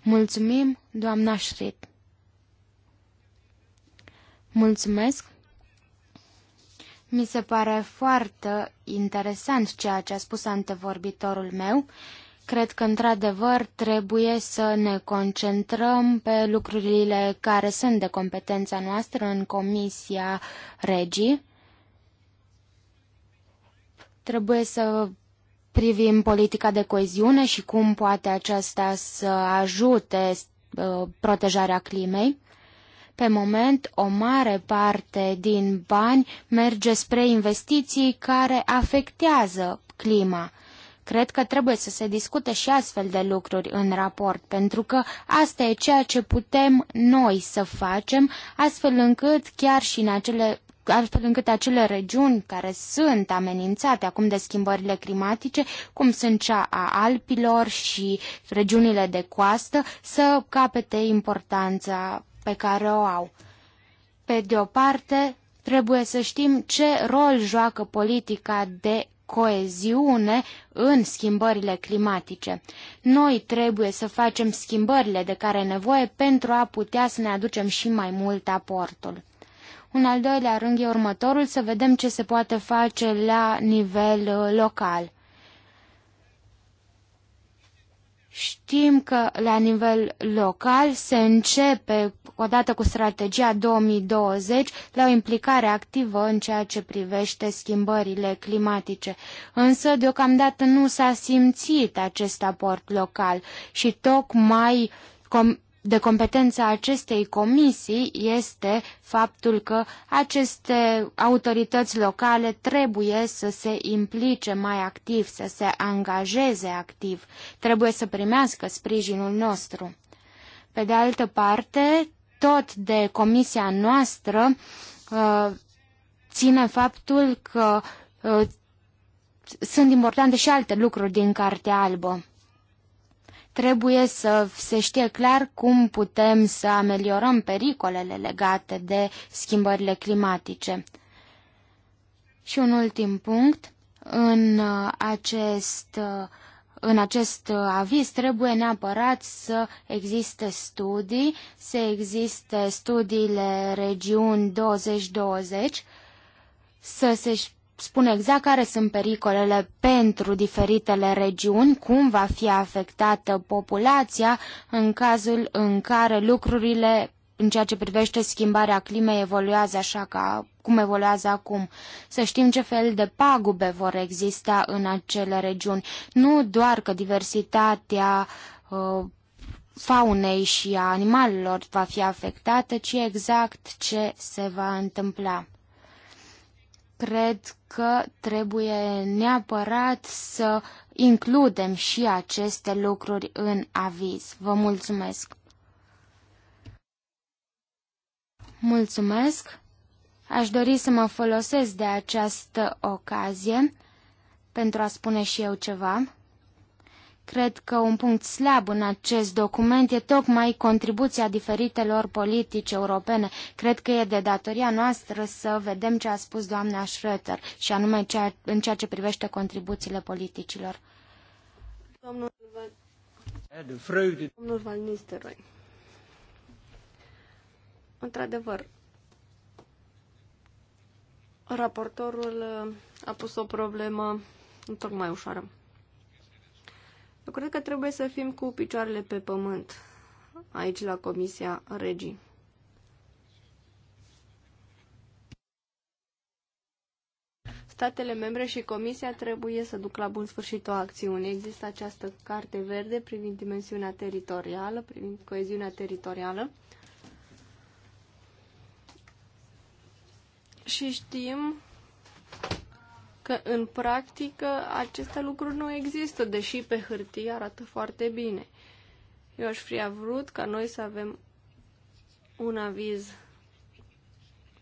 Mulțumim, doamna Șrit! Mulțumesc! Mi se pare foarte interesant ceea ce a spus antevorbitorul meu. Cred că, într-adevăr, trebuie să ne concentrăm pe lucrurile care sunt de competența noastră în Comisia Regii. Trebuie să privim politica de coeziune și cum poate aceasta să ajute uh, protejarea climei. Pe moment, o mare parte din bani merge spre investiții care afectează clima. Cred că trebuie să se discute și astfel de lucruri în raport, pentru că asta e ceea ce putem noi să facem, astfel încât chiar și în acele astfel încât acele regiuni care sunt amenințate acum de schimbările climatice, cum sunt cea a Alpilor și regiunile de coastă, să capete importanța pe care o au. Pe de o parte, trebuie să știm ce rol joacă politica de coeziune în schimbările climatice. Noi trebuie să facem schimbările de care nevoie pentru a putea să ne aducem și mai mult aportul. Un al doilea rând e următorul, să vedem ce se poate face la nivel uh, local. Știm că la nivel local se începe odată cu strategia 2020 la o implicare activă în ceea ce privește schimbările climatice. Însă deocamdată nu s-a simțit acest aport local și tocmai com- de competența acestei comisii este faptul că aceste autorități locale trebuie să se implice mai activ, să se angajeze activ, trebuie să primească sprijinul nostru. Pe de altă parte, tot de comisia noastră uh, ține faptul că uh, sunt importante și alte lucruri din Cartea Albă. Trebuie să se știe clar cum putem să ameliorăm pericolele legate de schimbările climatice. Și un ultim punct, în uh, acest, uh, în acest uh, aviz trebuie neapărat să existe studii, să existe studiile regiuni 2020, să se spune exact care sunt pericolele pentru diferitele regiuni, cum va fi afectată populația în cazul în care lucrurile în ceea ce privește schimbarea climei evoluează așa ca cum evoluează acum. Să știm ce fel de pagube vor exista în acele regiuni. Nu doar că diversitatea uh, faunei și a animalelor va fi afectată, ci exact ce se va întâmpla cred că trebuie neapărat să includem și aceste lucruri în aviz. Vă mulțumesc! Mulțumesc! Aș dori să mă folosesc de această ocazie pentru a spune și eu ceva. Cred că un punct slab în acest document e tocmai contribuția diferitelor politici europene. Cred că e de datoria noastră să vedem ce a spus doamna Schröter și anume ceea, în ceea ce privește contribuțiile politicilor. Domnul, Val Nistelrooy. Într-adevăr, raportorul uh, a pus o problemă tocmai ușoară. Eu cred că trebuie să fim cu picioarele pe pământ aici la Comisia Regii. Statele membre și Comisia trebuie să duc la bun sfârșit o acțiune. Există această carte verde privind dimensiunea teritorială, privind coeziunea teritorială. Și știm că în practică aceste lucruri nu există, deși pe hârtie arată foarte bine. Eu aș fi vrut ca noi să avem un aviz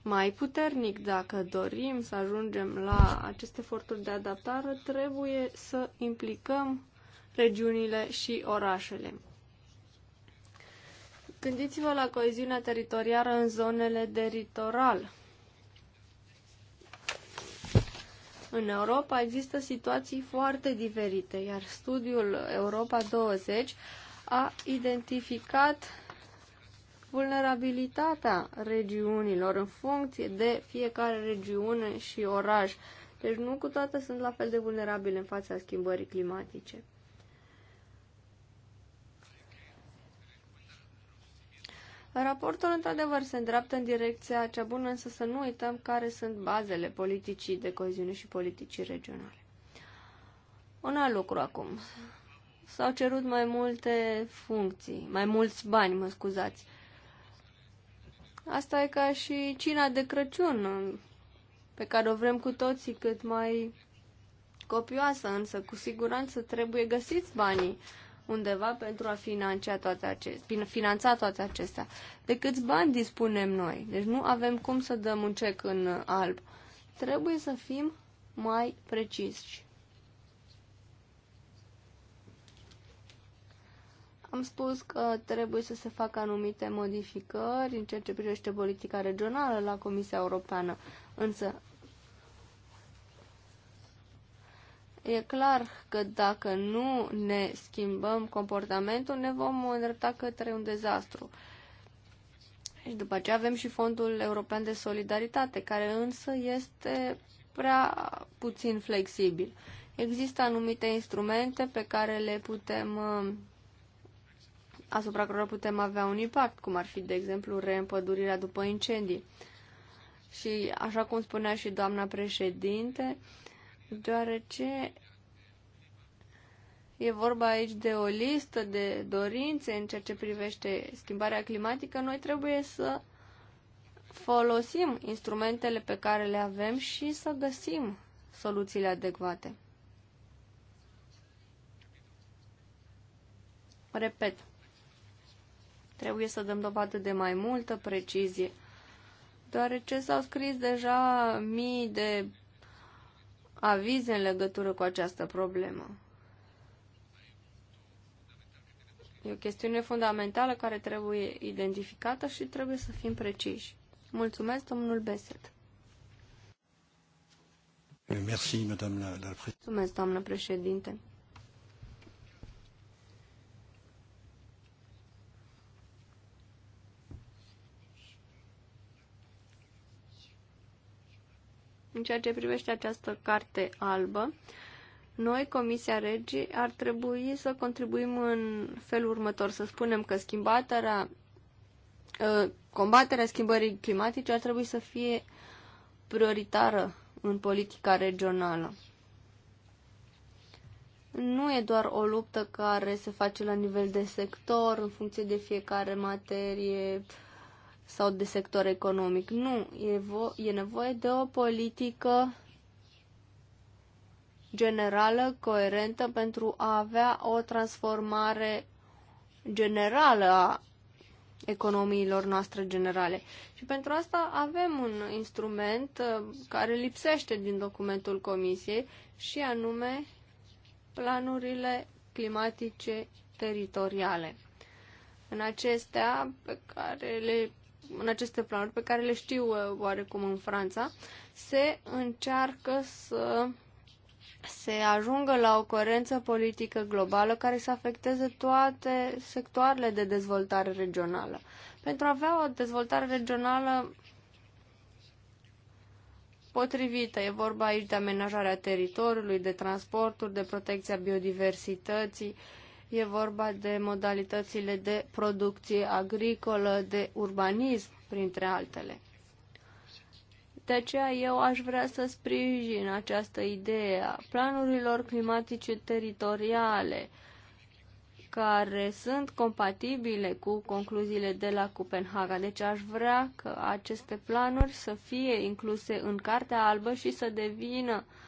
mai puternic. Dacă dorim să ajungem la aceste eforturi de adaptare, trebuie să implicăm regiunile și orașele. Gândiți-vă la coeziunea teritorială în zonele de ritoral. În Europa există situații foarte diferite, iar studiul Europa 20 a identificat vulnerabilitatea regiunilor în funcție de fiecare regiune și oraș. Deci nu cu toate sunt la fel de vulnerabile în fața schimbării climatice. Raportul, într-adevăr, se îndreaptă în direcția cea bună, însă să nu uităm care sunt bazele politicii de coeziune și politicii regionale. Un alt lucru acum. S-au cerut mai multe funcții, mai mulți bani, mă scuzați. Asta e ca și cina de Crăciun, pe care o vrem cu toții cât mai copioasă, însă cu siguranță trebuie găsiți banii undeva pentru a finanța toate, acestea, finanța toate acestea. De câți bani dispunem noi? Deci nu avem cum să dăm un cec în alb. Trebuie să fim mai preciși. Am spus că trebuie să se facă anumite modificări în ceea ce privește politica regională la Comisia Europeană, însă E clar că dacă nu ne schimbăm comportamentul, ne vom îndrepta către un dezastru. Și după aceea avem și Fondul European de Solidaritate, care însă este prea puțin flexibil. Există anumite instrumente pe care le putem uh, asupra cărora putem avea un impact, cum ar fi, de exemplu, reîmpădurirea după incendii. Și, așa cum spunea și doamna președinte, uh, deoarece e vorba aici de o listă de dorințe în ceea ce privește schimbarea climatică, noi trebuie să folosim instrumentele pe care le avem și să găsim soluțiile adecvate. Repet, trebuie să dăm dovadă de mai multă precizie, deoarece s-au scris deja mii de avize în legătură cu această problemă. E o chestiune fundamentală care trebuie identificată și trebuie să fim preciși. Mulțumesc, domnul Beset. Mulțumesc, doamnă președinte. În ceea ce privește această carte albă, noi, Comisia Regii, ar trebui să contribuim în felul următor, să spunem că schimbarea, uh, combaterea schimbării climatice ar trebui să fie prioritară în politica regională. Nu e doar o luptă care se face la nivel de sector, în funcție de fiecare materie, sau de sector economic. Nu, e, e nevoie de o politică generală, coerentă, pentru a avea o transformare generală a economiilor noastre generale. Și pentru asta avem un instrument uh, care lipsește din documentul Comisiei și anume planurile climatice teritoriale. În acestea pe care le în aceste planuri, pe care le știu uh, oarecum în Franța, se încearcă să se ajungă la o coerență politică globală care să afecteze toate sectoarele de dezvoltare regională. Pentru a avea o dezvoltare regională potrivită, e vorba aici de amenajarea teritoriului, de transporturi, de protecția biodiversității, uh, E vorba de modalitățile de producție agricolă, de urbanism, printre altele. De aceea eu aș vrea să sprijin această idee a planurilor climatice teritoriale care sunt compatibile cu concluziile de la Copenhaga. Deci aș vrea că aceste planuri să fie incluse în Cartea Albă și să devină uh,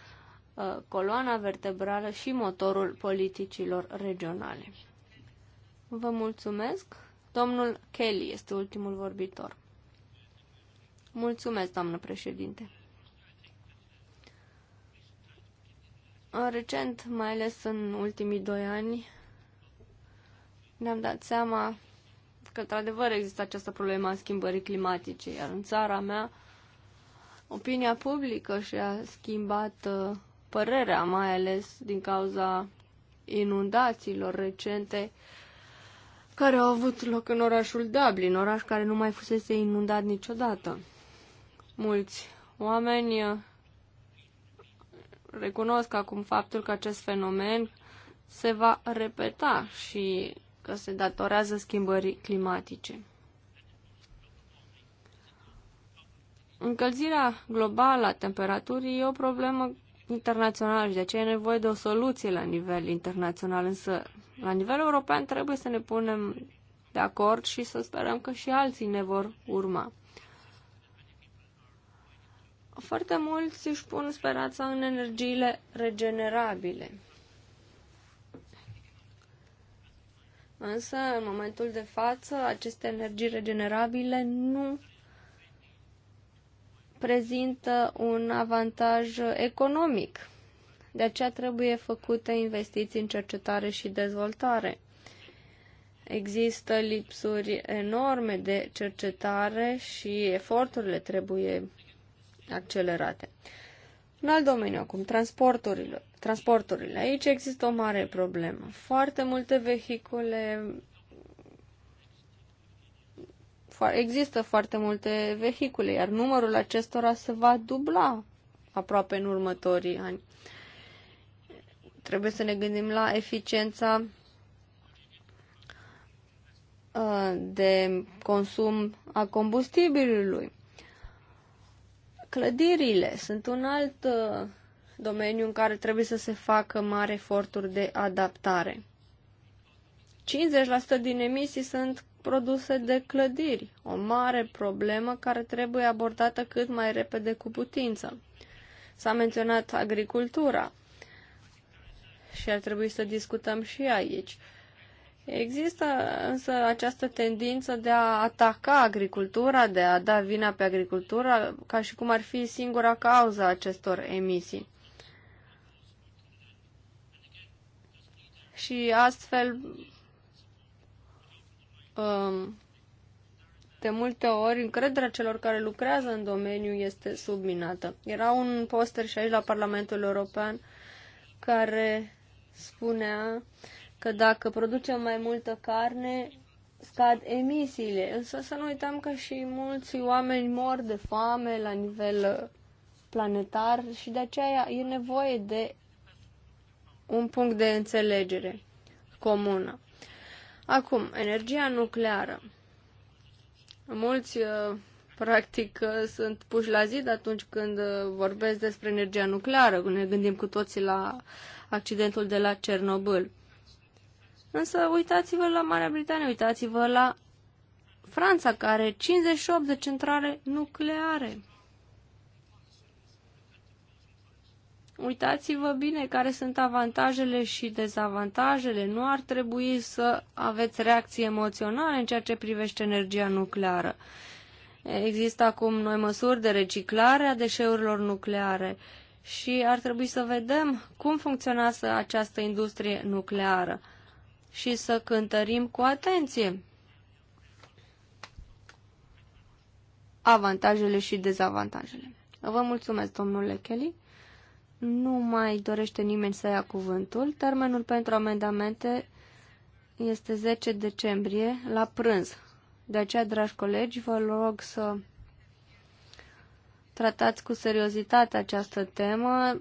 Uh, coloana vertebrală și motorul politicilor regionale. Vă mulțumesc. Domnul Kelly este ultimul vorbitor. Mulțumesc, doamnă președinte. recent, mai ales în ultimii doi ani, ne-am dat seama că, într-adevăr, există această problemă a schimbării climatice, iar în țara mea, opinia publică și-a schimbat uh, părerea, mai ales din cauza inundațiilor recente care au avut loc în orașul Dublin, oraș care nu mai fusese inundat niciodată. Mulți oameni uh, recunosc acum faptul că acest fenomen se va repeta și că se datorează schimbării climatice. Încălzirea globală a temperaturii e o problemă internațional și de aceea e nevoie de o soluție la nivel internațional, însă la nivel european trebuie să ne punem de acord și să sperăm că și alții ne vor urma. Foarte mulți își pun speranța în energiile regenerabile. Însă, în momentul de față, aceste energii regenerabile nu prezintă un avantaj economic. De aceea trebuie făcute investiții în cercetare și dezvoltare. Există lipsuri enorme de cercetare și eforturile trebuie accelerate. Un alt domeniu acum, transporturile. transporturile. Aici există o mare problemă. Foarte multe vehicule există foarte multe vehicule, iar numărul acestora se va dubla aproape în următorii ani. Trebuie să ne gândim la eficiența uh, de consum a combustibilului. Clădirile sunt un alt uh, domeniu în care trebuie să se facă mari eforturi de adaptare. 50% din emisii sunt produse de clădiri, o mare problemă care trebuie abordată cât mai repede cu putință. S-a menționat agricultura și ar trebui să discutăm și aici. Există însă această tendință de a ataca agricultura, de a da vina pe agricultura, ca și cum ar fi singura cauza acestor emisii. Și astfel Um, de multe ori încrederea celor care lucrează în domeniu este subminată. Era un poster și aici la Parlamentul European care spunea că dacă producem mai multă carne, scad emisiile. Însă să nu uităm că și mulți oameni mor de foame la nivel uh, planetar și de aceea e nevoie de un punct de înțelegere comună. Acum, energia nucleară. Mulți, uh, practic, uh, sunt puși la zid atunci când uh, vorbesc despre energia nucleară, când ne gândim cu toții la accidentul de la Cernobâl. Însă uitați-vă la Marea Britanie, uitați-vă la Franța, care are 58 de centrale nucleare. Uitați-vă bine care sunt avantajele și dezavantajele. Nu ar trebui să aveți reacții emoționale în ceea ce privește energia nucleară. Există acum noi măsuri de reciclare a deșeurilor nucleare și ar trebui să vedem cum funcționează această industrie nucleară și să cântărim cu atenție avantajele și dezavantajele. Vă mulțumesc, domnule Kelly. Nu mai dorește nimeni să ia cuvântul. Termenul pentru amendamente este 10 decembrie la prânz. De aceea, dragi colegi, vă rog să tratați cu seriozitate această temă.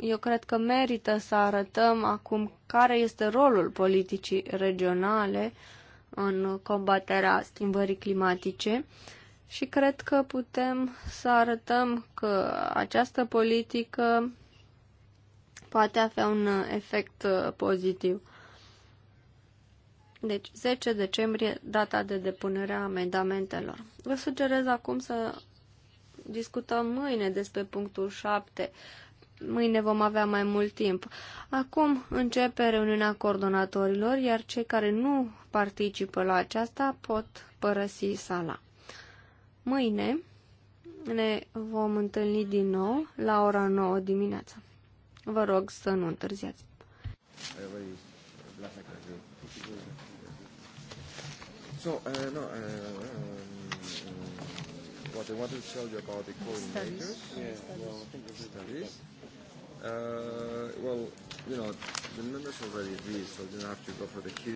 Eu cred că merită să arătăm acum care este rolul politicii regionale în combaterea schimbării climatice și cred că putem să arătăm că această politică poate avea un uh, efect uh, pozitiv. Deci, 10 decembrie, data de depunere a amendamentelor. Vă sugerez acum să discutăm mâine despre punctul 7. Mâine vom avea mai mult timp. Acum începe reuniunea coordonatorilor, iar cei care nu participă la aceasta pot părăsi sala. Mâine ne vom întâlni din nou la ora 9 dimineața. Vă rog să nu întârziați. So, uh, no, uh, um, what I wanted to tell you about the coordinators, yeah, well, studies. Uh, well, you know, the members already agree, so you don't have to go for the